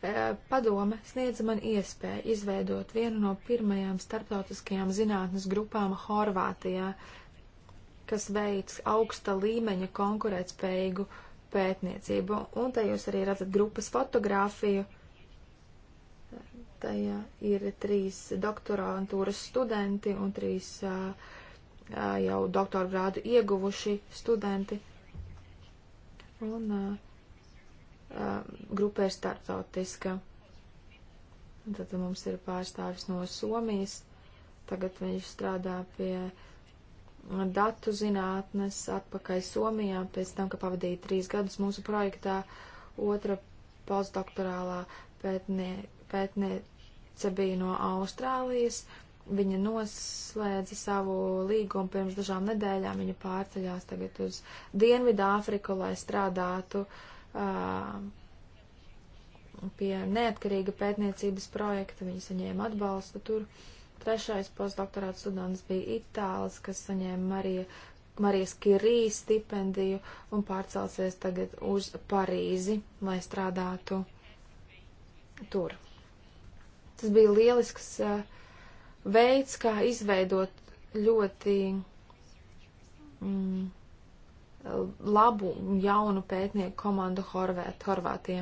Eh, padome sniedza man iespēju izveidot vienu no pirmajām starptautiskajām zinātnes grupām Horvātijā, kas veids augsta līmeņa konkurētspējīgu pētniecību. Un te jūs arī redzat grupas fotografiju. Tajā ir trīs doktorantūras studenti un trīs eh, eh, jau doktora grādu ieguvuši studenti. Un, uh, Um, grupa ir starptautiska. Tad mums ir pārstāvis no Somijas. Tagad viņš strādā pie datu zinātnes atpakaļ Somijā, pēc tam, ka pavadīja trīs gadus mūsu projektā. Otra postdoktorālā pētnie, pētniece bija no Austrālijas. Viņa noslēdza savu līgumu pirms dažām nedēļām. Viņa pārceļās tagad uz Dienvidu Āfriku, lai strādātu uh, pie neatkarīga pētniecības projekta, viņi saņēma atbalstu tur. Trešais postdoktorāts students bija Itālis, kas saņēma Marija, Marijas Kirijas stipendiju un pārcelsies tagad uz Parīzi, lai strādātu tur. Tas bija lielisks uh, veids, kā izveidot ļoti mm, labu un jaunu pētnieku komandu Horvēt, Horvātijā.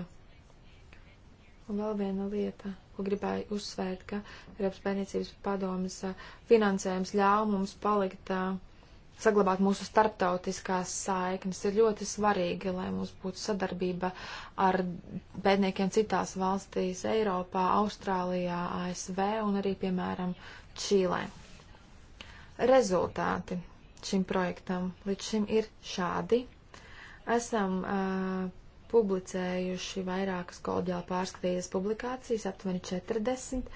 Un vēl viena lieta, ko gribēju uzsvērt, ka Eiropas pētniecības padomas finansējums ļauj mums palikt, saglabāt mūsu starptautiskās saiknes. Ir ļoti svarīgi, lai mums būtu sadarbība ar pētniekiem citās valstīs - Eiropā, Austrālijā, ASV un arī, piemēram, Čīlē. Rezultāti šim projektam līdz šim ir šādi. Esam uh, publicējuši vairākas kolģiāli pārskatītas publikācijas, aptuveni 40,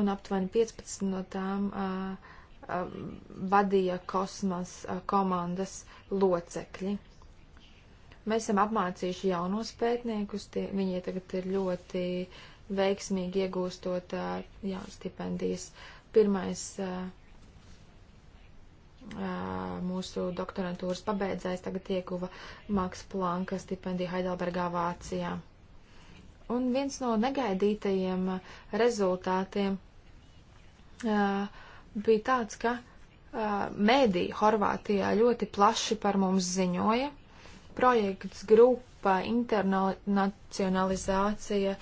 un aptuveni 15 no tām uh, uh, vadīja kosmas uh, komandas locekļi. Mēs esam apmācījuši jaunos pētniekus, tie, viņi tagad ir ļoti veiksmīgi iegūstot uh, jā, stipendijas. Pirmais uh, mūsu doktorantūras pabeidzējs tagad ieguva Maks Planka stipendiju Heidelbergā Vācijā. Un viens no negaidītajiem rezultātiem uh, bija tāds, ka uh, mēdī Horvātijā ļoti plaši par mums ziņoja. Projekts grupa internacionalizācija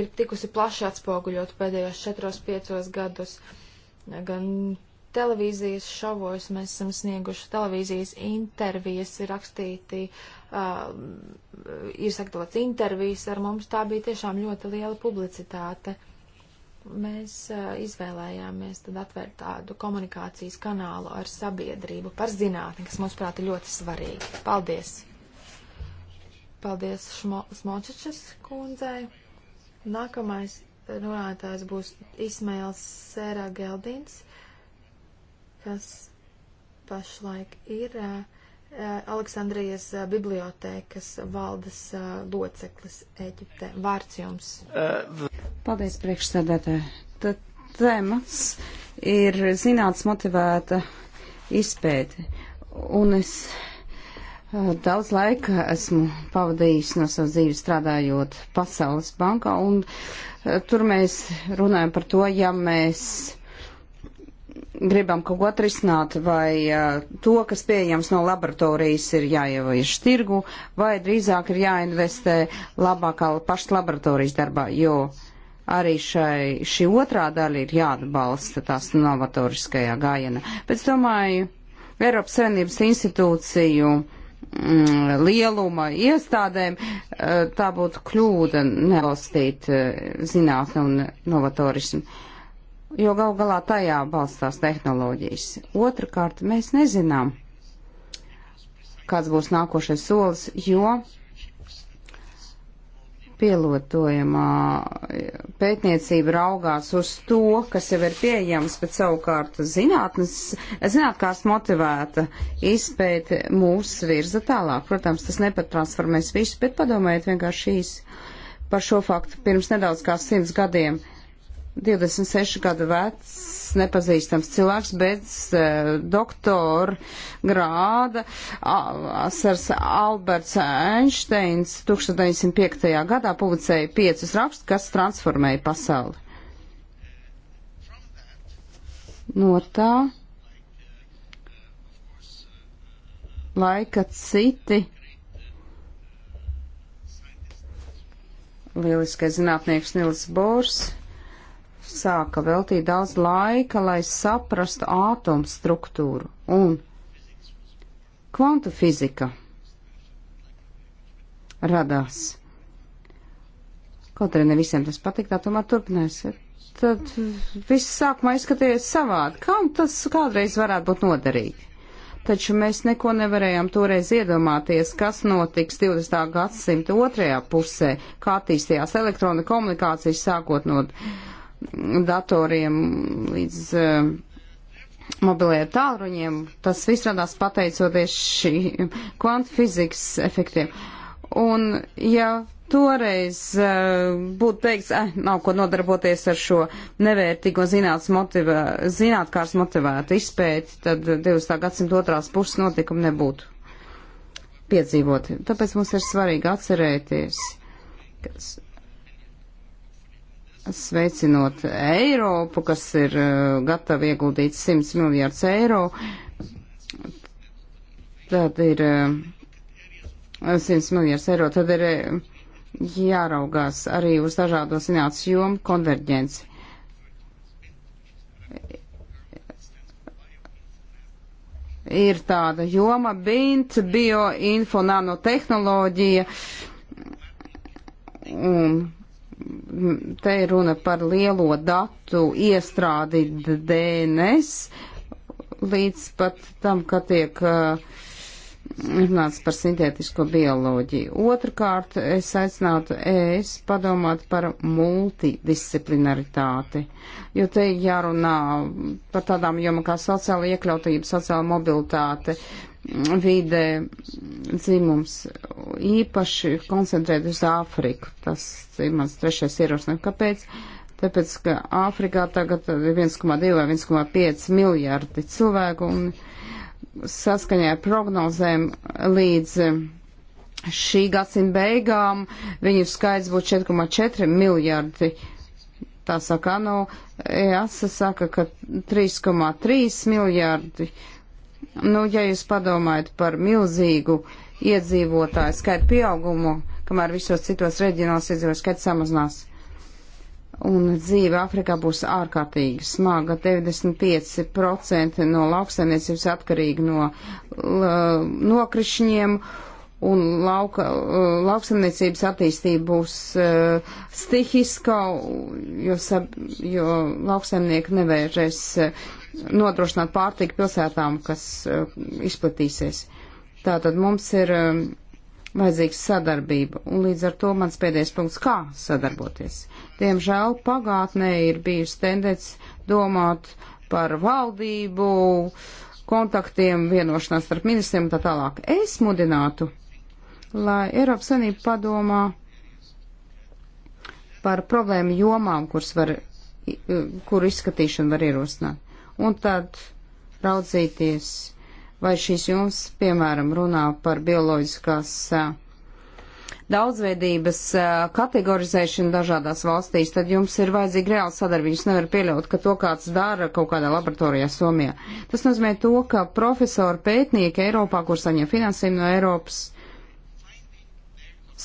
ir tikusi plaši atspoguļot pēdējos 4-5 gadus. Gan televīzijas šovos mēs esam snieguši televīzijas intervijas, ir rakstīti, uh, ir sagatavots intervijas ar mums, tā bija tiešām ļoti liela publicitāte. Mēs uh, izvēlējāmies tad atvērt tādu komunikācijas kanālu ar sabiedrību par zinātni, kas mums prāt ir ļoti svarīgi. Paldies! Paldies šmo, Smočičas kundzei! Nākamais runātājs būs Ismails Sēra Geldins kas pašlaik ir uh, Aleksandrijas uh, bibliotēkas valdes uh, loceklis Eģipte. Vārds jums. Paldies, priekšsēdētāji. Tad temats ir zināts motivēta izpēte. Un es daudz laika esmu pavadījis no savas dzīves strādājot Pasaules bankā, un tur mēs runājam par to, ja mēs gribam kaut ko atrisināt, vai uh, to, kas pieejams no laboratorijas, ir jāievieš tirgu, vai drīzāk ir jāinvestē labākā pašas laboratorijas darbā, jo arī šai, šī otrā daļa ir jāatbalsta tās novatoriskajā gājienā. Bet es domāju, Eiropas Savienības institūciju mm, lieluma iestādēm tā būtu kļūda nevalstīt zinātni un novatorismu jo gal galā tajā balstās tehnoloģijas. Otrakārt, mēs nezinām, kāds būs nākošais solis, jo pielietojamā pētniecība raugās uz to, kas jau ir pieejams, bet savukārt zinātnes, zinātkārs motivēta izpēte mūs virza tālāk. Protams, tas nepat transformēs visu, bet padomājiet vienkārši šīs par šo faktu pirms nedaudz kā simts gadiem 26 gadu vecs, nepazīstams cilvēks bez uh, doktora grāda. Asars Alberts Einsteins 1905. gadā publicēja piecus rakstus, kas transformēja pasauli. No tā laika citi lieliskais zinātnieks Nils Bors sāka veltīt daudz laika, lai saprastu ātomu struktūru un kvantu fizika radās. Kaut arī ne visiem tas patīk, tā tomēr turpināsiet. Tad viss sākumā izskatījās savādi. Kam tas kādreiz varētu būt noderīgi? Taču mēs neko nevarējām toreiz iedomāties, kas notiks 20. gadsimta otrajā pusē, kā attīstījās elektrona komunikācijas sākot no. Uh, datoriem līdz uh, mobilajiem tālruņiem. Tas viss radās pateicoties šī kvantu fizikas efektiem. Un, ja toreiz uh, būtu teiks, eh, nav ko nodarboties ar šo nevērtīgo motivā, zinātkārs motivētu izpēti, tad 20. gadsimta otrās puses notikumi nebūtu piedzīvoti. Tāpēc mums ir svarīgi atcerēties, kas sveicinot Eiropu, kas ir eh, gatava ieguldīt 100 miljārdus eiro. Tad ir 100 eh, miljārdus eiro, tad ir eh, jāraugās arī uz dažādo zinātnes jomu konverģenci. Ir tāda joma bint, bioinfo, nanotehnoloģija un te ir runa par lielo datu iestrādi DNS, līdz pat tam, ka tiek uh, runāts par sintētisko bioloģiju. Otrakārt, es aicinātu es padomāt par multidisciplinaritāti, jo te jārunā par tādām jomām kā sociāla iekļautība, sociāla mobilitāte, uh, vidē dzimums īpaši koncentrēt uz Āfriku. Tas ir mans trešais ierosinājums. Kāpēc? Tāpēc, ka Āfrikā tagad ir 1,2 vai 1,5 miljardi cilvēku un saskaņā ar prognozēm līdz šī gadsimta beigām viņu skaits būtu 4,4 miljardi. Tā saka, nu, EASA saka, ka 3,3 miljardi Nu, ja jūs padomājat par milzīgu iedzīvotāju skaitu pieaugumu, kamēr visos citos reģionos iedzīvotāju skaits samazinās, un dzīve Afrikā būs ārkārtīgi smaga, 95% no lauksainiecības atkarīgi no nokrišņiem, un lauka, lauksaimniecības attīstība būs uh, stihiska, jo, sab, jo lauksaimnieki nevēršas uh, eh, nodrošināt pārtiku pilsētām, kas eh, izplatīsies. Tātad mums ir eh, vajadzīgs sadarbība, un līdz ar to mans pēdējais punkts - kā sadarboties. Diemžēl pagātnē ir bijusi tendence domāt par valdību, kontaktiem, vienošanās starp ministriem un tā tālāk. Es mudinātu, lai Eiropas Sanība padomā par problēmu jomām, kuras var, eh, kuru izskatīšanu var ierosināt un tad raudzīties, vai šīs jums, piemēram, runā par bioloģiskās daudzveidības kategorizēšanu dažādās valstīs, tad jums ir vajadzīga reāla sadarbība. Jūs nevarat pieļaut, ka to kāds dara kaut kādā laboratorijā Somijā. Tas nozīmē to, ka profesori pētnieki Eiropā, kur saņem finansējumu no Eiropas,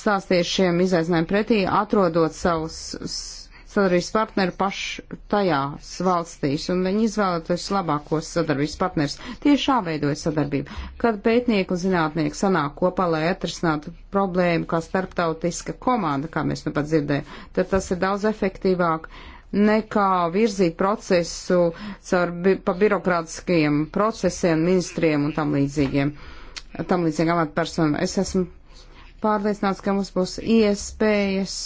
stāsties šiem izaicinājumiem pretī, atrodot savus sadarbības partneri paši tajās valstīs, un viņi izvēlētos labākos sadarbības partners. Tieši šā veidojas sadarbība, kad pētnieki un zinātnieki sanāk kopā, lai atrisinātu problēmu kā starptautiska komanda, kā mēs nu pat dzirdējam, tad tas ir daudz efektīvāk nekā virzīt procesu caur bi pa birokrātiskiem procesiem, ministriem un tam līdzīgiem, tam līdzīgām atpersonām. Es esmu pārliecināts, ka mums būs iespējas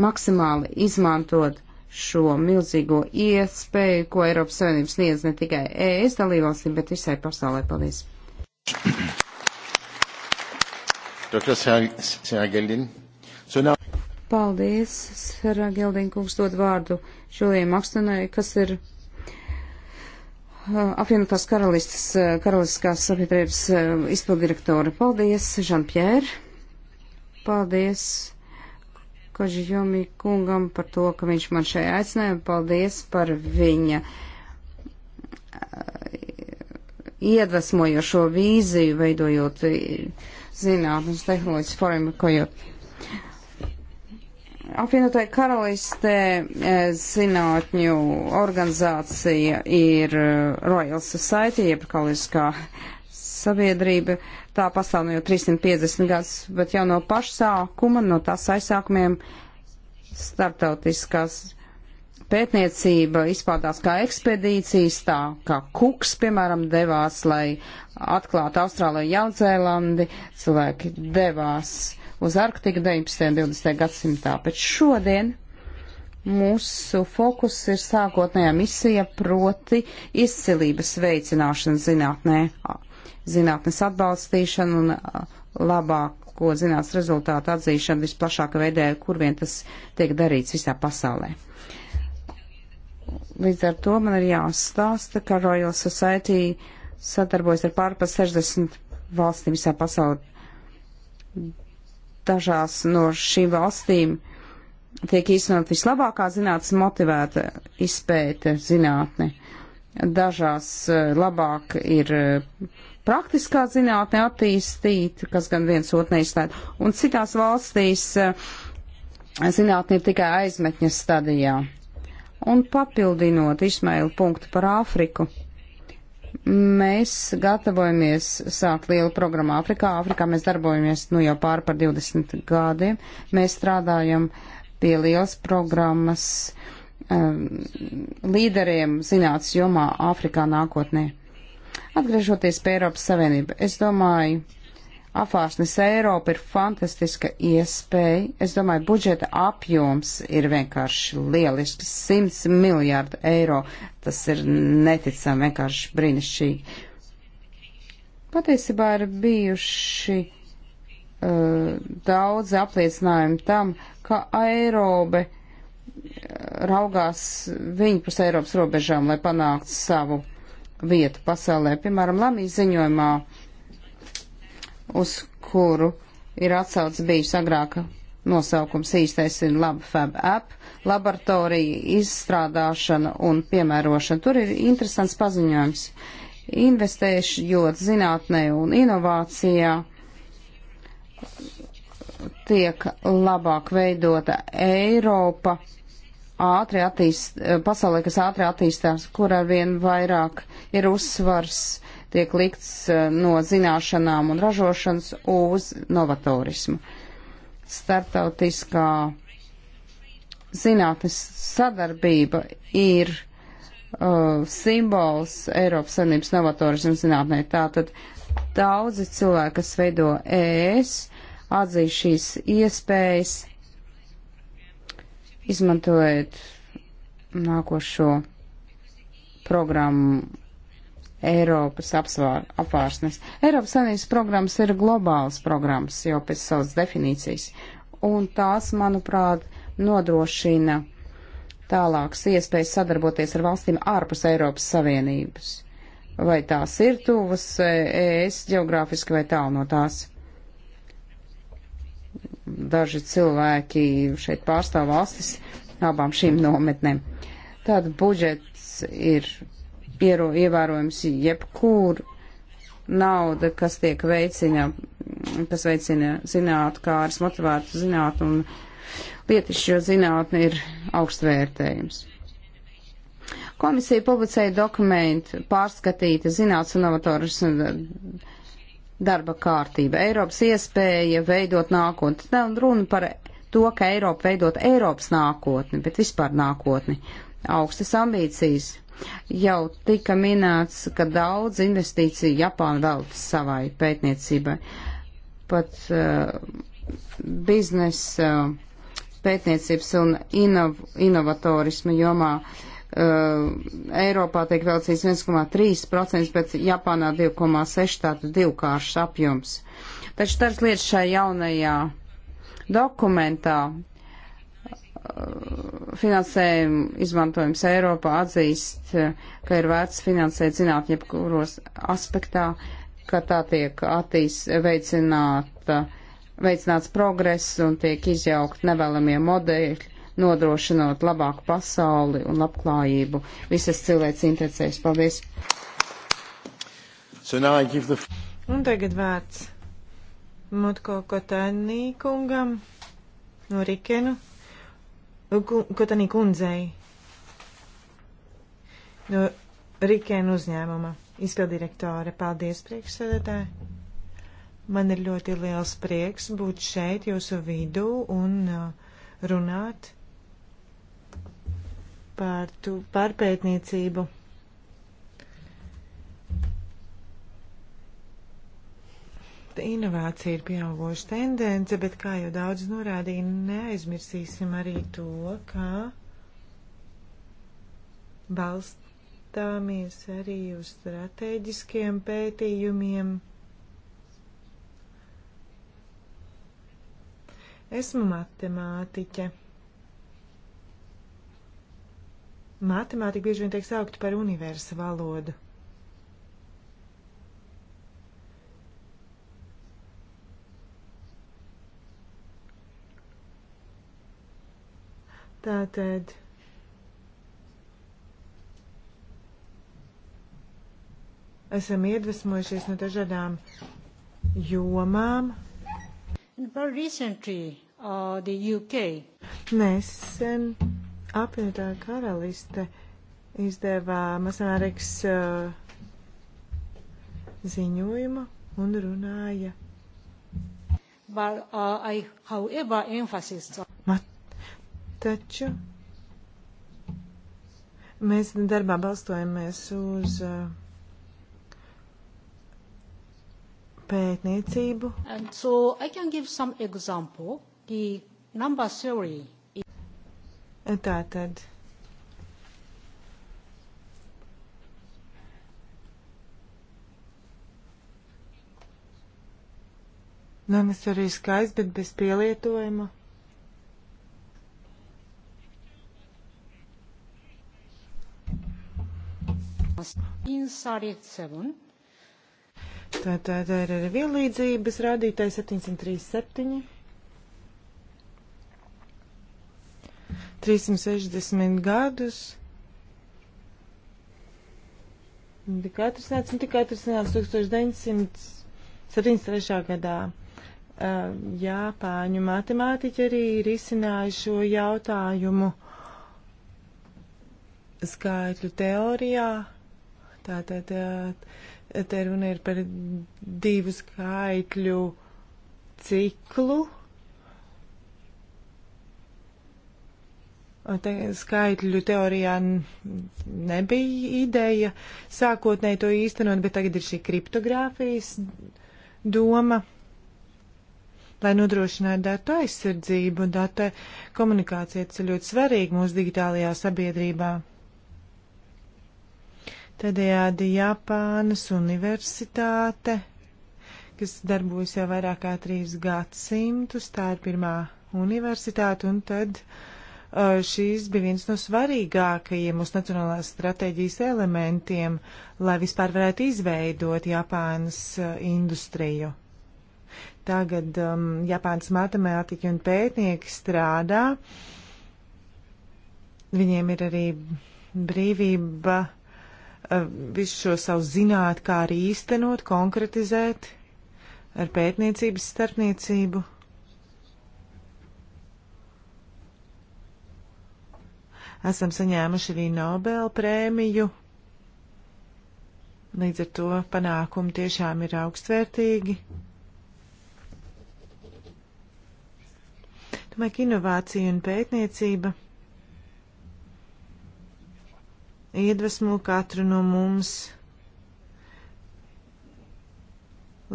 maksimāli izmantot šo milzīgo iespēju, ko Eiropas Savienības sniedz ne tikai ES dalībvalstīm, bet visai pasaulē. Paldies! Paldies, Sara Geldinkungs, dod vārdu Žulijai Makstonai, kas ir uh, apvienotās karalistas, uh, karalistiskās sabiedrības uh, izpildirektora. Paldies, Žanpjēr! Paldies! Kožjomi kungam par to, ka viņš man šai aicināja. Paldies par viņa eh, iedvesmojošo vīziju, veidojot eh, zinātnes tehnoloģijas formu, ko jau apvienotāji karalistē eh, zinātņu organizācija ir Royal Society, jeb Kaliskā sabiedrība. Uh, tā pastāv no jau 350 gadus, bet jau no pašsākuma, no tās aizsākumiem starptautiskās pētniecība izpaudās kā ekspedīcijas, tā kā Kuks, piemēram, devās, lai atklātu Austrāliju Jaunzēlandi, cilvēki devās uz Arktiku 19. un 20. gadsimtā, bet šodien mūsu fokus ir sākotnējā misija proti izcilības veicināšana zinātnē zinātnes atbalstīšanu un uh, labāko zinātnes rezultātu atzīšanu visplašākā veidē, kur vien tas tiek darīts visā pasaulē. Līdz ar to man ir jāstāsta, ka Royal Society sadarbojas ar pārpa 60 valstīm visā pasaulē. Dažās no šīm valstīm tiek īstenot vislabākā zinātnes motivēta izpēta zinātne. Dažās uh, labāk ir uh, praktiskā zinātne attīstīt, kas gan viens otru neizslēdz. Un citās valstīs eh, zinātne ir tikai aizmetņa stadijā. Un papildinot Ismailu punktu par Āfriku, mēs gatavojamies sākt lielu programmu Āfrikā. Āfrikā mēs darbojamies nu jau pār par 20 gadiem. Mēs strādājam pie lielas programmas um, līderiem zinātnes jomā Āfrikā nākotnē Atgriežoties pie Eiropas Savienība, es domāju, Afārsnes Eiropa ir fantastiska iespēja. Es domāju, budžeta apjoms ir vienkārši lielisks - 100 miljārdu eiro. Tas ir neticami vienkārši brīnišķīgi. Patiesībā ir bijuši uh, eh, daudz apliecinājumu tam, ka Eirobe eh, raugās viņu pus Eiropas robežām, lai panāktu savu vietu pasaulē. Piemēram, Lamijas ziņojumā, uz kuru ir atsauc bijis agrāk nosaukums īstais ir LabFab app, laboratorija izstrādāšana un piemērošana. Tur ir interesants paziņojums. Investēšot zinātnē un inovācijā tiek labāk veidota Eiropa ātri attīst, eh, pasaulē, kas ātri attīstās, kur arvien vairāk ir uzsvars, tiek likts eh, no zināšanām un ražošanas uz novatorismu. Startautiskā zinātnes sadarbība ir uh, simbols Eiropas Savienības novatorismu zinātnē. Tātad daudzi cilvēki, kas veido ES, atzīst šīs iespējas izmantojot nākošo programmu Eiropas apsvār, apvārsnes. Eiropas Savienības programmas ir globāls programmas jau pēc savas definīcijas, un tās, manuprāt, nodrošina tālākas iespējas sadarboties ar valstīm ārpus Eiropas Savienības. Vai tās ir tuvas ES e geogrāfiski vai tālu no tās? daži cilvēki šeit pārstāv valstis abām šīm nometnēm. Tāda budžets ir iero, ievērojams jebkur nauda, kas tiek veicina, kas veicina zinātu, kā ar smotivētu zinātu un lietišķo zinātni ir augstvērtējums. Komisija publicēja dokumentu pārskatīta zinātnes un novatoras darba kārtība, Eiropas iespēja veidot nākotni. Nav runa par to, ka Eiropa veidot Eiropas nākotni, bet vispār nākotni. Augstas ambīcijas. Jau tika minēts, ka daudz investīciju Japāna vēl savai pētniecībai. Pat uh, biznesa uh, pētniecības un inov, inovatorisma jomā uh, Uh, Eiropā tiek velcīts 1,3%, bet Japānā 2,6% tātad divkāršs apjoms. Taču tas lietas šajā jaunajā dokumentā uh, finansējumu izmantojums Eiropā atzīst, uh, ka ir vērts finansēt zinātņu jebkuros aspektā, ka tā tiek attīst, veicināta, veicināts progress un tiek izjaukt nevēlamie modeļi nodrošinot labāku pasauli un labklājību visas cilvēks interesēs. Paldies! So the... Un tagad vārds Mutko Kotanī kungam no Rikenu, Kotanī kundzei no Rikenu uzņēmuma izpildirektore. Paldies, priekšsēdētāji! Man ir ļoti liels prieks būt šeit jūsu vidū un uh, runāt par, tu, par pētniecību. Inovācija ir pieauguša tendence, bet, kā jau daudz norādīja, neaizmirsīsim arī to, ka balstāmies arī uz strateģiskiem pētījumiem. Esmu matemātiķe. Matemātika bieži vien tiek saukta par universa valodu. Tātad. Esam iedvesmojušies no dažādām jomām. Recently, uh, the UK. Nesen apvienotā karaliste izdevā Masanāriks uh, ziņojumu un runāja. But, uh, I, however, emphasis... Mat, taču mēs darbā balstojamies uz uh, pētniecību. And so I can give some example, the number theory Tā tad. Nomas nu, arī skaists, bet bez pielietojuma. Tā, tā, tā ir arī vienlīdzības rādītāja 737. 360 gadus. Tika atrasināts un nu, tika atrasināts 1973. gadā. Uh, Jāpāņu matemātiķi arī ir izcinājuši šo jautājumu skaitļu teorijā. Tātad te runa ir par divu skaitļu ciklu Te, skaitļu teorijā nebija ideja sākotnēji to īstenot, bet tagad ir šī kriptogrāfijas doma, lai nodrošinātu datu aizsardzību un datu komunikācija. Tas ir ļoti svarīgi mūsu digitālajā sabiedrībā. Tādējādi Japānas universitāte, kas darbojas jau vairāk kā trīs gadsimtus, tā ir pirmā universitāte un tad. Uh, Eh, šīs bija viens no svarīgākajiem mūsu nacionālās stratēģijas elementiem, lai vispār varētu izveidot Japānas eh, industriju. Tagad um, Japānas matemātiķi un pētnieki strādā. Viņiem ir arī brīvība uh, visu šo savu zināt, kā arī īstenot, konkretizēt ar pētniecības starpniecību. esam saņēmuši arī Nobel prēmiju. Līdz ar to panākumi tiešām ir augstvērtīgi. Domāju, ka inovācija un pētniecība iedvesmo katru no mums,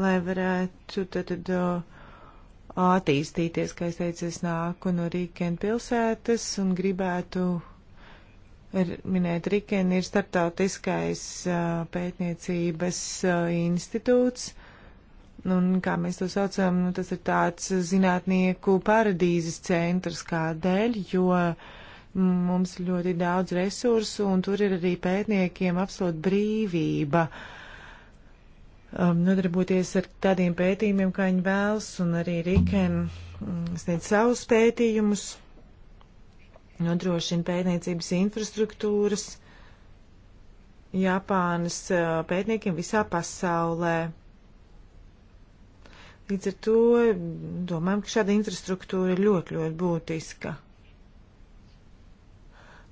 lai varētu tad, tad attīstīties, kā es teicu, es nāku no Rīkena pilsētas un gribētu minēt Rikeni, ir startautiskais pētniecības institūts. Un, kā mēs to saucam, nu, tas ir tāds zinātnieku paradīzes centrs kādēļ, jo mums ļoti daudz resursu un tur ir arī pētniekiem absolūta brīvība um, nodarboties ar tādiem pētījumiem, kā viņi vēlas, un arī Riken sniedz savus pētījumus nodrošina pētniecības infrastruktūras Japānas pētniekiem visā pasaulē. Līdz ar to domājam, ka šāda infrastruktūra ir ļoti, ļoti būtiska.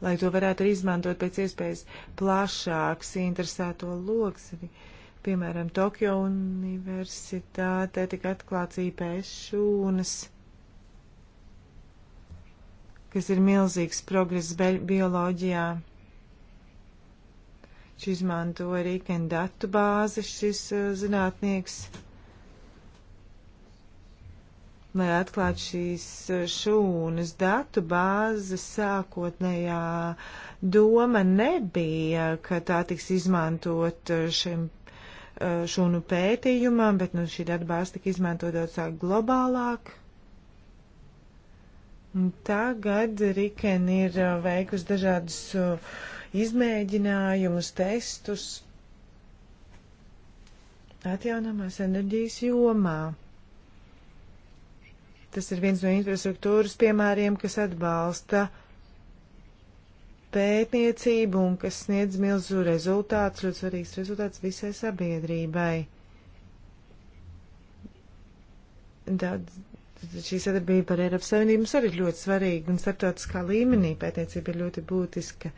Lai to varētu arī izmantot pēc iespējas plašāks interesēto loks, arī, piemēram, Tokio universitātē tika atklāts IP šūnas kas ir milzīgs progress bioloģijā. Viņš izmantoja Rīkena datu bāzi, šis uh, zinātnieks, lai atklātu šīs uh, šūnas datu bāzes sākotnējā doma nebija, ka tā tiks izmantot uh, šim šūnu pētījumam, bet nu, šī datu bāze tika izmantot daudz globālāk. Tagad Riken ir uh, veikusi dažādus uh, izmēģinājumus, testus atjaunamās enerģijas jomā. Tas ir viens no infrastruktūras piemēriem, kas atbalsta pētniecību un kas sniedz milzu rezultātus, ļoti svarīgs rezultāts visai sabiedrībai. Daudz šī sadarbība ar Eiropas Savienību mums arī ir ļoti svarīga un starptautiskā līmenī pētniecība ir ļoti būtiska.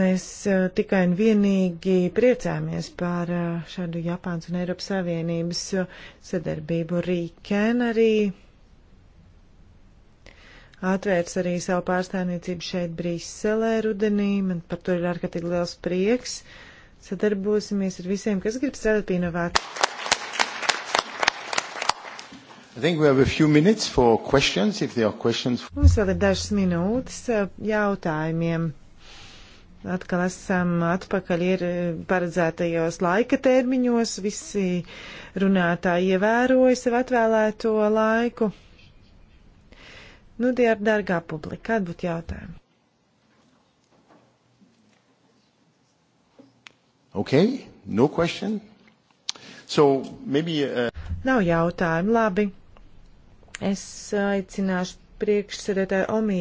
Mēs uh, tikai un vienīgi priecāmies par uh, šādu Japānas un Eiropas Savienības eh, sadarbību. Rīken arī atvērs arī savu pārstāvniecību šeit Brīselē rudenī. Man par to ir ārkārtīgi liels prieks. Uh, sadarbosimies ar visiem, kas grib strādāt pie inovācijām. Mums vēl ir dažas minūtes uh, jautājumiem. Atkal esam atpakaļ ir uh, paredzētajos laika termiņos. Visi runātāji ievēroja sev atvēlēto laiku. Nu, tie ir dargā publika. Kāda būtu jautājuma? Okay? No question? So maybe, uh... Nav jautājumu, labi. Es aicināšu priekšsēdētāju Omī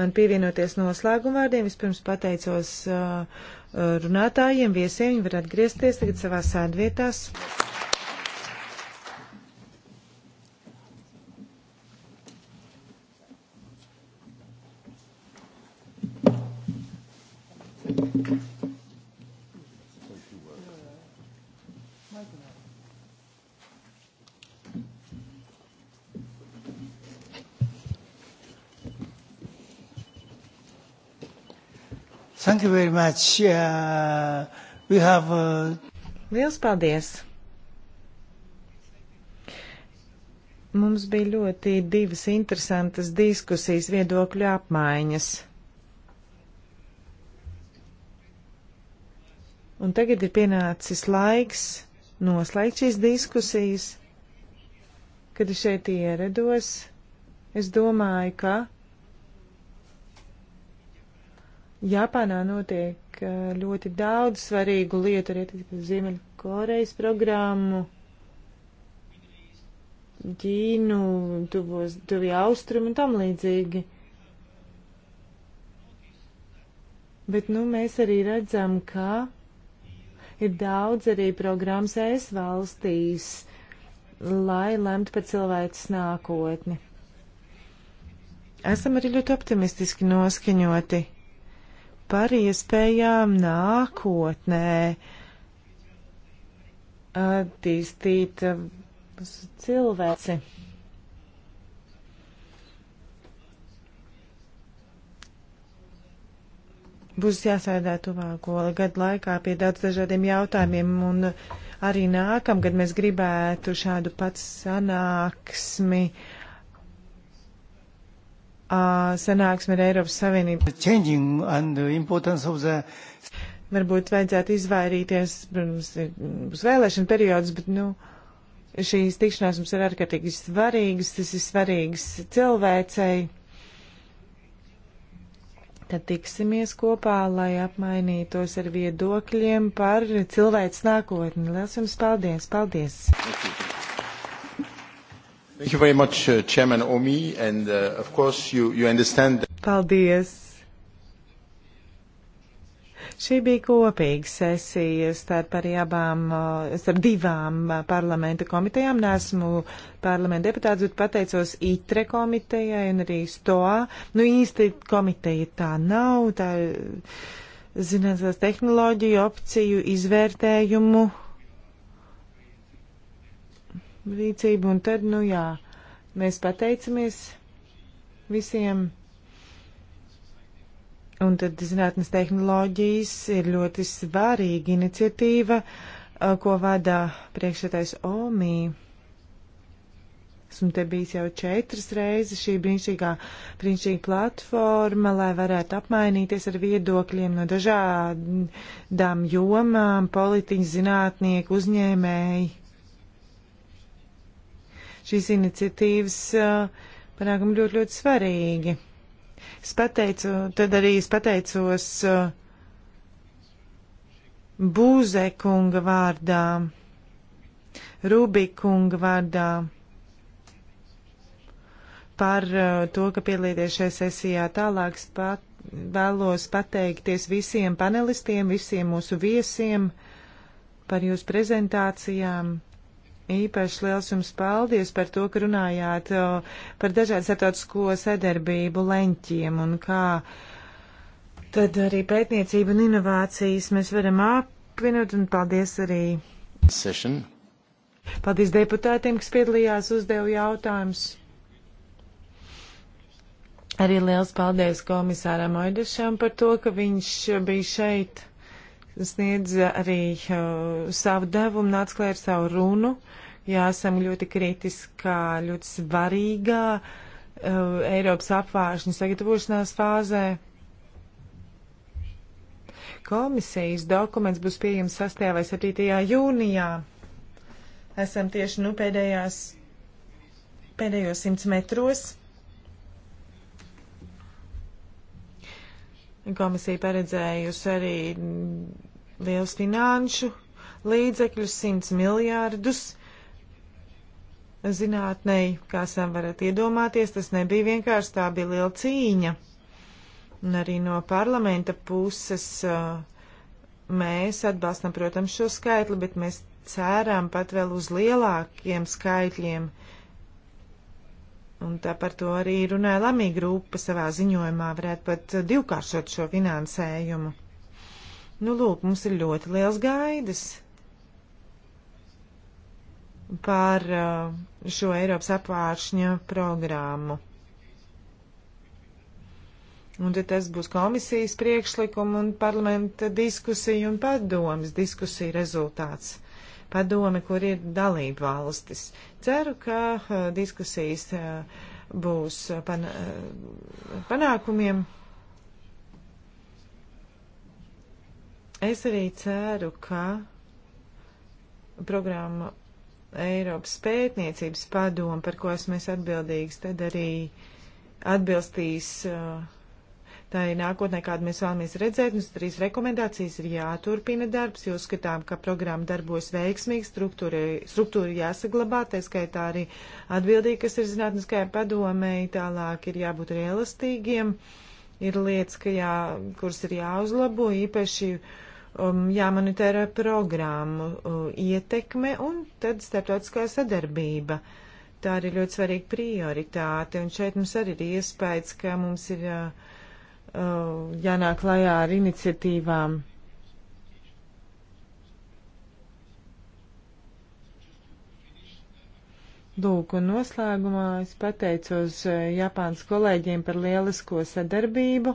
man pievienoties noslēguma vārdiem. Vispirms pateicos uh, runātājiem, viesiem. Viņi var atgriezties tagad savās sēdvietās. Yes. you very much. Uh, we have. Uh... Liels paldies! Mums bija ļoti divas interesantas diskusijas, viedokļu apmaiņas. Un tagad ir pienācis laiks noslēgt šīs diskusijas. Kad es šeit ierados, es domāju, ka Japānā notiek eh, ļoti daudz svarīgu lietu, arī attiecībā uz Ziemeļkorejas programmu, Ķīnu, tuvos, tuvie austrumi un tam līdzīgi. Bet, nu, mēs arī redzam, ka ir daudz arī programmas ES valstīs, lai lemtu par cilvēces nākotni. Esam arī ļoti optimistiski noskaņoti par iespējām nākotnē attīstīt eh, cilvēci. Būs jāsēdā tuvāko gadu laikā pie daudz dažādiem jautājumiem, un arī nākamgad mēs gribētu šādu pats sanāksmi uh, sanāksme ar Eiropas Savienību. The... Varbūt vajadzētu izvairīties, protams, būs vēlēšana periods, bet, nu, šīs tikšanās mums ir ārkārtīgi svarīgas, tas ir svarīgs cilvēcei. Tad tiksimies kopā, lai apmainītos ar viedokļiem par cilvēks nākotni. Liels jums paldies! Paldies! Thank you. Thank you very much, uh, Chairman Omi, and uh, of course you, you understand. That... Paldies. Šī bija kopīga sesija starp arī abām, uh, starp divām uh, parlamenta komitejām. Nesmu parlamenta deputāts, bet pateicos ITRE komitejai un arī STOA. Nu, īsti komiteja tā nav, tā zinātnes tehnoloģiju opciju izvērtējumu rīcību, un tad, nu jā, mēs pateicamies visiem. Un tad zinātnes tehnoloģijas ir ļoti svarīga iniciatīva, ko vada priekšsētais OMI. Esmu te bijis jau četras reizes šī brīnišķīgā, brīnišķīga platforma, lai varētu apmainīties ar viedokļiem no dažādām jomām, politiķi, zinātnieki, uzņēmēji šīs iniciatīvas eh, panākumi ļoti, ļoti svarīgi. Es pateicu, tad arī es pateicos eh, Būzekunga vārdā, Rubikunga vārdā par eh, to, ka piedalīties šajā sesijā tālāk. Pat, vēlos pateikties visiem panelistiem, visiem mūsu viesiem par jūsu prezentācijām. Īpaši liels jums paldies par to, ka runājāt par dažādu starptautisko sadarbību leņķiem un kā tad arī pētniecību un inovācijas mēs varam apvienot un paldies arī. Session. Paldies deputātiem, kas piedalījās, uzdeva jautājumus. Arī liels paldies komisāram Oidešam par to, ka viņš bija šeit sniedz arī uh, savu devumu, nāca klāt ar savu runu. Jā, esam ļoti kritiskā, ļoti svarīgā uh, Eiropas apvāršņa sagatavošanās fāzē. Komisijas dokuments būs pieejams 6. vai 7. jūnijā. Esam tieši nu pēdējās, pēdējos simts metros. Komisija paredzējusi arī liels finanšu līdzekļus, 100 miljārdus zinātnei, kā sam varat iedomāties, tas nebija vienkārši tā bija liela cīņa. Un arī no parlamenta puses mēs atbalstam, protams, šo skaitli, bet mēs cērām pat vēl uz lielākiem skaitļiem. Un tā par to arī runāja Lamī grupa savā ziņojumā, varētu pat divkāršot šo finansējumu. Nu, lūk, mums ir ļoti liels gaidas par uh, šo Eiropas apvāršņa programmu. Un tad tas būs komisijas priekšlikuma un parlamenta diskusija un padomas diskusija rezultāts. Padome, kur ir dalība valstis. Ceru, ka uh, diskusijas uh, būs uh, pan, uh, panākumiem. Es arī ceru, ka programma Eiropas pētniecības padoma, par ko esmu es atbildīgs, tad arī atbilstīs uh, tā ir nākotnē, kādu mēs vēlamies redzēt. Mums trīs rekomendācijas ir jāturpina darbs, jo skatām, ka programma darbos veiksmīgi, struktūra, struktūra jāsaglabā, tā skaitā arī atbildīgi, kas ir zinātniskajā padomēji, tālāk ir jābūt realistīgiem, ir lietas, jā, kuras ir jāuzlabo, īpaši. Uh, um, jāmonitēra programmu uh, ietekme un tad starptautiskā sadarbība. Tā ir ļoti svarīga prioritāte, un šeit mums arī ir iespējas, ka mums ir uh, uh jānāk klajā ar iniciatīvām. Lūk, un noslēgumā es pateicos uh, Japānas kolēģiem par lielisko sadarbību.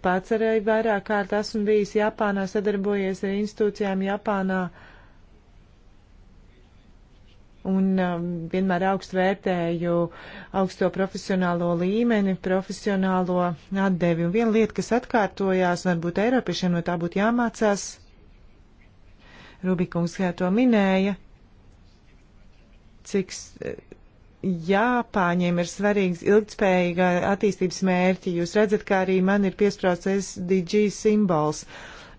Pats arī vairāk kārt esmu bijis Japānā, sadarbojies ar institūcijām Japānā un um, vienmēr augstu vērtēju augsto profesionālo līmeni, profesionālo atdevi. Un viena lieta, kas atkārtojās, varbūt Eiropiešiem no tā būtu jāmācās, Rubikungs kā to minēja, cik Japāņiem ir svarīgs ilgtspējīga attīstības mērķi. Jūs redzat, kā arī man ir piesprāts SDG simbols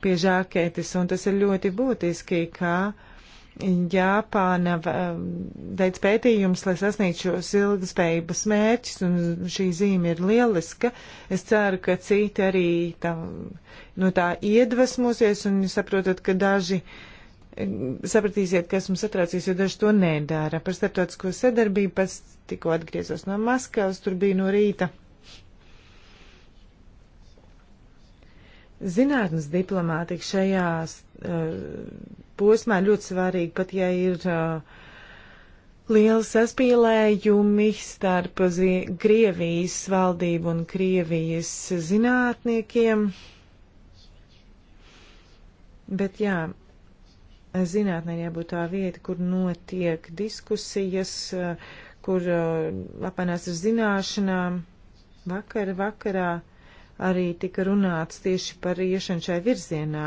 pie žāketes, un tas ir ļoti būtiski, ka Japāna veids pētījums, lai sasniegtu šos ilgspējības mērķus, un šī zīme ir lieliska. Es ceru, ka citi arī tam, no tā iedvesmosies, un jūs saprotat, ka daži. Uh, sapratīsiet, kas mums satraucīs, jo daži to nedara. Par starptautisko sadarbību pēc tikko atgriezos no Maskavas, tur bija no rīta. Zinātnes diplomātika šajā uh, posmā ļoti svarīga, pat ja ir uh, lieli saspīlējumi starp Krievijas valdību un Krievijas zinātniekiem. Bet jā, Zinātnē jābūt tā vieta, kur notiek diskusijas, kur uh, apmainās ar zināšanām. Vakar, vakarā arī tika runāts tieši par iešanu šai virzienā.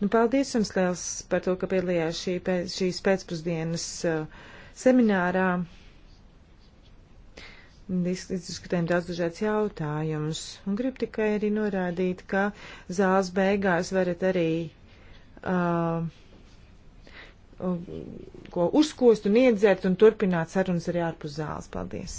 Nu, paldies jums liels par to, ka piedalījās šī, šīs pēcpusdienas uh, seminārā. Diskutējam daudz dažādas jautājumus, un gribu tikai arī norādīt, ka zāles beigās varat arī uh, ko uzkost un iedzert un turpināt sarunas arī ārpus zāles. Paldies!